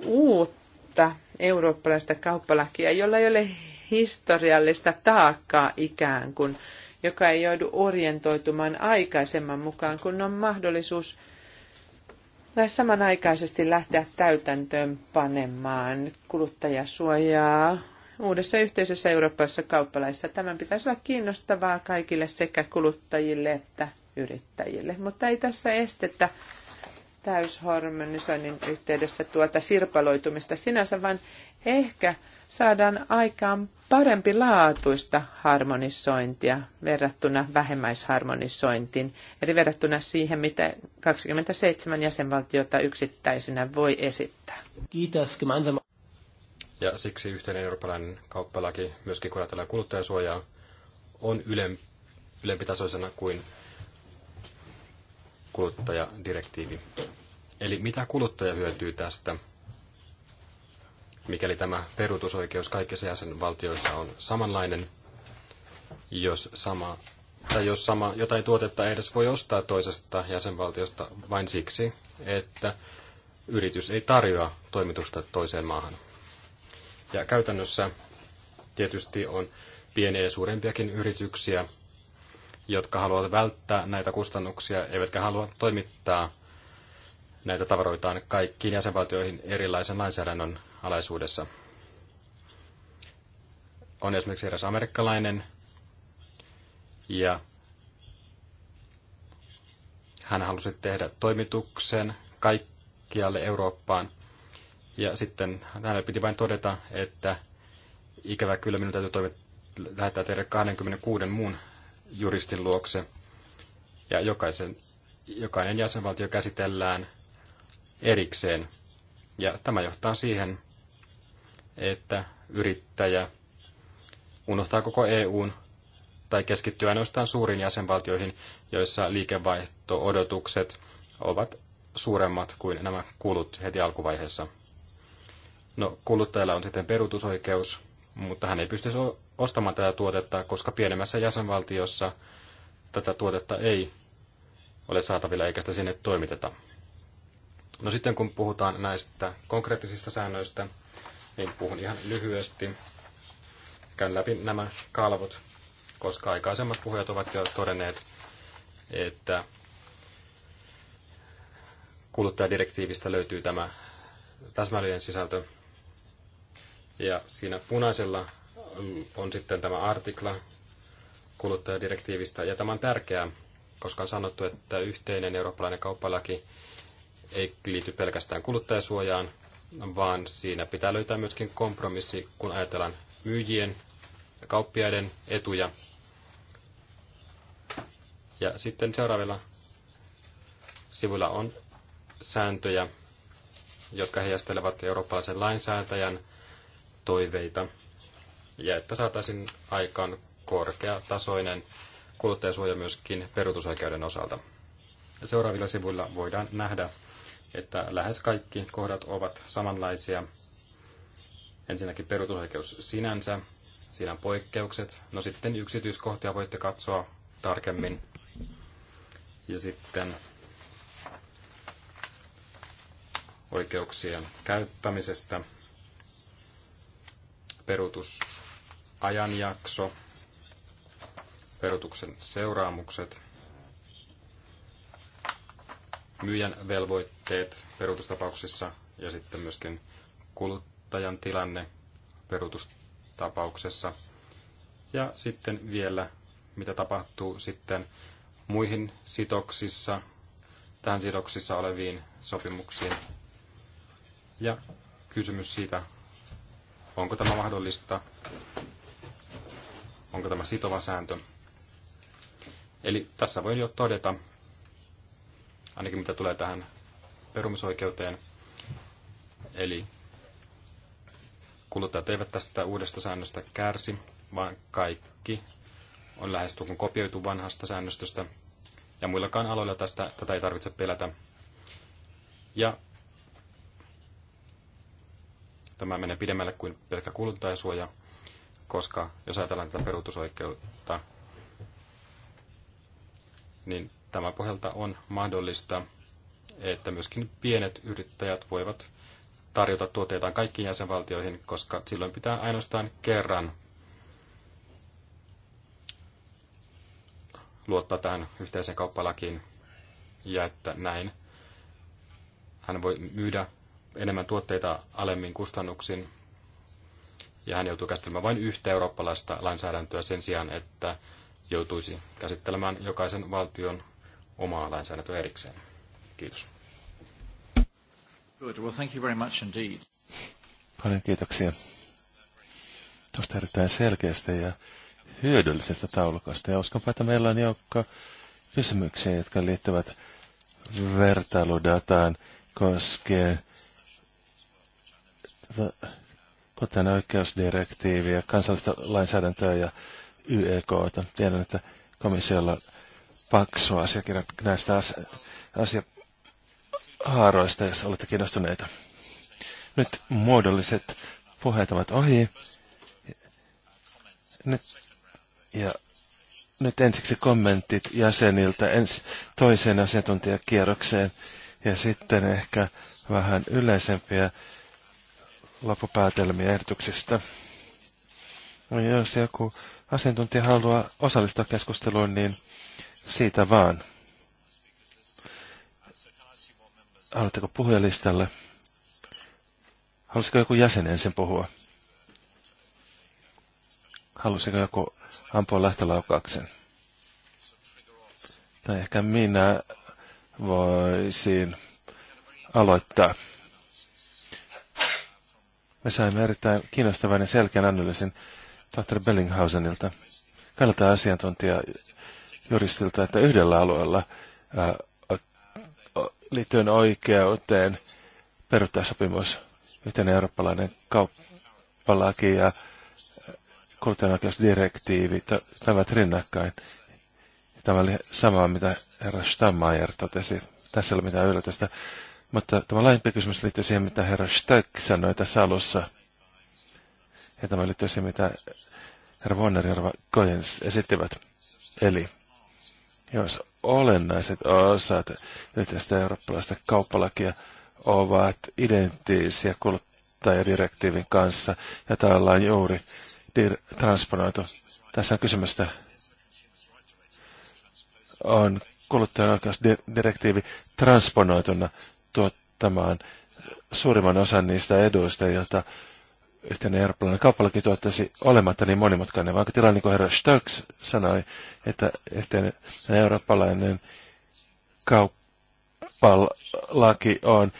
uutta eurooppalaista kauppalakia, jolla ei ole historiallista taakkaa ikään kuin joka ei joudu orientoitumaan aikaisemman mukaan, kun on mahdollisuus lähes samanaikaisesti lähteä täytäntöön panemaan kuluttajasuojaa uudessa yhteisessä eurooppalaisessa kauppalaissa. Tämän pitäisi olla kiinnostavaa kaikille sekä kuluttajille että yrittäjille, mutta ei tässä estetä täyshormonisoinnin yhteydessä tuota sirpaloitumista sinänsä, vaan ehkä – saadaan aikaan parempi laatuista harmonisointia verrattuna vähemmäisharmonisointiin, eli verrattuna siihen, mitä 27 jäsenvaltiota yksittäisenä voi esittää. Kiitos. Ja siksi yhteinen eurooppalainen kauppalaki, myöskin kun ajatellaan kuluttajasuojaa, on ylempitasoisena kuin kuluttajadirektiivi. Eli mitä kuluttaja hyötyy tästä – mikäli tämä peruutusoikeus kaikissa jäsenvaltioissa on samanlainen, jos sama, tai jos sama jotain tuotetta ei edes voi ostaa toisesta jäsenvaltiosta vain siksi, että yritys ei tarjoa toimitusta toiseen maahan. Ja käytännössä tietysti on pieniä ja suurempiakin yrityksiä, jotka haluavat välttää näitä kustannuksia, eivätkä halua toimittaa näitä tavaroitaan kaikkiin jäsenvaltioihin erilaisen lainsäädännön alaisuudessa. On esimerkiksi eräs amerikkalainen, ja hän halusi tehdä toimituksen kaikkialle Eurooppaan. Ja sitten hänelle piti vain todeta, että ikävä kyllä minun täytyy toimet, lähettää teille 26 muun juristin luokse. Ja jokaisen, jokainen jäsenvaltio käsitellään erikseen. Ja tämä johtaa siihen, että yrittäjä unohtaa koko EUn tai keskittyy ainoastaan suuriin jäsenvaltioihin, joissa liikevaihto-odotukset ovat suuremmat kuin nämä kulut heti alkuvaiheessa. No, kuluttajalla on sitten peruutusoikeus, mutta hän ei pysty ostamaan tätä tuotetta, koska pienemmässä jäsenvaltiossa tätä tuotetta ei ole saatavilla eikä sitä sinne toimiteta. No sitten kun puhutaan näistä konkreettisista säännöistä, niin puhun ihan lyhyesti. Käyn läpi nämä kalvot, koska aikaisemmat puhujat ovat jo todenneet, että kuluttajadirektiivistä löytyy tämä täsmällinen sisältö. Ja siinä punaisella on sitten tämä artikla kuluttajadirektiivistä, ja tämä on tärkeää, koska on sanottu, että yhteinen eurooppalainen kauppalaki ei liity pelkästään kuluttajasuojaan, vaan siinä pitää löytää myöskin kompromissi, kun ajatellaan myyjien ja kauppiaiden etuja. Ja sitten seuraavilla sivuilla on sääntöjä, jotka heijastelevat eurooppalaisen lainsäätäjän toiveita, ja että saataisiin aikaan korkeatasoinen kuluttajasuoja myöskin perutusoikeuden osalta. Seuraavilla sivuilla voidaan nähdä, että lähes kaikki kohdat ovat samanlaisia. Ensinnäkin perusoikeus sinänsä, siinä on poikkeukset. No sitten yksityiskohtia voitte katsoa tarkemmin. Ja sitten oikeuksien käyttämisestä, perutusajanjakso, perutuksen seuraamukset – myyjän velvoitteet perutustapauksissa ja sitten myöskin kuluttajan tilanne perutustapauksessa. Ja sitten vielä, mitä tapahtuu sitten muihin sitoksissa, tähän sidoksissa oleviin sopimuksiin. Ja kysymys siitä, onko tämä mahdollista, onko tämä sitova sääntö. Eli tässä voin jo todeta, ainakin mitä tulee tähän perumisoikeuteen. Eli kuluttajat eivät tästä uudesta säännöstä kärsi, vaan kaikki on lähestulkoon kopioitu vanhasta säännöstöstä. Ja muillakaan aloilla tästä, tätä ei tarvitse pelätä. Ja tämä menee pidemmälle kuin pelkkä kuluttajasuoja, koska jos ajatellaan tätä peruutusoikeutta, niin tämän pohjalta on mahdollista, että myöskin pienet yrittäjät voivat tarjota tuotteitaan kaikkiin jäsenvaltioihin, koska silloin pitää ainoastaan kerran luottaa tähän yhteiseen kauppalakiin ja että näin hän voi myydä enemmän tuotteita alemmin kustannuksin ja hän joutuu käsittelemään vain yhtä eurooppalaista lainsäädäntöä sen sijaan, että joutuisi käsittelemään jokaisen valtion omaa lainsäädäntöä erikseen. Kiitos. Good. Well, thank you very much indeed. Paljon kiitoksia tuosta erittäin selkeästä ja hyödyllisestä taulukosta. Ja uskonpa, että meillä on joukko kysymyksiä, jotka liittyvät vertailudataan koskien kuten oikeusdirektiiviä, kansallista lainsäädäntöä ja YEK. Tiedän, että komissiolla paksu asiakirja näistä asia, haaroista, jos olette kiinnostuneita. Nyt muodolliset puheet ovat ohi. Nyt, ja nyt ensiksi kommentit jäseniltä ens, toiseen asiantuntijakierrokseen ja sitten ehkä vähän yleisempiä loppupäätelmiä ehdotuksista. No, jos joku asiantuntija haluaa osallistua keskusteluun, niin siitä vaan. Haluatteko puhujalistalle? Halusiko joku jäsen ensin puhua? Halusiko joku ampua lähtölaukauksen? Tai ehkä minä voisin aloittaa. Me saimme erittäin kiinnostavan ja selkeän analyysin tohtori Bellinghausenilta. Kannattaa asiantuntija juristilta, että yhdellä alueella ää, äh, liittyen oikeuteen peruttaa sopimus, yhteinen eurooppalainen kauppalaki ja kuluttajan tämä rinnakkain. Tämä oli samaa, mitä herra Stammeier totesi. Tässä ei ole mitään yllätystä. Mutta tämä laajempi kysymys liittyy siihen, mitä herra Stöck sanoi tässä alussa. Ja tämä liittyy siihen, mitä herra Warner ja herra Goyens esittivät. Eli jos olennaiset osat yhteistä eurooppalaista kauppalakia ovat identtisiä kuluttajadirektiivin kanssa, ja täällä ollaan juuri dir- transponoitu. Tässä on kysymystä on kuluttajan oikeusdirektiivi transponoituna tuottamaan suurimman osan niistä eduista, joita yhteinen eurooppalainen kauppalaki tuottaisi olematta niin monimutkainen, vaikka tilanne, niin kuin herra Stöcks sanoi, että yhteinen eurooppalainen kauppalaki on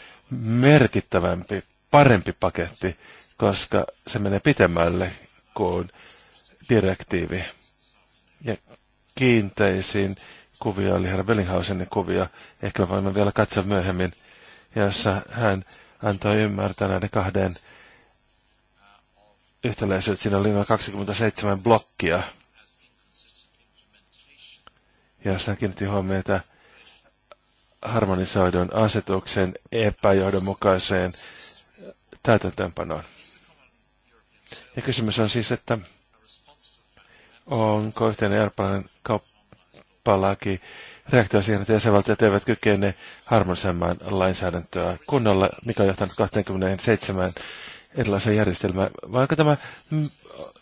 merkittävämpi, parempi paketti, koska se menee pitemmälle kuin direktiivi. Ja kiinteisiin kuvio oli herra Bellinghausenin kuvio, ehkä me voimme vielä katsoa myöhemmin, jossa hän antoi ymmärtää näiden kahden yhtäläisyydet. Siinä oli noin 27 blokkia. Ja siinä kiinnitti huomiota harmonisoidun asetuksen epäjohdonmukaiseen täytäntöönpanoon. Ja kysymys on siis, että onko yhteinen eurooppalainen kauppalaki reaktio siihen, että jäsenvaltiot eivät kykene harmonisoimaan lainsäädäntöä kunnolla, mikä on johtanut 27 erilaisia järjestelmää, Vaikka onko tämä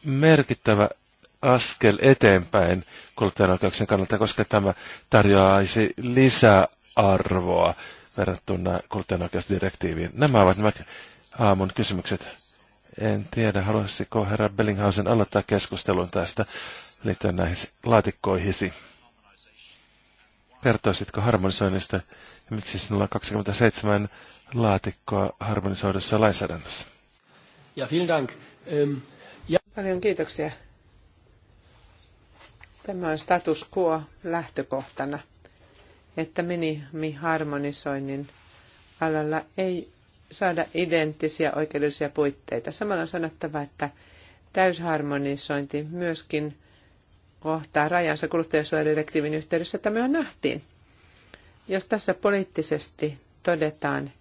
merkittävä askel eteenpäin kuluttajan oikeuksien kannalta, koska tämä tarjoaisi lisäarvoa verrattuna kuluttajan oikeusdirektiiviin. Nämä ovat nämä aamun kysymykset. En tiedä, haluaisiko herra Bellinghausen aloittaa keskustelun tästä liittyen näihin laatikkoihisi. Kertoisitko harmonisoinnista ja miksi sinulla on 27 laatikkoa harmonisoidussa lainsäädännössä? Ja vielen Dank. Ähm, ja. Paljon kiitoksia. Tämä on status quo lähtökohtana, että minimiharmonisoinnin alalla ei saada identtisiä oikeudellisia puitteita. Samalla on sanottava, että täysharmonisointi myöskin kohtaa rajansa kuluttajasuojadirektiivin yhteydessä. Tämä jo nähtiin. Jos tässä poliittisesti todetaan,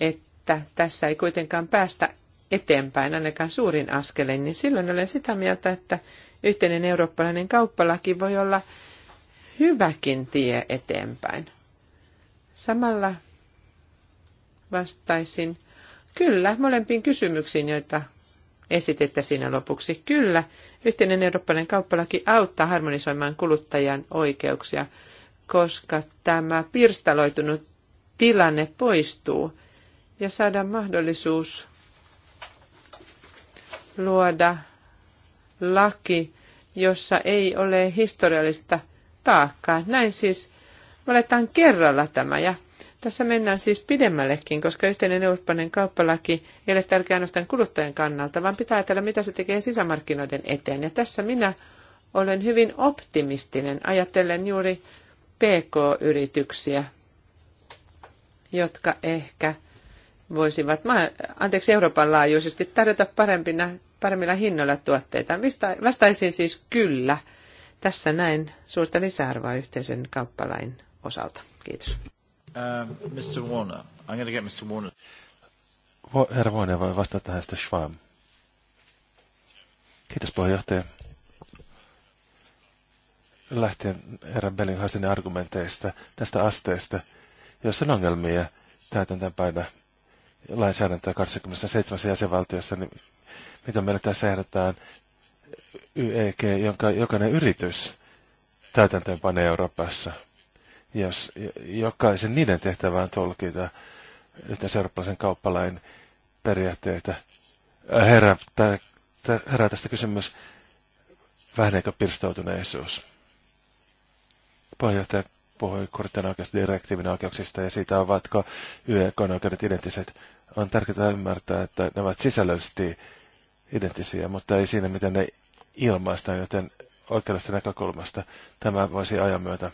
että tässä ei kuitenkaan päästä eteenpäin ainakaan suurin askelin, niin silloin olen sitä mieltä, että yhteinen eurooppalainen kauppalaki voi olla hyväkin tie eteenpäin. Samalla vastaisin kyllä molempiin kysymyksiin, joita esitettä siinä lopuksi. Kyllä, yhteinen eurooppalainen kauppalaki auttaa harmonisoimaan kuluttajan oikeuksia, koska tämä pirstaloitunut tilanne poistuu ja saadaan mahdollisuus luoda laki, jossa ei ole historiallista taakkaa. Näin siis valitaan kerralla tämä ja tässä mennään siis pidemmällekin, koska yhteinen eurooppalainen kauppalaki ei ole tärkeä ainoastaan kuluttajan kannalta, vaan pitää ajatella, mitä se tekee sisämarkkinoiden eteen. Ja tässä minä olen hyvin optimistinen ajatellen juuri PK-yrityksiä, jotka ehkä voisivat, anteeksi, Euroopan laajuisesti tarjota parempina paremmilla hinnoilla tuotteita. Vastaisin siis kyllä. Tässä näin suurta lisäarvoa yhteisen kauppalain osalta. Kiitos. Uh, Mr. Warner. I'm going to get Mr. Warner. Herra Warner, voi vastata tähän sitten Schwab. Kiitos puheenjohtaja. Lähtien herran Bellinghausen argumenteista tästä asteesta, jos on ongelmia täytäntöönpäinä lainsäädäntöä 27 jäsenvaltiossa, niin mitä meillä tässä ehdotetaan, YEG, jonka jokainen yritys täytäntöön panee Euroopassa. Jos jokaisen niiden tehtävään tulkita yhtä eurooppalaisen kauppalain periaatteita, Herra herää, herää tästä kysymys, väheneekö pirstoutuneisuus? Puheenjohtaja puhui oikeus direktiivin oikeuksista ja siitä, ovatko YK e oikeudet identtiset. On tärkeää ymmärtää, että ne ovat sisällöllisesti identtisiä, mutta ei siinä, miten ne ilmaistaan, joten oikeudesta näkökulmasta tämä voisi ajan myötä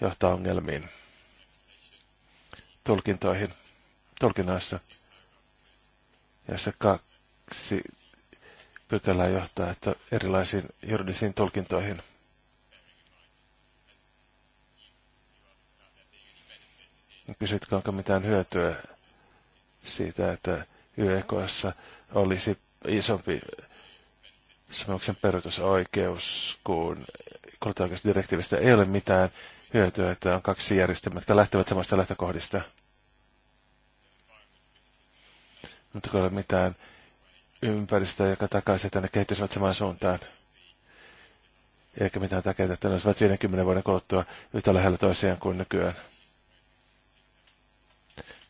johtaa ongelmiin tulkintoihin, tulkinnoissa, jossa kaksi pykälää johtaa että erilaisiin juridisiin tulkintoihin. Kysytkö, onko mitään hyötyä siitä, että YEKssa olisi isompi sopimuksen peruutusoikeus, kun kuluttajaoikeusdirektiivistä ei ole mitään hyötyä, että on kaksi järjestelmää, jotka lähtevät samasta lähtökohdista. Mutta ei ole mitään ympäristöä, joka takaisin tänne kehittyisivät samaan suuntaan. Eikä mitään takia, että ne olisivat 50 vuoden kuluttua yhtä lähellä toisiaan kuin nykyään.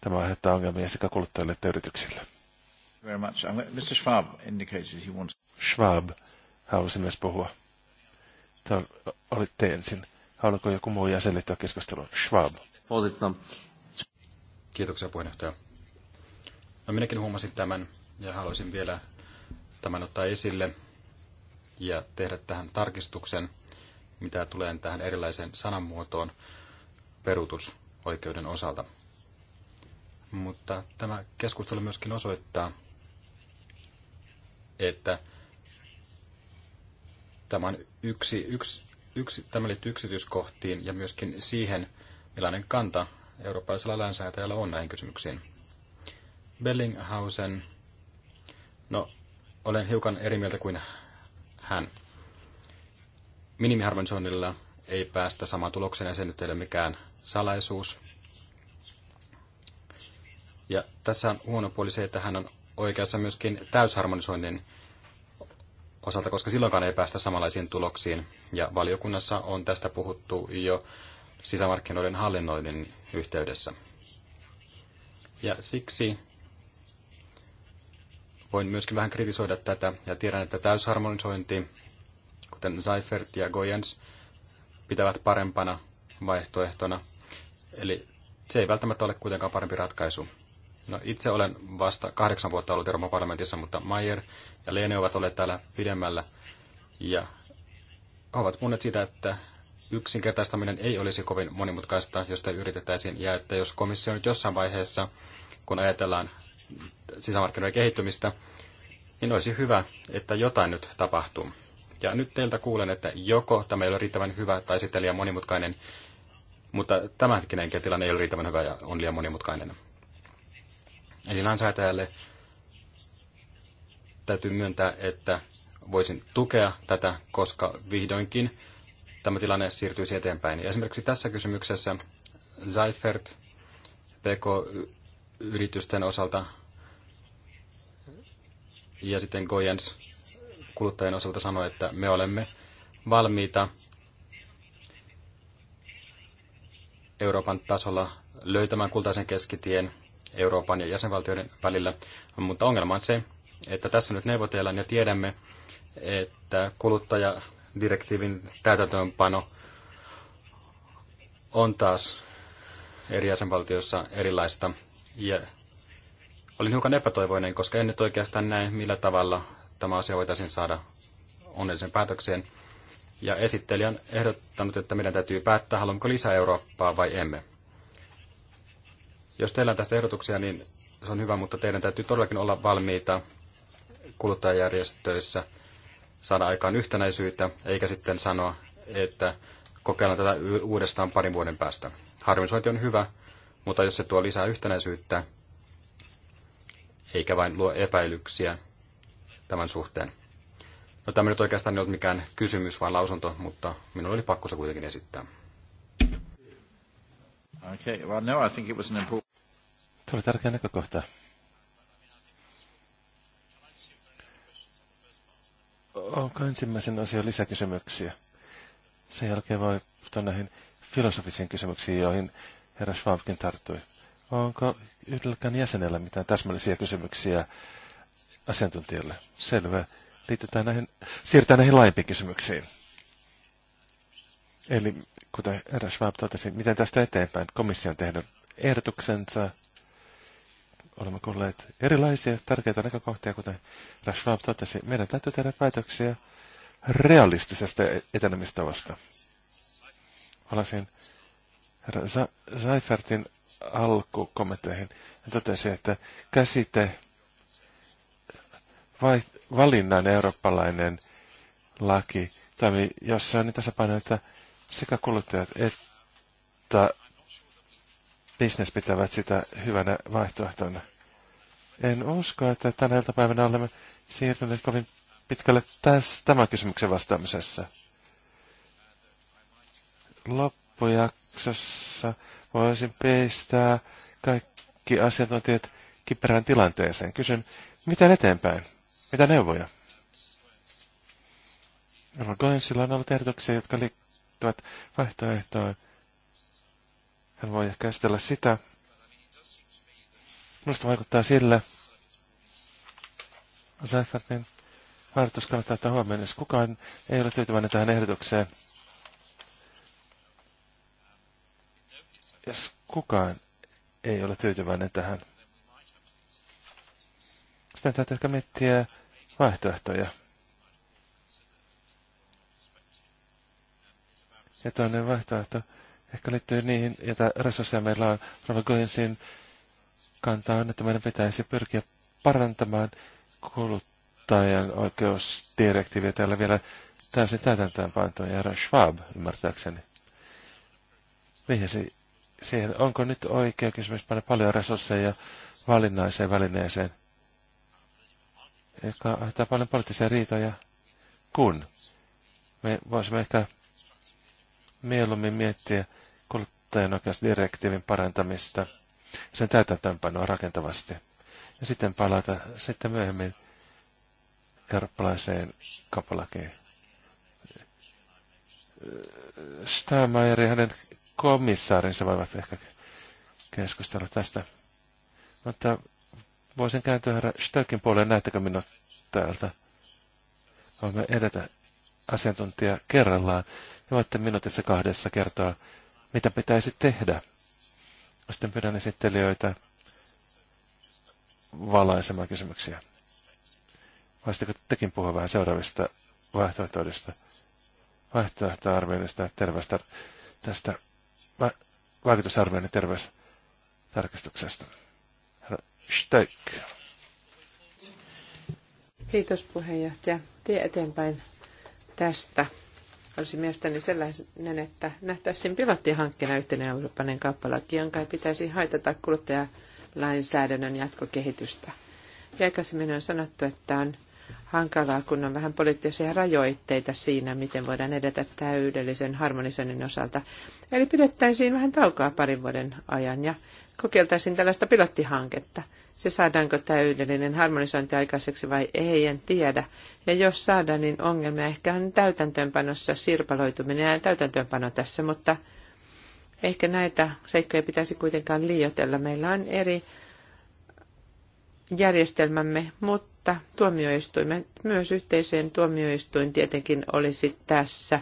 Tämä aiheuttaa ongelmia sekä kuluttajille että yrityksille very much. Mr. Schwab indicated he wants... Schwab halusi myös puhua. Tämä te ensin. Haluatko joku muu jäsen liittyä keskusteluun? Schwab. Kiitoksia puheenjohtaja. No minäkin huomasin tämän ja haluaisin vielä tämän ottaa esille ja tehdä tähän tarkistuksen, mitä tulee tähän erilaiseen sananmuotoon perutusoikeuden osalta. Mutta tämä keskustelu myöskin osoittaa, että tämä, on yksi, yksi, yksi, tämä liittyy yksityiskohtiin ja myöskin siihen, millainen kanta eurooppalaisella lainsäätäjällä on näihin kysymyksiin. Bellinghausen, no olen hiukan eri mieltä kuin hän. Minimiharmonisoinnilla ei päästä samaan tulokseen ja se nyt ei ole mikään salaisuus. Ja tässä on huono puoli se, että hän on oikeassa myöskin täysharmonisoinnin osalta, koska silloinkaan ei päästä samanlaisiin tuloksiin. Ja valiokunnassa on tästä puhuttu jo sisämarkkinoiden hallinnoinnin yhteydessä. Ja siksi voin myöskin vähän kritisoida tätä ja tiedän, että täysharmonisointi, kuten Seifert ja Goyens, pitävät parempana vaihtoehtona. Eli se ei välttämättä ole kuitenkaan parempi ratkaisu. No itse olen vasta kahdeksan vuotta ollut Euroopan parlamentissa, mutta Mayer ja Lene ovat olleet täällä pidemmällä ja ovat puhuneet siitä, että yksinkertaistaminen ei olisi kovin monimutkaista, jos sitä yritettäisiin, ja että jos komissio nyt jossain vaiheessa, kun ajatellaan sisämarkkinoiden kehittymistä, niin olisi hyvä, että jotain nyt tapahtuu. Ja nyt teiltä kuulen, että joko tämä ei ole riittävän hyvä tai sitten liian monimutkainen, mutta tämänhetkinenkin tilanne ei ole riittävän hyvä ja on liian monimutkainen. Eli lainsäätäjälle täytyy myöntää, että voisin tukea tätä, koska vihdoinkin tämä tilanne siirtyisi eteenpäin. Ja esimerkiksi tässä kysymyksessä Seifert PK-yritysten osalta ja sitten Goyens kuluttajien osalta sanoi, että me olemme valmiita Euroopan tasolla löytämään kultaisen keskitien Euroopan ja jäsenvaltioiden välillä, mutta ongelma on se, että tässä nyt neuvotellaan ja tiedämme, että kuluttajadirektiivin täytäntöönpano on taas eri jäsenvaltioissa erilaista. Ja olin hiukan epätoivoinen, koska en nyt oikeastaan näe, millä tavalla tämä asia voitaisiin saada onnellisen päätökseen. Ja esittelijä on ehdottanut, että meidän täytyy päättää, haluanko lisää Eurooppaa vai emme. Jos teillä on tästä ehdotuksia, niin se on hyvä, mutta teidän täytyy todellakin olla valmiita kuluttajajärjestöissä saada aikaan yhtenäisyyttä, eikä sitten sanoa, että kokeillaan tätä uudestaan parin vuoden päästä. Harvinsointi on hyvä, mutta jos se tuo lisää yhtenäisyyttä, eikä vain luo epäilyksiä tämän suhteen. No, tämä nyt oikeastaan ei ollut mikään kysymys, vaan lausunto, mutta minulla oli pakko se kuitenkin esittää. Okay, well, no, I think it was an important oli tärkeä näkökohta. Onko ensimmäisen asian lisäkysymyksiä? Sen jälkeen voi puhua näihin filosofisiin kysymyksiin, joihin herra Schwabkin tarttui. Onko yhdelläkään jäsenellä mitään täsmällisiä kysymyksiä asiantuntijalle? Selvä. Liitytään näihin, siirrytään näihin laajempiin kysymyksiin. Eli kuten herra Schwab totesi, miten tästä eteenpäin komissio on tehnyt ehdotuksensa, olemme kuulleet erilaisia tärkeitä näkökohtia, kuten Rashvab totesi. Meidän täytyy tehdä päätöksiä realistisesta etenemistavasta. Olasin Seifertin alkukommentteihin. Hän totesi, että käsite vai, valinnan eurooppalainen laki toimii jossain niin tasapaino, että sekä kuluttajat että business pitävät sitä hyvänä vaihtoehtona. En usko, että tänä iltapäivänä olemme siirtyneet kovin pitkälle tässä, tämän kysymyksen vastaamisessa. Loppujaksossa voisin peistää kaikki asiantuntijat kiperään tilanteeseen. Kysyn, mitä eteenpäin? Mitä neuvoja? Goinsilla on ollut ehdotuksia, jotka liittyvät vaihtoehtoon hän voi käsitellä sitä. Minusta vaikuttaa sille, Seifertin harjoitus kannattaa ottaa huomioon, jos kukaan ei ole tyytyväinen tähän ehdotukseen. Jos kukaan ei ole tyytyväinen tähän, sitten täytyy ehkä miettiä vaihtoehtoja. Ja toinen vaihtoehto ehkä liittyy niihin, joita resursseja meillä on. Rava Goyensin Kantaan, on, että meidän pitäisi pyrkiä parantamaan kuluttajan oikeusdirektiiviä täällä vielä täysin täytäntöön pantoon. Ja Schwab, ymmärtääkseni. se, siihen, onko nyt oikea kysymys panna paljon resursseja valinnaiseen välineeseen, Ehkä aiheuttaa paljon poliittisia riitoja, kun me voisimme ehkä mieluummin miettiä kuluttajanoikeusdirektiivin parantamista ja sen täytäntöönpanoa rakentavasti. Ja sitten palata sitten myöhemmin eurooppalaiseen kapalakiin. Steinmeier ja hänen komissaarinsa voivat ehkä keskustella tästä. Mutta voisin kääntyä herra Stökin puoleen, näyttäkö minut täältä? Voimme edetä asiantuntija kerrallaan. Ja voitte minuutissa kahdessa kertoa mitä pitäisi tehdä. Sitten pyydän esittelijöitä valaisemaan kysymyksiä. Voisitteko tekin puhua vähän seuraavista vaihtoehtoista, vaihtoehtoarvioinnista terveestä, tästä va- vaikutusarvioinnin terveystarkistuksesta? Herra Steik. Kiitos puheenjohtaja. Tie eteenpäin tästä olisi mielestäni sellainen, että nähtäisiin pilottihankkeena yhtenä eurooppalainen kauppalaki, jonka ei pitäisi haitata kuluttajalainsäädännön jatkokehitystä. Ja aikaisemmin on sanottu, että on hankalaa, kun on vähän poliittisia rajoitteita siinä, miten voidaan edetä täydellisen harmonisoinnin osalta. Eli pidettäisiin vähän taukoa parin vuoden ajan ja kokeiltaisiin tällaista pilottihanketta – se saadaanko täydellinen harmonisointi aikaiseksi vai ei, en tiedä. Ja jos saadaan, niin ongelma ehkä on täytäntöönpanossa sirpaloituminen ja täytäntöönpano tässä, mutta ehkä näitä seikkoja pitäisi kuitenkaan liioitella. Meillä on eri järjestelmämme, mutta tuomioistuimen myös yhteiseen tuomioistuin tietenkin olisi tässä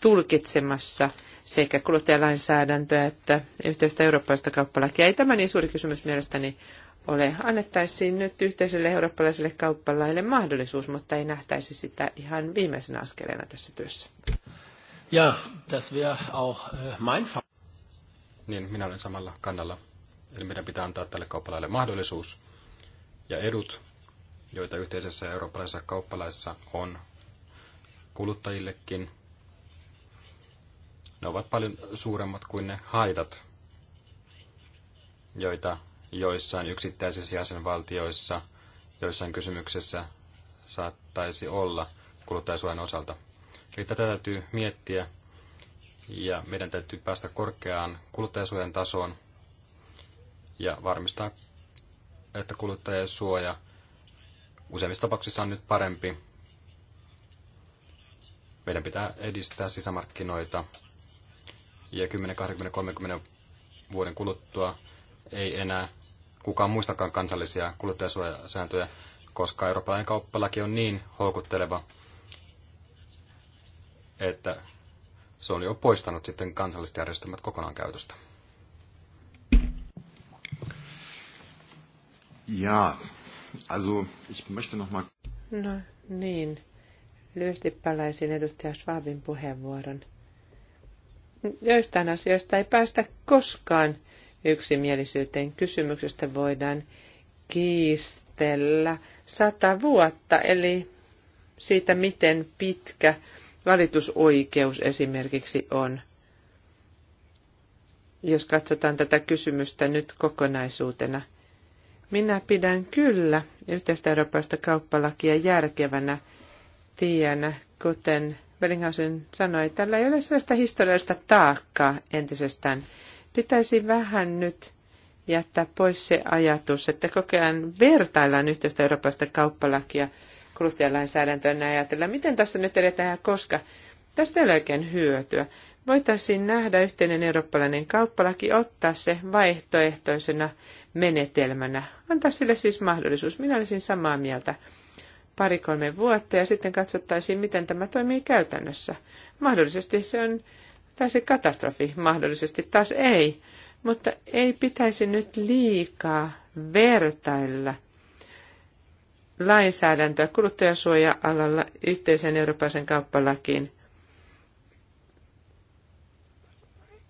tulkitsemassa sekä kuluttajalainsäädäntöä että yhteistä eurooppalaista kauppalakia. Ei tämä niin suuri kysymys mielestäni ole. Annettaisiin nyt yhteiselle eurooppalaiselle kauppalaille mahdollisuus, mutta ei nähtäisi sitä ihan viimeisenä askeleena tässä työssä. Ja, das wäre auch äh, mein Fall. Niin, minä olen samalla kannalla. Eli meidän pitää antaa tälle kauppalaille mahdollisuus ja edut, joita yhteisessä eurooppalaisessa kauppalaissa on kuluttajillekin. Ne ovat paljon suuremmat kuin ne haitat, joita joissain yksittäisissä jäsenvaltioissa, joissain kysymyksessä saattaisi olla kuluttajasuojan osalta. Eli tätä täytyy miettiä ja meidän täytyy päästä korkeaan kuluttajasuojan tasoon ja varmistaa, että kuluttajasuoja useimmissa tapauksissa on nyt parempi. Meidän pitää edistää sisämarkkinoita ja 10, 20, 30 vuoden kuluttua ei enää kukaan muistakaan kansallisia kuluttajasuojasääntöjä, koska eurooppalainen kauppalaki on niin houkutteleva, että se on jo poistanut sitten kansalliset järjestelmät kokonaan käytöstä. Ja, also ich möchte noch mal... No niin, lyhyesti palaisin edustaja Schwabin puheenvuoron. Joistain asioista ei päästä koskaan yksimielisyyteen kysymyksestä voidaan kiistellä sata vuotta, eli siitä, miten pitkä valitusoikeus esimerkiksi on. Jos katsotaan tätä kysymystä nyt kokonaisuutena, minä pidän kyllä yhteistä eurooppalaista kauppalakia järkevänä tienä, kuten Bellinghausen sanoi, tällä ei ole sellaista historiallista taakkaa entisestään Pitäisi vähän nyt jättää pois se ajatus, että koko vertaillaan yhteistä eurooppalaista kauppalakia kuluttajalainsäädäntöön ja ajatellaan, miten tässä nyt edetään ja koska. Tästä ei ole oikein hyötyä. Voitaisiin nähdä yhteinen eurooppalainen kauppalaki, ottaa se vaihtoehtoisena menetelmänä. Antaa sille siis mahdollisuus. Minä olisin samaa mieltä pari-kolme vuotta ja sitten katsottaisiin, miten tämä toimii käytännössä. Mahdollisesti se on se katastrofi, mahdollisesti taas ei. Mutta ei pitäisi nyt liikaa vertailla lainsäädäntöä kuluttajasuoja-alalla yhteisen eurooppalaisen kauppalakiin.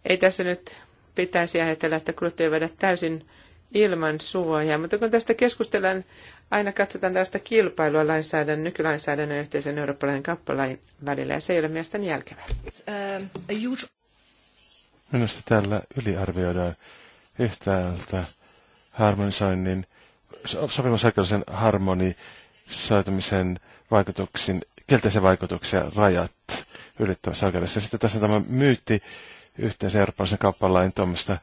Ei tässä nyt pitäisi ajatella, että kuluttaja täysin ilman suojaa, mutta kun tästä keskustellaan aina katsotaan tällaista kilpailua lainsäädännön, nykylainsäädännön ja yhteisen eurooppalainen kauppalain välillä, ja se ei ole mielestäni järkevää. Minusta tällä yliarvioidaan yhtäältä harmonisoinnin, sopimusaikaisen harmonisoitumisen vaikutuksin, kielteisen vaikutuksen rajat ylittävässä oikeudessa. Sitten tässä on tämä myytti yhteisen eurooppalaisen kauppalain tuommoista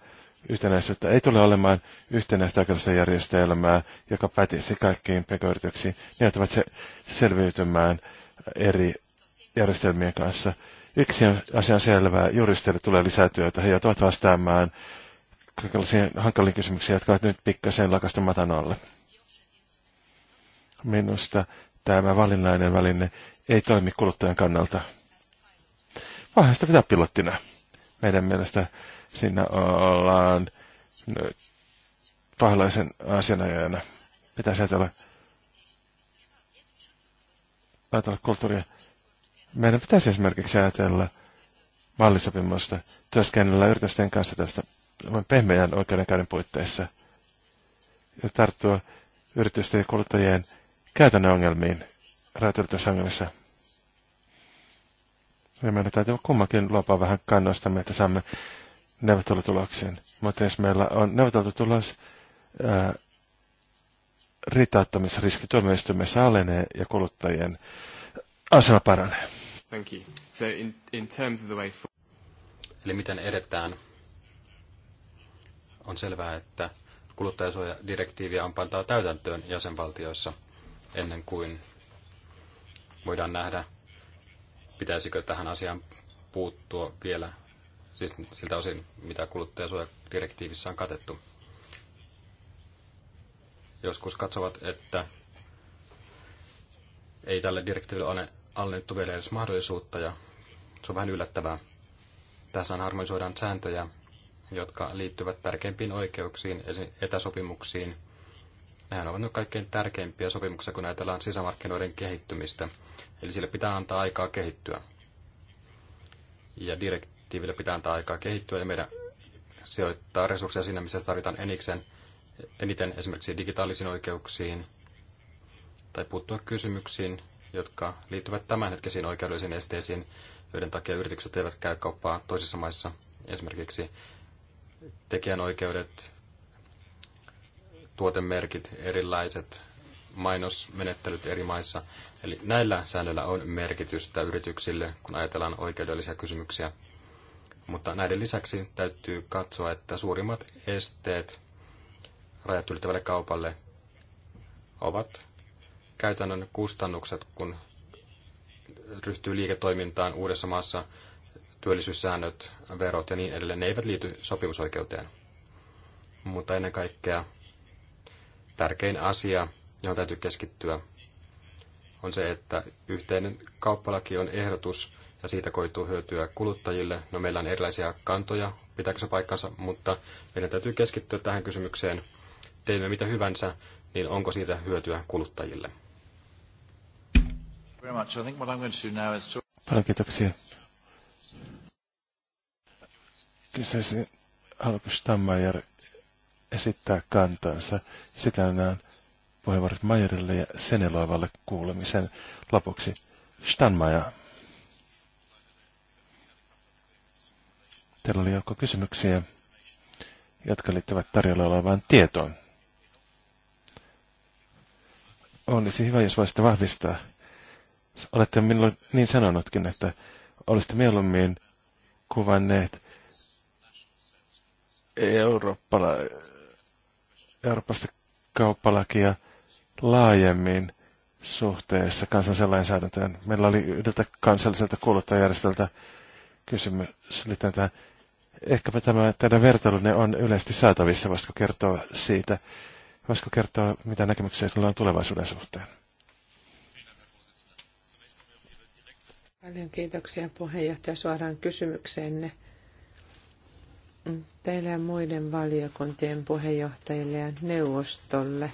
yhtenäisyyttä. Ei tule olemaan yhtenäistä oikeudellista järjestelmää, joka pätisi kaikkiin pk-yrityksiin. Ne joutuvat se selviytymään eri järjestelmien kanssa. Yksi asia on selvää, juristeille tulee lisää työtä. He joutuvat vastaamaan kaikenlaisiin hankaliin kysymyksiin, jotka ovat nyt pikkasen lakastu matan alle. Minusta tämä valinnainen väline ei toimi kuluttajan kannalta. Vähän sitä pitää pilottina. Meidän mielestä Siinä ollaan pahalaisen asianajajana. Pitää ajatella, ajatella kulttuuria. Meidän pitäisi esimerkiksi ajatella mallisopimusta työskennellä yritysten kanssa tästä pehmeän oikeudenkäynnin puitteissa ja tarttua yritysten ja kuluttajien käytännön ongelmiin rajoitusongelmissa. Ja meidän täytyy kummankin luopua vähän kannoistamme, että saamme neuvottelutulokseen. Mutta jos meillä on neuvottelutulos, riittäyttämisriski tuomioistuimessa alenee ja kuluttajien asema paranee. Thank you. So in, in terms of the way for... Eli miten edetään? On selvää, että kuluttajasuojadirektiiviä on pantaa täytäntöön jäsenvaltioissa ennen kuin voidaan nähdä, pitäisikö tähän asiaan puuttua vielä siis siltä osin, mitä kuluttajasuojadirektiivissä on katettu. Joskus katsovat, että ei tälle direktiiville ole annettu vielä edes mahdollisuutta ja se on vähän yllättävää. Tässä harmonisoidaan sääntöjä, jotka liittyvät tärkeimpiin oikeuksiin, etäsopimuksiin. Nehän ovat nyt kaikkein tärkeimpiä sopimuksia, kun ajatellaan sisämarkkinoiden kehittymistä. Eli sille pitää antaa aikaa kehittyä. Ja direkt- direktiiville pitää antaa aikaa kehittyä ja meidän sijoittaa resursseja sinne, missä tarvitaan eniksen, eniten esimerkiksi digitaalisiin oikeuksiin tai puuttua kysymyksiin, jotka liittyvät tämänhetkisiin oikeudellisiin esteisiin, joiden takia yritykset eivät käy kauppaa toisissa maissa, esimerkiksi tekijänoikeudet, tuotemerkit, erilaiset mainosmenettelyt eri maissa. Eli näillä säännöillä on merkitystä yrityksille, kun ajatellaan oikeudellisia kysymyksiä. Mutta näiden lisäksi täytyy katsoa, että suurimmat esteet rajat ylittävälle kaupalle ovat käytännön kustannukset, kun ryhtyy liiketoimintaan uudessa maassa, työllisyyssäännöt, verot ja niin edelleen. Ne eivät liity sopimusoikeuteen. Mutta ennen kaikkea tärkein asia, johon täytyy keskittyä, on se, että yhteinen kauppalaki on ehdotus, ja siitä koituu hyötyä kuluttajille. No meillä on erilaisia kantoja, pitääkö se paikkansa, mutta meidän täytyy keskittyä tähän kysymykseen. Teimme mitä hyvänsä, niin onko siitä hyötyä kuluttajille? Paljon kiitoksia. Kysyisin, haluatko Stammajer esittää kantansa. Sitä näen puheenvuorot Majerille ja Seneloivalle kuulemisen lopuksi. Stanmaja. Teillä oli joukko kysymyksiä, jotka liittyvät tarjolla olevaan tietoon. Olisi hyvä, jos voisitte vahvistaa. Olette minulle niin sanonutkin, että olisitte mieluummin kuvanneet Eurooppala, Euroopasta kauppalakia laajemmin suhteessa kansallisen lainsäädäntöön. Meillä oli yhdeltä kansalliselta kuluttajajärjestöltä kysymys liittyen tähän Ehkäpä tämä teidän vertailunne on yleisesti saatavissa. Voisiko kertoa siitä? Voisiko kertoa, mitä näkemyksiä sinulla on tulevaisuuden suhteen? Paljon kiitoksia puheenjohtaja suoraan kysymykseenne. Teille ja muiden valiokuntien puheenjohtajille ja neuvostolle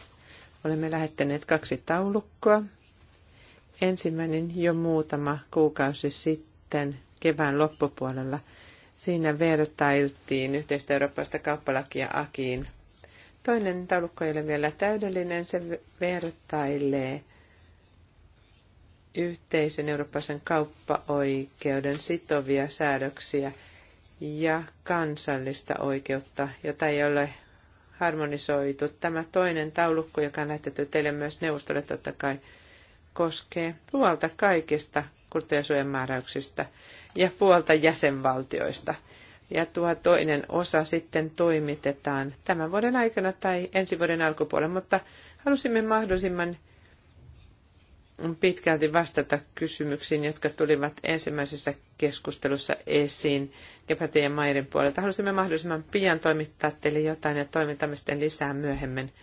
olemme lähettäneet kaksi taulukkoa. Ensimmäinen jo muutama kuukausi sitten kevään loppupuolella – Siinä vertailtiin yhteistä eurooppalaista kauppalakia Akiin. Toinen taulukko ei ole vielä täydellinen, se vertailee yhteisen eurooppalaisen kauppaoikeuden sitovia säädöksiä ja kansallista oikeutta, jota ei ole harmonisoitu. Tämä toinen taulukko, joka on lähetetty teille myös neuvostolle totta kai, koskee puolta kaikista kuluttajasuojan määräyksistä ja puolta jäsenvaltioista. Ja tuo toinen osa sitten toimitetaan tämän vuoden aikana tai ensi vuoden alkupuolella, mutta halusimme mahdollisimman pitkälti vastata kysymyksiin, jotka tulivat ensimmäisessä keskustelussa esiin Gepätin ja Mairin puolelta. Halusimme mahdollisimman pian toimittaa teille jotain ja toimitamme sitten lisää myöhemmin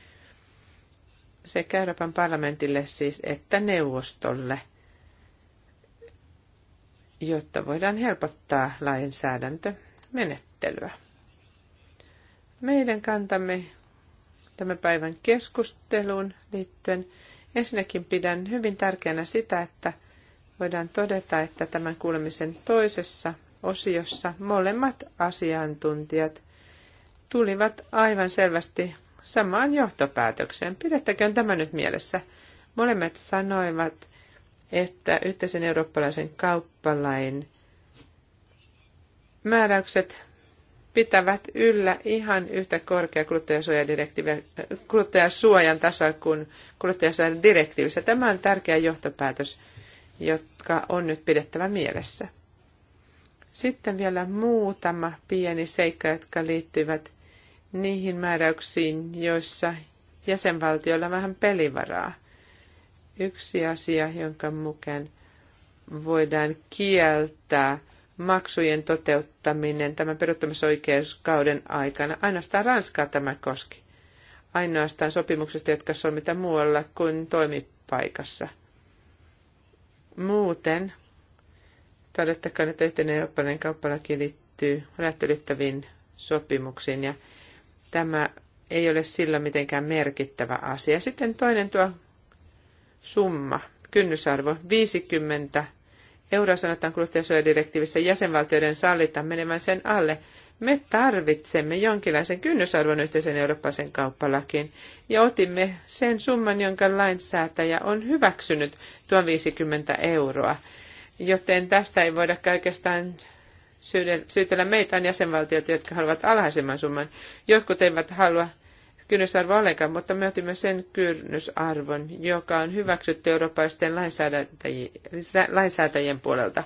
sekä Euroopan parlamentille siis että neuvostolle – jotta voidaan helpottaa lainsäädäntömenettelyä. Meidän kantamme tämän päivän keskusteluun liittyen ensinnäkin pidän hyvin tärkeänä sitä, että voidaan todeta, että tämän kuulemisen toisessa osiossa molemmat asiantuntijat tulivat aivan selvästi samaan johtopäätökseen. Pidettäköön tämä nyt mielessä. Molemmat sanoivat, että yhteisen eurooppalaisen kauppalain määräykset pitävät yllä ihan yhtä korkea kuluttajasuojan tasoa kuin direktiivissä. Tämä on tärkeä johtopäätös, joka on nyt pidettävä mielessä. Sitten vielä muutama pieni seikka, jotka liittyvät niihin määräyksiin, joissa jäsenvaltioilla on vähän pelivaraa yksi asia, jonka mukaan voidaan kieltää maksujen toteuttaminen tämän peruuttamisoikeuskauden aikana. Ainoastaan Ranskaa tämä koski. Ainoastaan sopimuksesta, jotka solmita muualla kuin toimipaikassa. Muuten, todettakoon, että yhteinen eurooppalainen kauppalaki liittyy rajat sopimuksiin ja tämä ei ole sillä mitenkään merkittävä asia. Sitten toinen tuo summa, kynnysarvo 50 euroa sanotaan kuluttajasuojadirektiivissä jäsenvaltioiden sallita menemään sen alle. Me tarvitsemme jonkinlaisen kynnysarvon yhteisen eurooppaisen kauppalakiin ja otimme sen summan, jonka lainsäätäjä on hyväksynyt, tuon 50 euroa. Joten tästä ei voida oikeastaan syytellä meitä on jäsenvaltioita, jotka haluavat alhaisemman summan. Jotkut eivät halua kynnysarvo ollenkaan, mutta me otimme sen kynnysarvon, joka on hyväksytty eurooppaisten lainsäätäjien puolelta.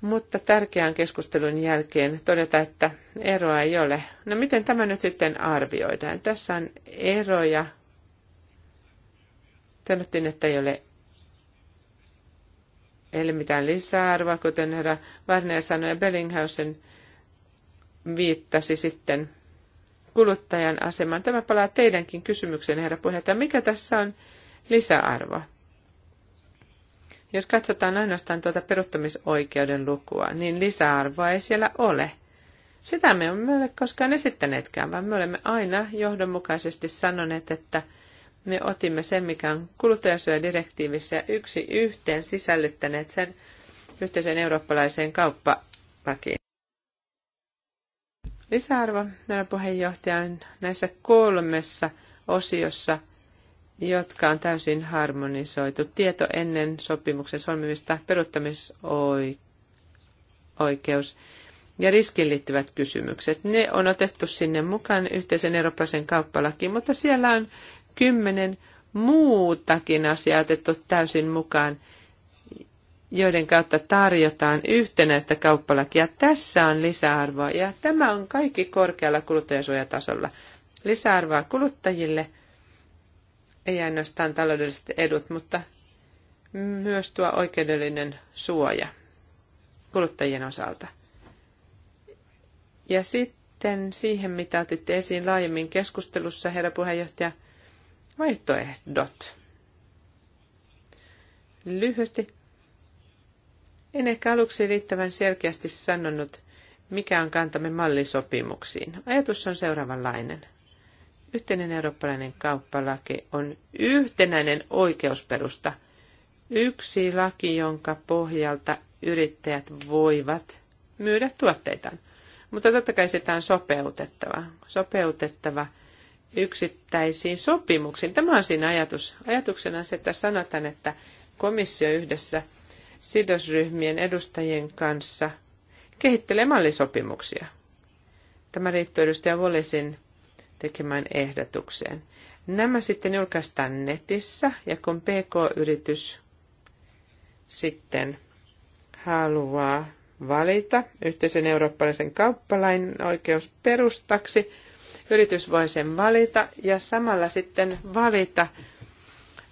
Mutta tärkeän keskustelun jälkeen todeta, että eroa ei ole. No miten tämä nyt sitten arvioidaan? Tässä on eroja. Sanottiin, että ei ole eli mitään lisäarvoa, kuten herra Werner sanoi, ja Bellinghausen viittasi sitten kuluttajan asemaan. Tämä palaa teidänkin kysymykseen, herra puheenjohtaja. Mikä tässä on lisäarvo? Jos katsotaan ainoastaan tuota peruttamisoikeuden lukua, niin lisäarvoa ei siellä ole. Sitä me emme ole koskaan esittäneetkään, vaan me olemme aina johdonmukaisesti sanoneet, että me otimme sen, mikä on kuluttajasuojadirektiivissä ja yksi yhteen sisällyttäneet sen yhteisen eurooppalaiseen kauppalakiin lisäarvo näillä puheenjohtajan näissä kolmessa osiossa, jotka on täysin harmonisoitu. Tieto ennen sopimuksen solmimista, peruuttamisoikeus ja riskiin liittyvät kysymykset. Ne on otettu sinne mukaan yhteisen eurooppalaisen kauppalakiin, mutta siellä on kymmenen muutakin asiaa otettu täysin mukaan joiden kautta tarjotaan yhtenäistä kauppalakia. Tässä on lisäarvoa ja tämä on kaikki korkealla kuluttajasuojatasolla. Lisäarvoa kuluttajille, ei ainoastaan taloudelliset edut, mutta myös tuo oikeudellinen suoja kuluttajien osalta. Ja sitten siihen, mitä otitte esiin laajemmin keskustelussa, herra puheenjohtaja, vaihtoehdot. Lyhyesti en ehkä aluksi riittävän selkeästi sanonut, mikä on kantamme mallisopimuksiin. Ajatus on seuraavanlainen. Yhteinen eurooppalainen kauppalaki on yhtenäinen oikeusperusta. Yksi laki, jonka pohjalta yrittäjät voivat myydä tuotteitaan. Mutta totta kai sitä on sopeutettava. Sopeutettava yksittäisiin sopimuksiin. Tämä on siinä ajatus. Ajatuksena se, että sanotaan, että komissio yhdessä – sidosryhmien edustajien kanssa kehittelee mallisopimuksia. Tämä liittyy edustaja Wallisin tekemään ehdotukseen. Nämä sitten julkaistaan netissä ja kun PK-yritys sitten haluaa valita yhteisen eurooppalaisen kauppalain oikeusperustaksi, yritys voi sen valita ja samalla sitten valita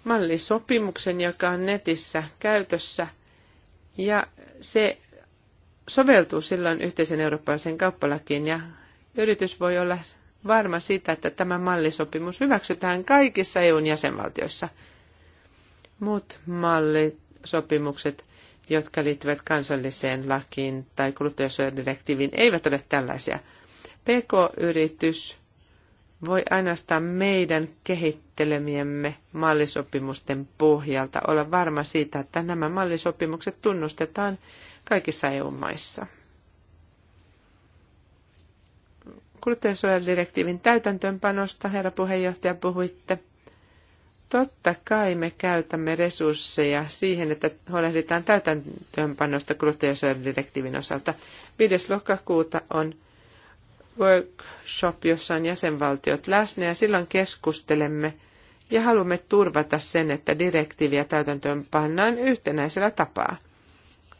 mallisopimuksen, joka on netissä käytössä – ja se soveltuu silloin yhteisen eurooppalaisen kauppalakiin ja yritys voi olla varma siitä, että tämä mallisopimus hyväksytään kaikissa EUn jäsenvaltioissa. Muut mallisopimukset, jotka liittyvät kansalliseen lakiin tai kuluttajasuojadirektiiviin, eivät ole tällaisia. PK-yritys voi ainoastaan meidän kehittelemiemme mallisopimusten pohjalta olla varma siitä, että nämä mallisopimukset tunnustetaan kaikissa EU-maissa. Kuluttajasuojadirektiivin täytäntöönpanosta, herra puheenjohtaja, puhuitte. Totta kai me käytämme resursseja siihen, että huolehditaan täytäntöönpanosta kuluttajasuojadirektiivin osalta. 5. lokakuuta on workshop, jossa on jäsenvaltiot läsnä ja silloin keskustelemme ja haluamme turvata sen, että direktiiviä täytäntöön pannaan yhtenäisellä tapaa.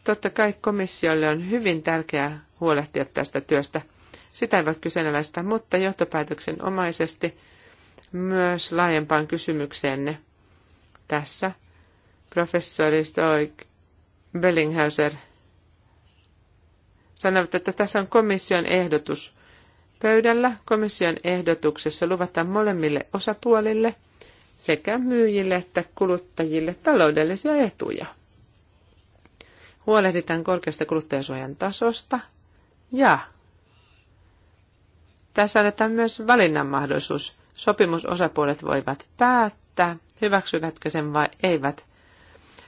Totta kai komissiolle on hyvin tärkeää huolehtia tästä työstä. Sitä ei voi kyseenalaistaa, mutta johtopäätöksen omaisesti myös laajempaan kysymykseenne tässä. Professori Stoik Bellinghauser sanovat, että tässä on komission ehdotus, pöydällä komission ehdotuksessa luvata molemmille osapuolille sekä myyjille että kuluttajille taloudellisia etuja. Huolehditaan korkeasta kuluttajasuojan tasosta ja tässä annetaan myös valinnan mahdollisuus. Sopimusosapuolet voivat päättää, hyväksyvätkö sen vai eivät.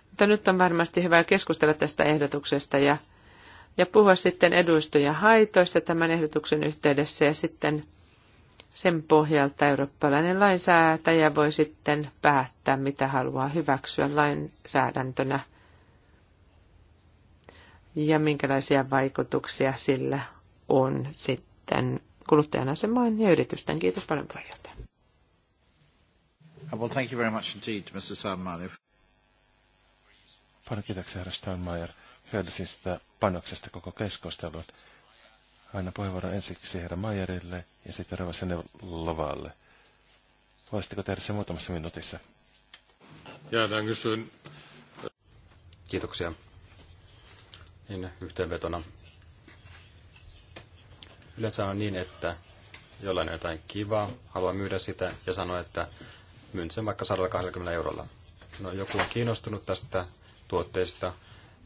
Mutta nyt on varmasti hyvä keskustella tästä ehdotuksesta ja ja puhua sitten eduista ja haitoista tämän ehdotuksen yhteydessä ja sitten sen pohjalta eurooppalainen lainsäätäjä voi sitten päättää, mitä haluaa hyväksyä lainsäädäntönä ja minkälaisia vaikutuksia sillä on sitten kuluttajan asemaan ja yritysten. Kiitos paljon puheenjohtaja. Well, thank you very much indeed, Mr. Paljon kiitoksia, herra Steinmeier hyödyllisestä panoksesta koko keskustelun. Aina puheenvuoro ensiksi herra Maijerille ja sitten rouva Lovalle. Voisitteko tehdä se muutamassa minuutissa? Jäädään kysyyn. Kiitoksia. Niin, yhteenvetona. Yleensä on niin, että jollain on jotain kivaa, haluaa myydä sitä ja sanoa, että myyn sen vaikka 120 eurolla. No, joku on kiinnostunut tästä tuotteesta,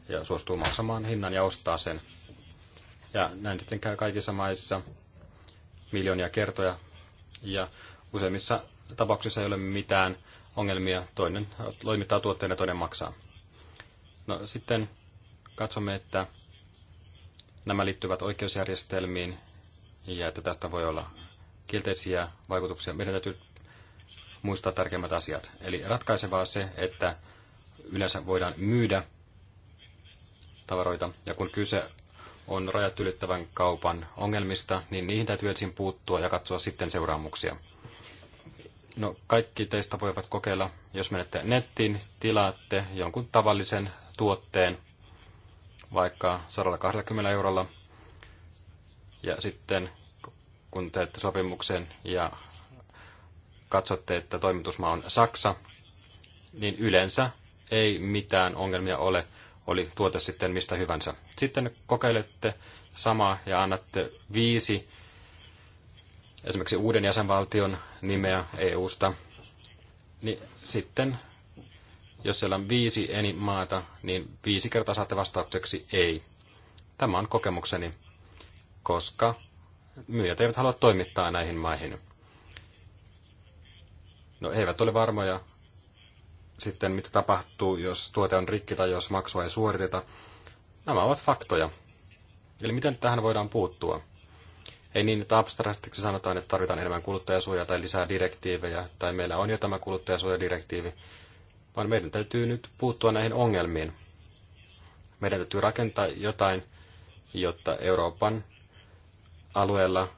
ja suostuu maksamaan hinnan ja ostaa sen. Ja näin sitten käy kaikissa maissa miljoonia kertoja ja useimmissa tapauksissa ei ole mitään ongelmia. Toinen loimittaa tuotteen ja toinen maksaa. No sitten katsomme, että nämä liittyvät oikeusjärjestelmiin ja että tästä voi olla kielteisiä vaikutuksia. Meidän täytyy muistaa tärkeimmät asiat. Eli ratkaisevaa se, että yleensä voidaan myydä tavaroita. Ja kun kyse on rajat ylittävän kaupan ongelmista, niin niihin täytyy ensin puuttua ja katsoa sitten seuraamuksia. No, kaikki teistä voivat kokeilla, jos menette nettiin, tilaatte jonkun tavallisen tuotteen, vaikka 120 eurolla, ja sitten kun teette sopimuksen ja katsotte, että toimitusmaa on Saksa, niin yleensä ei mitään ongelmia ole, oli tuote sitten mistä hyvänsä. Sitten kokeilette samaa ja annatte viisi esimerkiksi uuden jäsenvaltion nimeä EU-sta, niin sitten jos siellä on viisi eni maata, niin viisi kertaa saatte vastaukseksi ei. Tämä on kokemukseni, koska myyjät eivät halua toimittaa näihin maihin. No he eivät ole varmoja, sitten mitä tapahtuu, jos tuote on rikki tai jos maksua ei suoriteta. Nämä ovat faktoja. Eli miten tähän voidaan puuttua? Ei niin, että abstraktiksi sanotaan, että tarvitaan enemmän kuluttajasuojaa tai lisää direktiivejä, tai meillä on jo tämä kuluttajasuojadirektiivi, vaan meidän täytyy nyt puuttua näihin ongelmiin. Meidän täytyy rakentaa jotain, jotta Euroopan alueella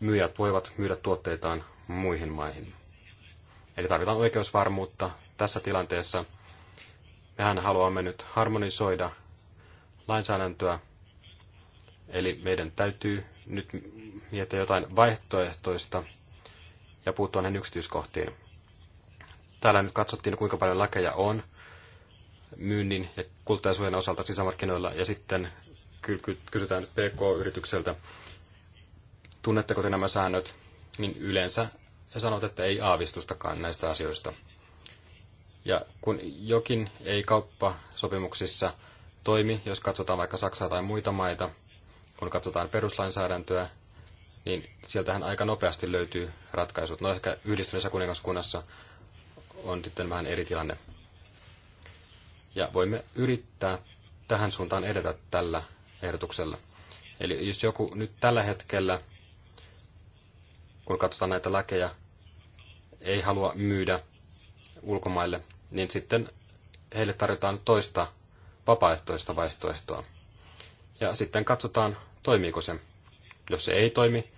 myyjät voivat myydä tuotteitaan muihin maihin. Eli tarvitaan oikeusvarmuutta tässä tilanteessa. Mehän haluamme nyt harmonisoida lainsäädäntöä, eli meidän täytyy nyt miettiä jotain vaihtoehtoista ja puuttua näihin yksityiskohtiin. Täällä nyt katsottiin, kuinka paljon lakeja on myynnin ja kuluttajasuojan osalta sisämarkkinoilla, ja sitten kysytään PK-yritykseltä, tunnetteko te nämä säännöt, niin yleensä ja sanot, että ei aavistustakaan näistä asioista. Ja kun jokin ei kauppasopimuksissa toimi, jos katsotaan vaikka Saksaa tai muita maita, kun katsotaan peruslainsäädäntöä, niin sieltähän aika nopeasti löytyy ratkaisut. No ehkä yhdistyneessä kuningaskunnassa on sitten vähän eri tilanne. Ja voimme yrittää tähän suuntaan edetä tällä ehdotuksella. Eli jos joku nyt tällä hetkellä, kun katsotaan näitä lakeja, ei halua myydä ulkomaille, niin sitten heille tarjotaan toista vapaaehtoista vaihtoehtoa. Ja sitten katsotaan, toimiiko se. Jos se ei toimi,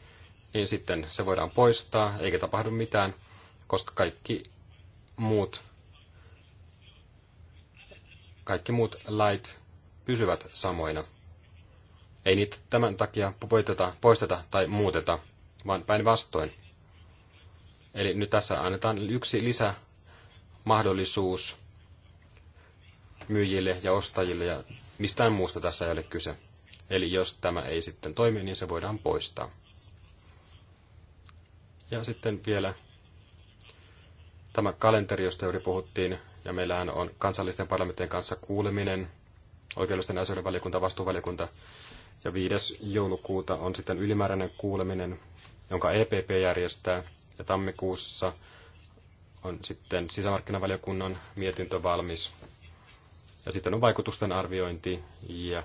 niin sitten se voidaan poistaa, eikä tapahdu mitään, koska kaikki muut, kaikki muut lait pysyvät samoina. Ei niitä tämän takia poiteta, poisteta tai muuteta, vaan päinvastoin. Eli nyt tässä annetaan yksi lisä mahdollisuus myyjille ja ostajille ja mistään muusta tässä ei ole kyse. Eli jos tämä ei sitten toimi, niin se voidaan poistaa. Ja sitten vielä tämä kalenteri, josta juuri puhuttiin, ja meillähän on kansallisten parlamenttien kanssa kuuleminen, oikeudellisten asioiden valiokunta, vastuuvaliokunta, ja 5. joulukuuta on sitten ylimääräinen kuuleminen, jonka EPP järjestää, ja tammikuussa – on sitten sisämarkkinavaliokunnan mietintö valmis. Ja sitten on vaikutusten arviointi ja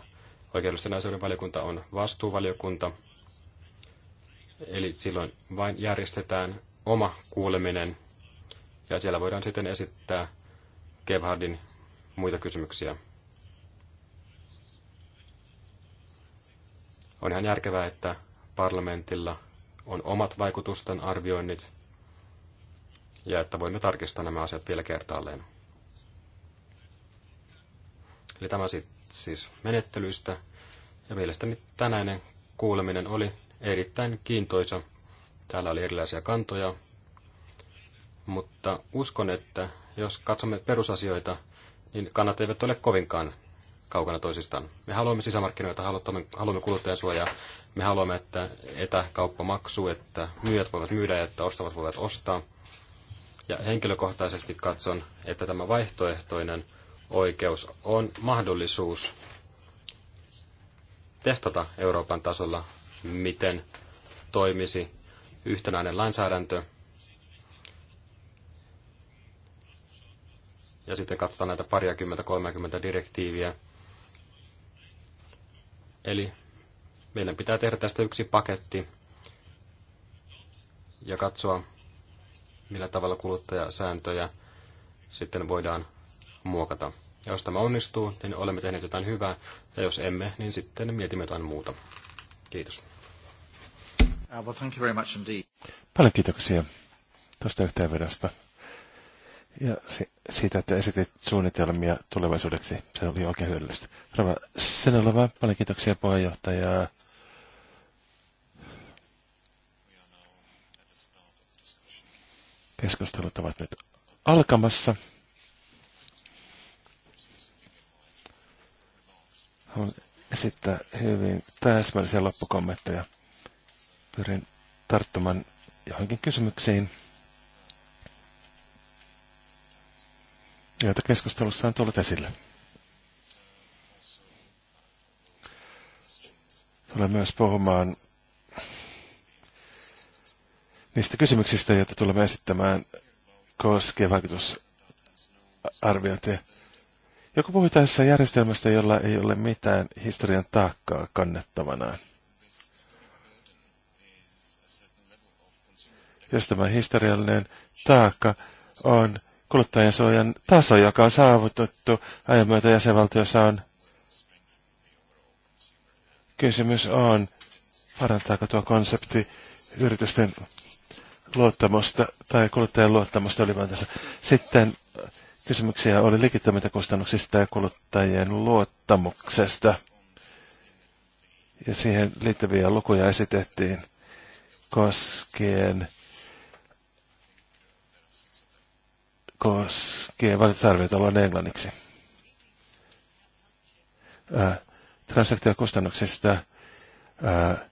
oikeudellisen asioiden valiokunta on vastuuvaliokunta. Eli silloin vain järjestetään oma kuuleminen ja siellä voidaan sitten esittää Gebhardin muita kysymyksiä. On ihan järkevää, että parlamentilla on omat vaikutusten arvioinnit ja että voimme tarkistaa nämä asiat vielä kertaalleen. Eli tämä siis menettelyistä. Ja mielestäni tänäinen kuuleminen oli erittäin kiintoisa. Täällä oli erilaisia kantoja, mutta uskon, että jos katsomme perusasioita, niin kannat eivät ole kovinkaan kaukana toisistaan. Me haluamme sisämarkkinoita, haluamme, haluamme kuluttajansuojaa, me haluamme, että etäkauppa maksuu, että myyjät voivat myydä ja että ostavat voivat ostaa. Ja henkilökohtaisesti katson, että tämä vaihtoehtoinen oikeus on mahdollisuus testata Euroopan tasolla, miten toimisi yhtenäinen lainsäädäntö. Ja sitten katsotaan näitä pariakymmentä, kolmekymmentä direktiiviä. Eli meidän pitää tehdä tästä yksi paketti ja katsoa, millä tavalla kuluttajasääntöjä sitten voidaan muokata. Ja jos tämä onnistuu, niin olemme tehneet jotain hyvää, ja jos emme, niin sitten mietimme jotain muuta. Kiitos. Uh, well, thank you very much indeed. Paljon kiitoksia tuosta yhteenvedosta ja si- siitä, että esitit suunnitelmia tulevaisuudeksi. Se oli oikein hyödyllistä. Rava Senelova, paljon kiitoksia puheenjohtaja. Keskustelut ovat nyt alkamassa. Haluan esittää hyvin täsmällisiä loppukommentteja. Pyrin tarttumaan johonkin kysymyksiin, joita keskustelussa on tullut esille. Tulen myös puhumaan niistä kysymyksistä, joita tulemme esittämään koskien vaikutusarviointia. Joku puhui tässä järjestelmästä, jolla ei ole mitään historian taakkaa kannettavanaan. Jos tämä historiallinen taakka on kuluttajansuojan taso, joka on saavutettu ajan myötä jäsenvaltiossa on kysymys on, parantaako tuo konsepti yritysten luottamusta tai kuluttajan luottamusta oli vain tässä. Sitten kysymyksiä oli kustannuksista ja kuluttajien luottamuksesta. Ja siihen liittyviä lukuja esitettiin koskien, koskien valitusarvioita ollaan englanniksi. transaktiokustannuksista kustannuksista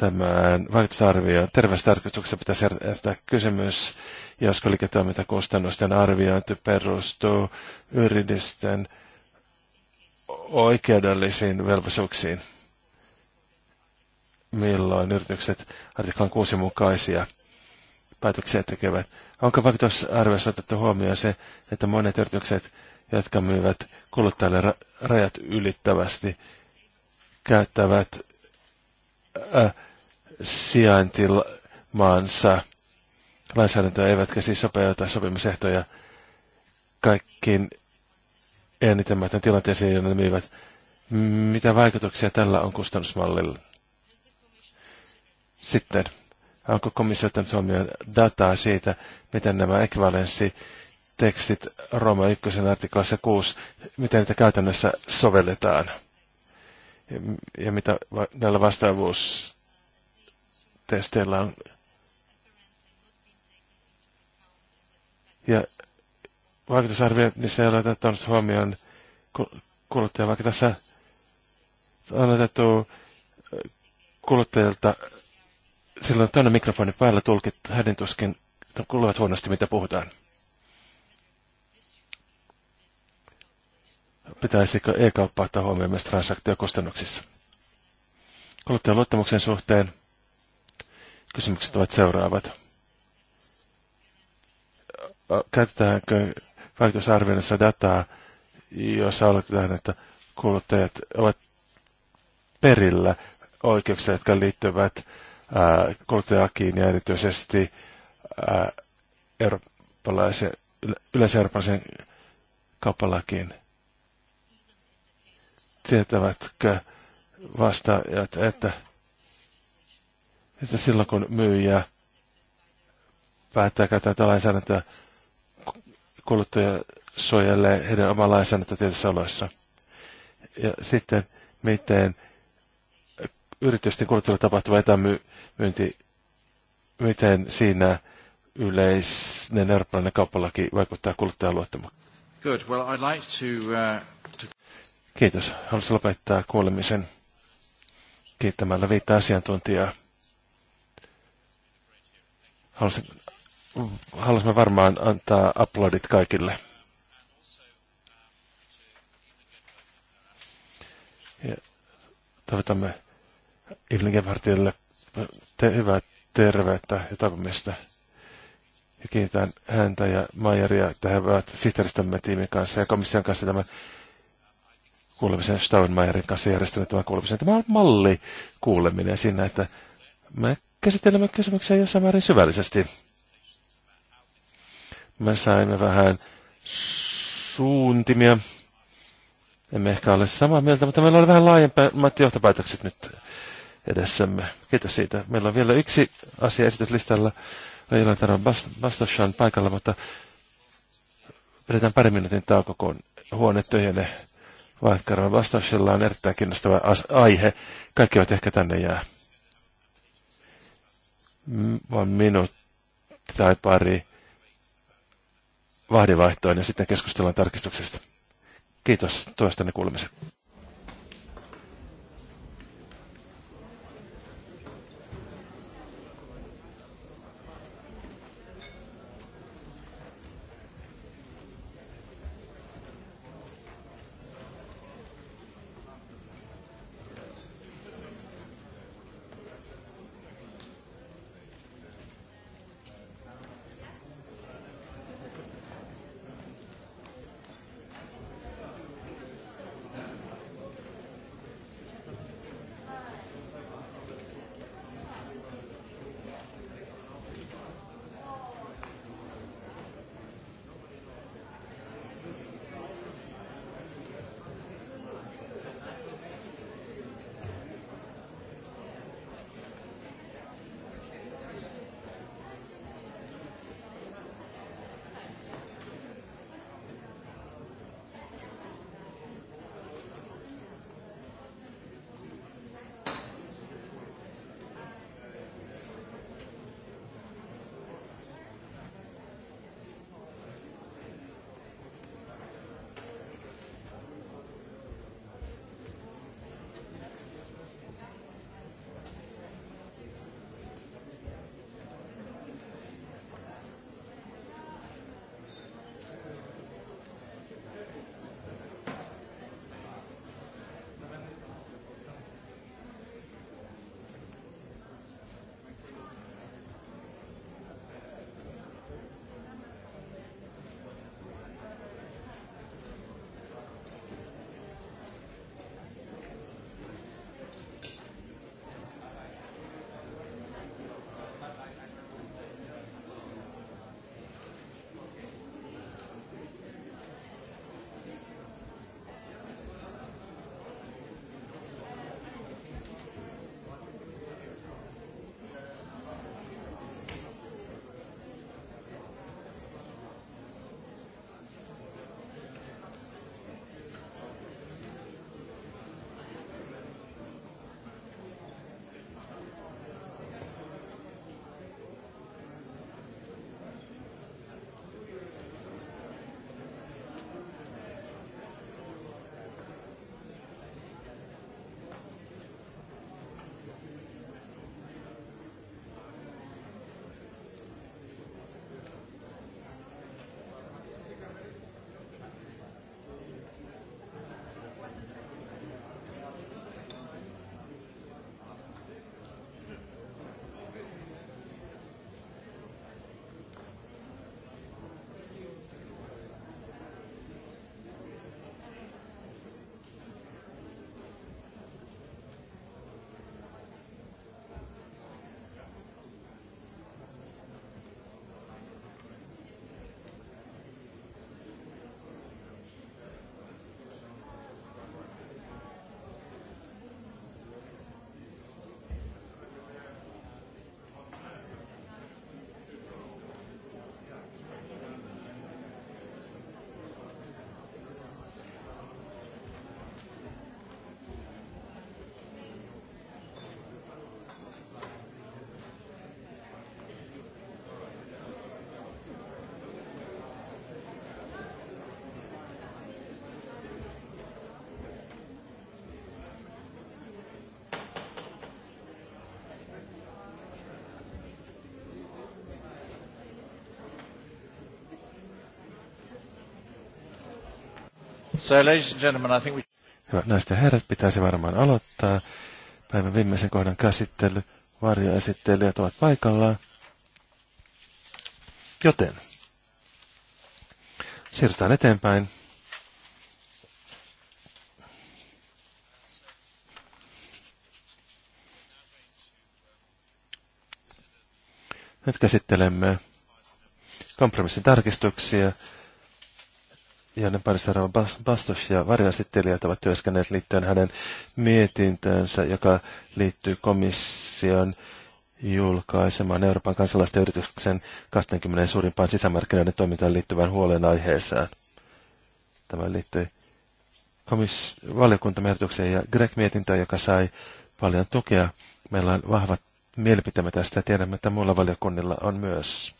tämän vaikutusarvio. Terveystarkoituksessa pitäisi järjestää kysymys, josko liiketoimintakustannusten arviointi perustuu yritysten oikeudellisiin velvollisuuksiin, milloin yritykset artiklan 6 mukaisia päätöksiä tekevät. Onko vaikutusarviossa otettu huomioon se, että monet yritykset, jotka myyvät kuluttajille rajat ylittävästi, käyttävät äh, sijaintimaansa lainsäädäntöä, eivätkä siis sopeuta sopimusehtoja kaikkiin enitenmäten tilanteisiin, joiden myyvät. Mitä vaikutuksia tällä on kustannusmallilla? Sitten, onko komissio ottanut huomioon dataa siitä, miten nämä ekvivalenssi tekstit Rooma 1 artiklassa 6, miten niitä käytännössä sovelletaan? Ja mitä näillä vastaavuus testeillä on. Ja vaikutusarvioinnissa niin ei ole ottanut huomioon kuluttaja, vaikka tässä on otettu äh, kuluttajilta silloin toinen mikrofoni päällä tulkit, hänen tuskin kuuluvat huonosti, mitä puhutaan. Pitäisikö e-kauppa ottaa huomioon myös transaktiokustannuksissa? Kuluttajan luottamuksen suhteen Kysymykset ovat seuraavat. Käytetäänkö vaikutusarvioinnissa dataa, jossa oletetaan, että kuluttajat ovat perillä oikeuksia, jotka liittyvät kuluttajakiin ja erityisesti ää, eurooppalaisen, yleiseurooppalaisen kauppalakiin. Tietävätkö vastaajat, että sitten silloin, kun myyjä päättää käyttää tätä lainsäädäntöä, kuluttaja suojelee heidän oman lainsäädäntö tietyissä oloissa. Ja sitten, miten yritysten kuluttajilla tapahtuva etämyynti, miten siinä yleinen eurooppalainen kauppalaki vaikuttaa kuluttajan luottamukseen. Good. Well, I'd like to, uh, to... Kiitos. Haluaisin lopettaa kuulemisen kiittämällä viittä asiantuntijaa. Halusin, halusimme varmaan antaa uploadit kaikille. Ja toivotamme Evelyn te hyvää terveyttä ja toivomista. Ja kiitän häntä ja Maijaria, että he ovat sihteeristämme tiimin kanssa ja komission kanssa tämän kuulemisen Stauenmaierin kanssa järjestänyt tämän kuulemisen. Tämä on malli kuuleminen siinä, että me käsittelemme kysymyksiä jossain määrin syvällisesti. Me saimme vähän suuntimia. Emme ehkä ole samaa mieltä, mutta meillä oli vähän laajempia johtopäätökset nyt edessämme. Kiitos siitä. Meillä on vielä yksi asia esityslistalla. Ei ole täällä Bastoshan paikalla, mutta pidetään pari minuutin tauko, kun huone tyhjenee. Vaikka Bastoshilla on erittäin kiinnostava aihe. Kaikki ovat ehkä tänne jää. Mm, vain minuutti tai pari vahdivaihtoon ja sitten keskustellaan tarkistuksesta. Kiitos tuostanne kuulemisen. So, ladies and gentlemen, I think we... herrat, pitäisi varmaan aloittaa. Päivän viimeisen kohdan käsittely. Varjoesittelijät ovat paikallaan. Joten siirrytään eteenpäin. Nyt käsittelemme kompromissin tarkistuksia joiden parissa Rava Bastos ja varjoesittelijät ovat työskennelleet liittyen hänen mietintöönsä, joka liittyy komission julkaisemaan Euroopan kansalaisten yrityksen 20 suurimpaan sisämarkkinoiden toimintaan liittyvään huolenaiheeseen. Tämä liittyy komis- valiokuntamehdotukseen ja greg mietintöön joka sai paljon tukea. Meillä on vahvat mielipiteemme tästä ja tiedämme, että muilla valiokunnilla on myös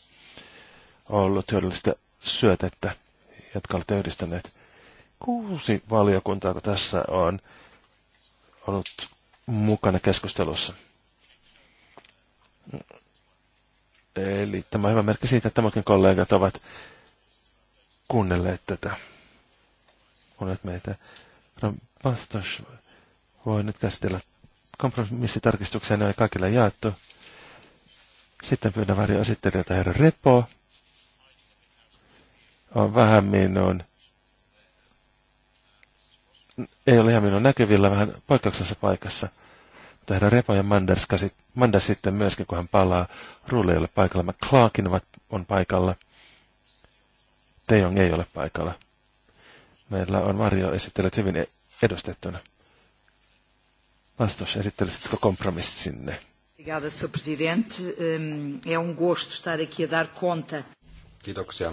ollut hyödyllistä syötettä jotka olette yhdistäneet. Kuusi valiokuntaa, kun tässä on ollut mukana keskustelussa. Eli tämä on hyvä merkki siitä, että muutkin kollegat ovat kuunnelleet tätä. Kuunnelleet meitä. No, Bastos voi nyt käsitellä kompromissitarkistuksia, ne on kaikille jaettu. Sitten pyydän varjoesittelijältä herra Repoa on vähän minun, ei ole ihan minun näkyvillä vähän poikkeuksessa paikassa. Tehdään Repo ja Manders, käsit, Manders sitten myöskin, kun hän palaa. Rulle paikalla. Mä paikalla, on paikalla. Tejong ei ole paikalla. Meillä on Mario esittelyt hyvin e- edustettuna. Vastus, esittelisitkö kompromissinne? Obrigada, Sr. Presidente. É um gosto estar aqui a dar conta. Kiitoksia,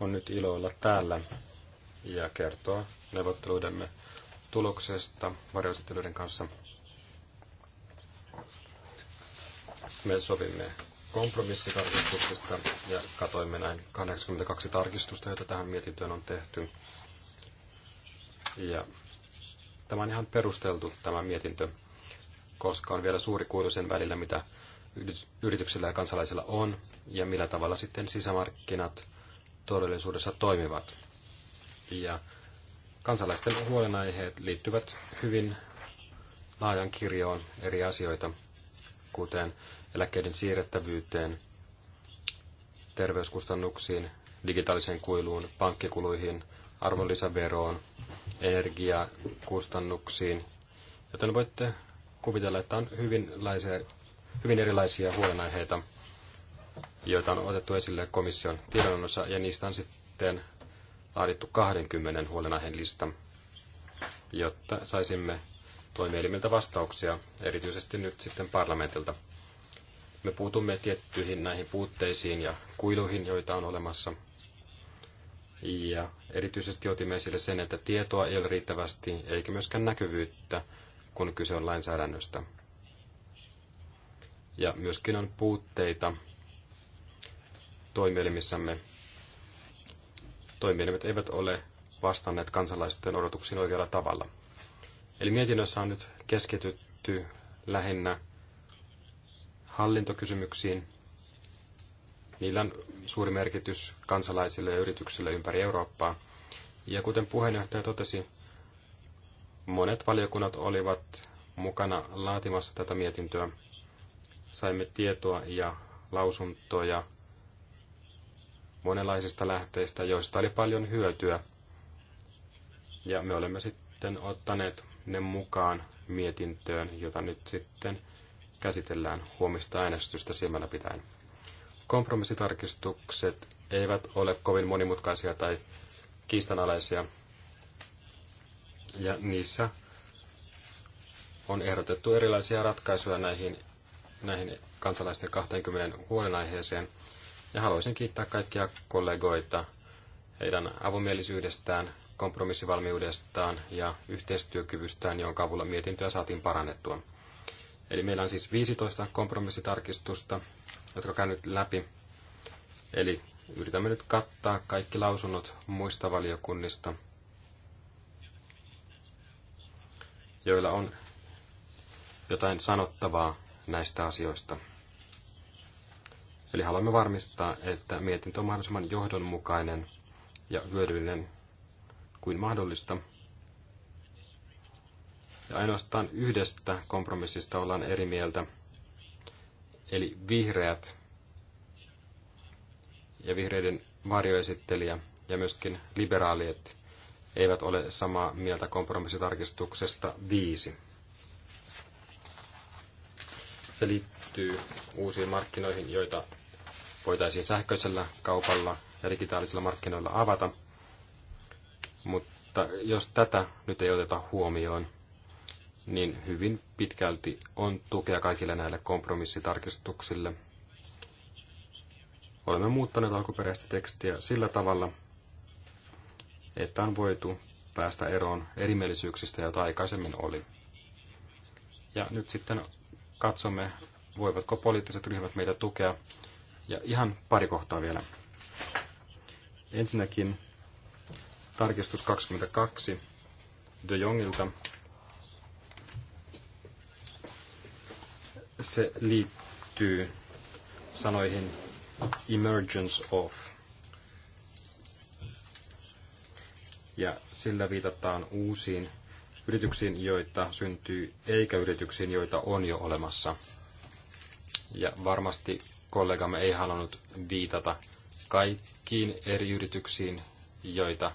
on nyt ilo olla täällä ja kertoa neuvotteluidemme tuloksesta varjoesittelyiden kanssa. Me sovimme kompromissitarkistuksesta ja katoimme näin 82 tarkistusta, joita tähän mietintöön on tehty. Ja tämä on ihan perusteltu tämä mietintö, koska on vielä suuri kuilu sen välillä, mitä yrityksillä ja kansalaisilla on, ja millä tavalla sitten sisämarkkinat todellisuudessa toimivat. Ja kansalaisten huolenaiheet liittyvät hyvin laajan kirjoon eri asioita, kuten eläkkeiden siirrettävyyteen, terveyskustannuksiin, digitaaliseen kuiluun, pankkikuluihin, arvonlisäveroon, energiakustannuksiin, joten voitte kuvitella, että on hyvin, laisia, hyvin erilaisia huolenaiheita joita on otettu esille komission tiedonannossa, ja niistä on sitten laadittu 20 huolenaiheen lista, jotta saisimme toimielimiltä vastauksia, erityisesti nyt sitten parlamentilta. Me puutumme tiettyihin näihin puutteisiin ja kuiluihin, joita on olemassa. Ja erityisesti otimme esille sen, että tietoa ei ole riittävästi eikä myöskään näkyvyyttä, kun kyse on lainsäädännöstä. Ja myöskin on puutteita toimielimissämme. Toimielimet eivät ole vastanneet kansalaisten odotuksiin oikealla tavalla. Eli mietinnössä on nyt keskitytty lähinnä hallintokysymyksiin. Niillä on suuri merkitys kansalaisille ja yrityksille ympäri Eurooppaa. Ja kuten puheenjohtaja totesi, monet valiokunnat olivat mukana laatimassa tätä mietintöä. Saimme tietoa ja lausuntoja monenlaisista lähteistä, joista oli paljon hyötyä. Ja me olemme sitten ottaneet ne mukaan mietintöön, jota nyt sitten käsitellään huomista äänestystä silmällä pitäen. Kompromissitarkistukset eivät ole kovin monimutkaisia tai kiistanalaisia, ja niissä on ehdotettu erilaisia ratkaisuja näihin, näihin kansalaisten 20 huolenaiheeseen, ja haluaisin kiittää kaikkia kollegoita heidän avomielisyydestään, kompromissivalmiudestaan ja yhteistyökyvystään, jonka avulla mietintöä saatiin parannettua. Eli meillä on siis 15 kompromissitarkistusta, jotka käyn nyt läpi. Eli yritämme nyt kattaa kaikki lausunnot muista valiokunnista, joilla on jotain sanottavaa näistä asioista. Eli haluamme varmistaa, että mietintö on mahdollisimman johdonmukainen ja hyödyllinen kuin mahdollista. Ja ainoastaan yhdestä kompromissista ollaan eri mieltä. Eli vihreät ja vihreiden varjoesittelijä ja myöskin liberaalit eivät ole samaa mieltä kompromissitarkistuksesta viisi. Se liittyy kehittyy uusiin markkinoihin, joita voitaisiin sähköisellä kaupalla ja digitaalisilla markkinoilla avata. Mutta jos tätä nyt ei oteta huomioon, niin hyvin pitkälti on tukea kaikille näille kompromissitarkistuksille. Olemme muuttaneet alkuperäistä tekstiä sillä tavalla, että on voitu päästä eroon erimielisyyksistä, joita aikaisemmin oli. Ja nyt sitten katsomme voivatko poliittiset ryhmät meitä tukea. Ja ihan pari kohtaa vielä. Ensinnäkin tarkistus 22 De Jongilta. Se liittyy sanoihin emergence of. Ja sillä viitataan uusiin yrityksiin, joita syntyy, eikä yrityksiin, joita on jo olemassa ja varmasti kollegamme ei halunnut viitata kaikkiin eri yrityksiin, joita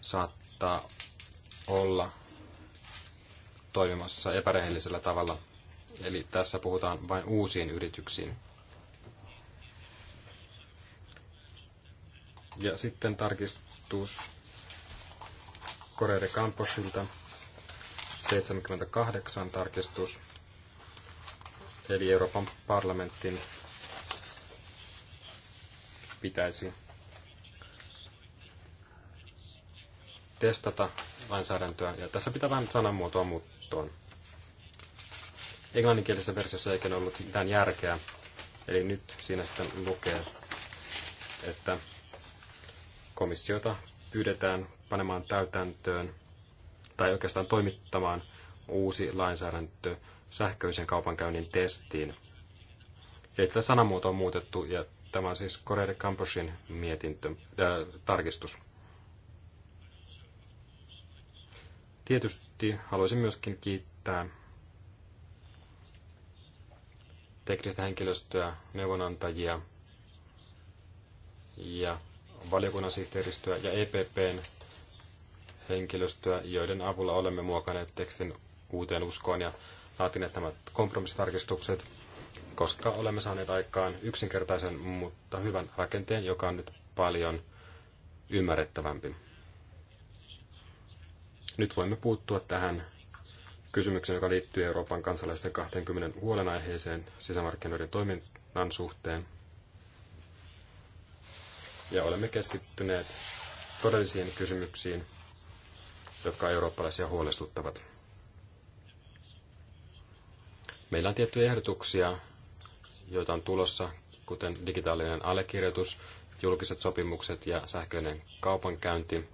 saattaa olla toimimassa epärehellisellä tavalla. Eli tässä puhutaan vain uusiin yrityksiin. Ja sitten tarkistus Correa Camposilta, 78 tarkistus. Eli Euroopan parlamentin pitäisi testata lainsäädäntöä. Ja tässä pitää vähän sananmuotoa muuttoon. Englanninkielisessä versiossa ei ollut mitään järkeä. Eli nyt siinä sitten lukee, että komissiota pyydetään panemaan täytäntöön tai oikeastaan toimittamaan uusi lainsäädäntö sähköisen kaupankäynnin testiin. Eli tätä sanamuoto on muutettu ja tämä on siis Koreide Campusin mietintö, äh, tarkistus. Tietysti haluaisin myöskin kiittää teknistä henkilöstöä, neuvonantajia ja valiokunnan sihteeristöä ja EPPn henkilöstöä, joiden avulla olemme muokanneet tekstin uuteen uskoon ja laatineet nämä kompromissitarkistukset, koska olemme saaneet aikaan yksinkertaisen, mutta hyvän rakenteen, joka on nyt paljon ymmärrettävämpi. Nyt voimme puuttua tähän kysymykseen, joka liittyy Euroopan kansalaisten 20 huolenaiheeseen sisämarkkinoiden toiminnan suhteen. Ja olemme keskittyneet todellisiin kysymyksiin, jotka eurooppalaisia huolestuttavat. Meillä on tiettyjä ehdotuksia, joita on tulossa, kuten digitaalinen allekirjoitus, julkiset sopimukset ja sähköinen kaupankäynti.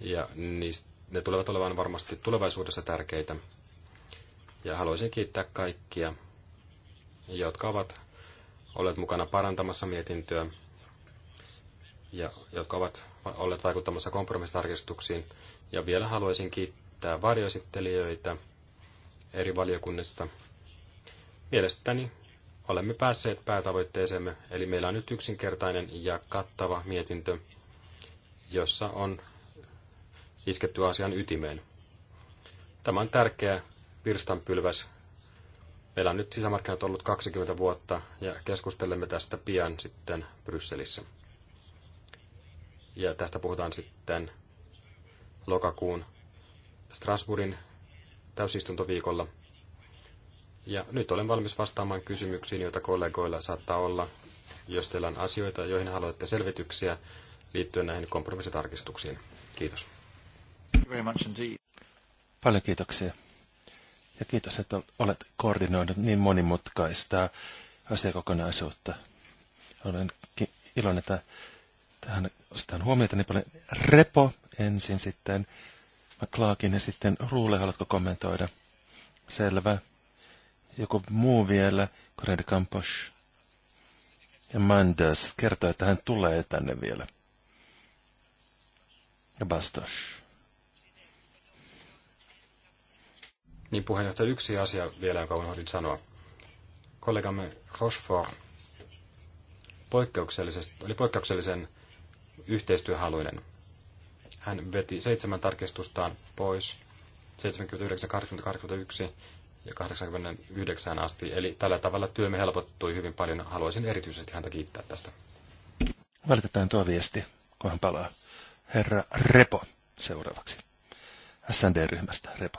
Ja niistä, ne tulevat olemaan varmasti tulevaisuudessa tärkeitä. Ja haluaisin kiittää kaikkia, jotka ovat olleet mukana parantamassa mietintöä ja jotka ovat olleet vaikuttamassa kompromissitarkistuksiin. Ja vielä haluaisin kiittää varjoesittelijöitä eri valiokunnista. Mielestäni olemme päässeet päätavoitteeseemme, eli meillä on nyt yksinkertainen ja kattava mietintö, jossa on isketty asian ytimeen. Tämä on tärkeä virstanpylväs. Meillä on nyt sisämarkkinat ollut 20 vuotta ja keskustelemme tästä pian sitten Brysselissä. Ja tästä puhutaan sitten lokakuun Strasbourgin täysistuntoviikolla. Ja nyt olen valmis vastaamaan kysymyksiin, joita kollegoilla saattaa olla, jos teillä on asioita, joihin haluatte selvityksiä liittyen näihin kompromissitarkistuksiin. Kiitos. Paljon kiitoksia. Ja kiitos, että olet koordinoinut niin monimutkaista asiakokonaisuutta. Olen iloinen, että tähän ostetaan huomiota niin paljon. Repo ensin sitten McClarkin ja sitten Ruule, haluatko kommentoida? Selvä. Joku muu vielä, Korede Campos. Ja Mandas kertoo, että hän tulee tänne vielä. Ja Bastos. Niin puheenjohtaja, yksi asia vielä, jonka unohdin sanoa. Kollegamme Rochefort poikkeuksellisesti, oli poikkeuksellisen yhteistyöhaluinen. Hän veti seitsemän tarkistustaan pois 79, 80, 81 ja 89 asti. Eli tällä tavalla työmme helpottui hyvin paljon. Haluaisin erityisesti häntä kiittää tästä. Valitetaan tuo viesti, hän palaa. Herra Repo seuraavaksi. SND-ryhmästä Repo.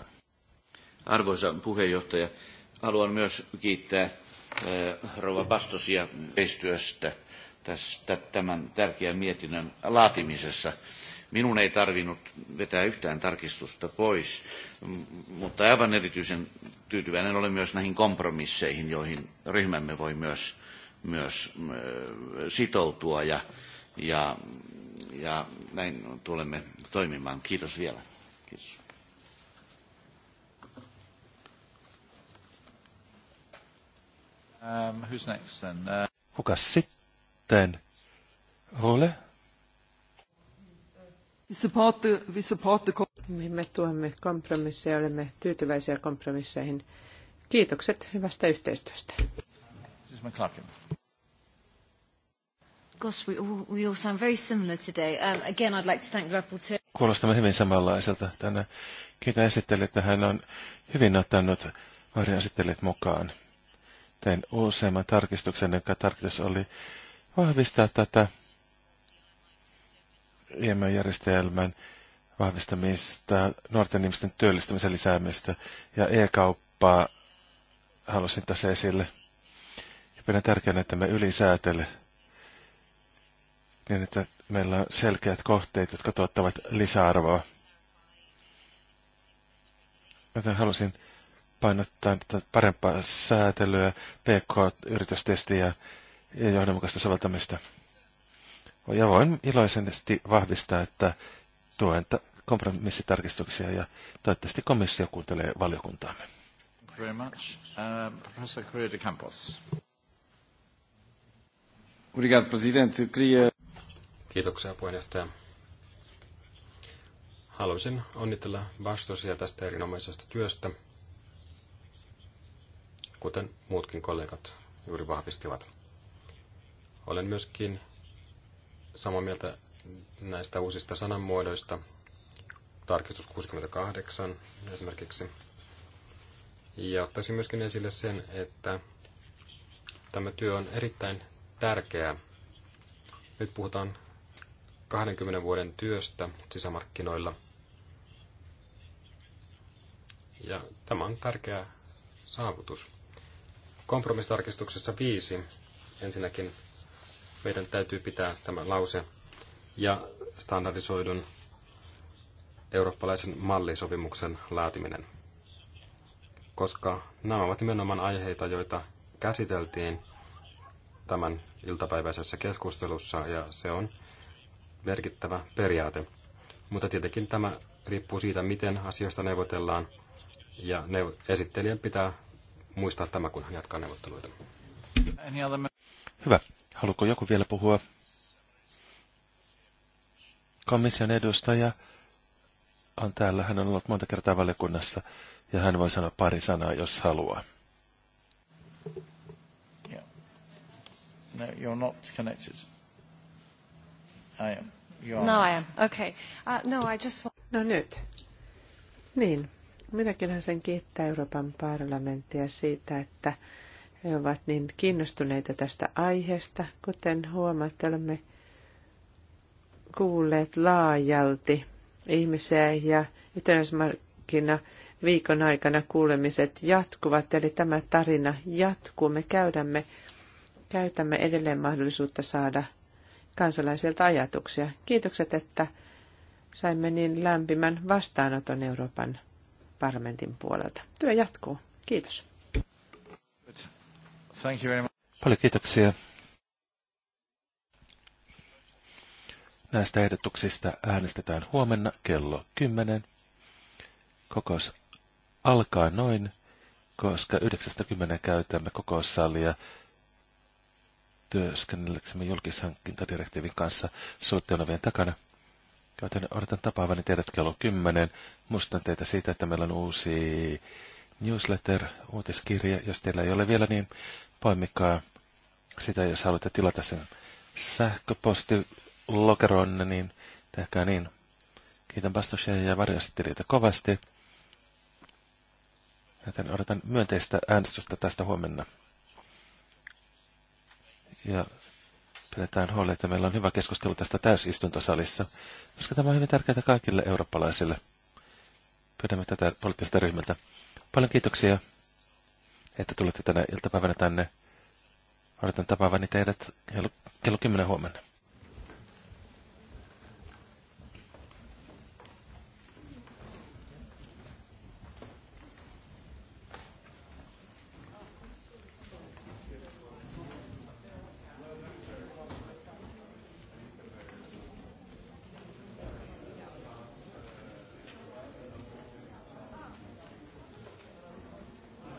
Arvoisa puheenjohtaja, haluan myös kiittää eh, Rova Bastosia yhteistyöstä tässä, tämän tärkeän mietinnön laatimisessa. Minun ei tarvinnut vetää yhtään tarkistusta pois, mutta aivan erityisen tyytyväinen olen myös näihin kompromisseihin, joihin ryhmämme voi myös, myös sitoutua ja, ja, ja näin tulemme toimimaan. Kiitos vielä. Kiitos. Um, who's next then? Uh... Kukas sitten? Ole? Me tuemme kompromisseja, olemme tyytyväisiä kompromisseihin. Kiitokset hyvästä yhteistyöstä. Gosh, we all, we all sound very similar today. Um, again, I'd like to thank the rapporteur. Kuulostamme hyvin samanlaiselta tänään. Kiitän esittelijää, että hän on hyvin ottanut esittelijät mukaan. Tein useamman tarkistuksen, jonka tarkoitus oli vahvistaa tätä IMO-järjestelmän e vahvistamista, nuorten ihmisten työllistämisen lisäämistä ja e-kauppaa halusin tässä esille. Ja pidän tärkeänä, että me ylisäätele niin, että meillä on selkeät kohteet, jotka tuottavat lisäarvoa. Joten halusin painottaa tätä parempaa säätelyä, pk-yritystestiä ja johdonmukaista soveltamista. Ja voin iloisesti vahvistaa, että tuen kompromissitarkistuksia ja toivottavasti komissio kuuntelee valiokuntaamme. Very much. Uh, Professor Correa de Campos. Obrigado, Presidente. Queria... Kiitoksia, puheenjohtaja. Haluaisin onnitella Bastosia tästä erinomaisesta työstä, kuten muutkin kollegat juuri vahvistivat. Olen myöskin samaa mieltä näistä uusista sananmuodoista. Tarkistus 68 esimerkiksi. Ja ottaisin myöskin esille sen, että tämä työ on erittäin tärkeää. Nyt puhutaan 20 vuoden työstä sisämarkkinoilla. Ja tämä on tärkeä saavutus. Kompromistarkistuksessa viisi ensinnäkin meidän täytyy pitää tämä lause ja standardisoidun eurooppalaisen mallisopimuksen laatiminen. Koska nämä ovat nimenomaan aiheita, joita käsiteltiin tämän iltapäiväisessä keskustelussa ja se on merkittävä periaate. Mutta tietenkin tämä riippuu siitä, miten asioista neuvotellaan ja esittelijän pitää muistaa tämä, kun hän jatkaa neuvotteluita. Hyvä. Haluatko joku vielä puhua? Komission edustaja on täällä. Hän on ollut monta kertaa valiokunnassa ja hän voi sanoa pari sanaa, jos haluaa. No, you're not connected. I am. You are no, not. I am. Okay. Uh, no, I just... No nyt. Niin. Minäkin sen kiittää Euroopan parlamenttia siitä, että he ovat niin kiinnostuneita tästä aiheesta, kuten huomaatte, olemme kuulleet laajalti ihmisiä ja yhtenäismarkkina viikon aikana kuulemiset jatkuvat, eli tämä tarina jatkuu. Me käydämme, käytämme edelleen mahdollisuutta saada kansalaisilta ajatuksia. Kiitokset, että saimme niin lämpimän vastaanoton Euroopan parlamentin puolelta. Työ jatkuu. Kiitos. Thank you very much. Paljon kiitoksia näistä ehdotuksista äänestetään huomenna kello 10. Kokous alkaa noin, koska 9.10 käytämme kokoussalia työskennelleksemme julkishankintadirektiivin kanssa suljettujen takana. Joten odotan tapaavani teidät kello 10. Muistan teitä siitä, että meillä on uusi newsletter, uutiskirja. Jos teillä ei ole vielä, niin Poimikaa sitä, jos haluatte tilata sen sähköpostilokeronne, niin tehkää niin. Kiitän pastosia ja varjastelijoita kovasti. Joten odotan myönteistä äänestystä tästä huomenna. Ja pidetään huoli, että meillä on hyvä keskustelu tästä täysistuntosalissa, koska tämä on hyvin tärkeää kaikille eurooppalaisille. Pyydämme tätä poliittista ryhmältä. Paljon kiitoksia että tulette tänä iltapäivänä tänne. Odotan tapaavani teidät kello 10 huomenna.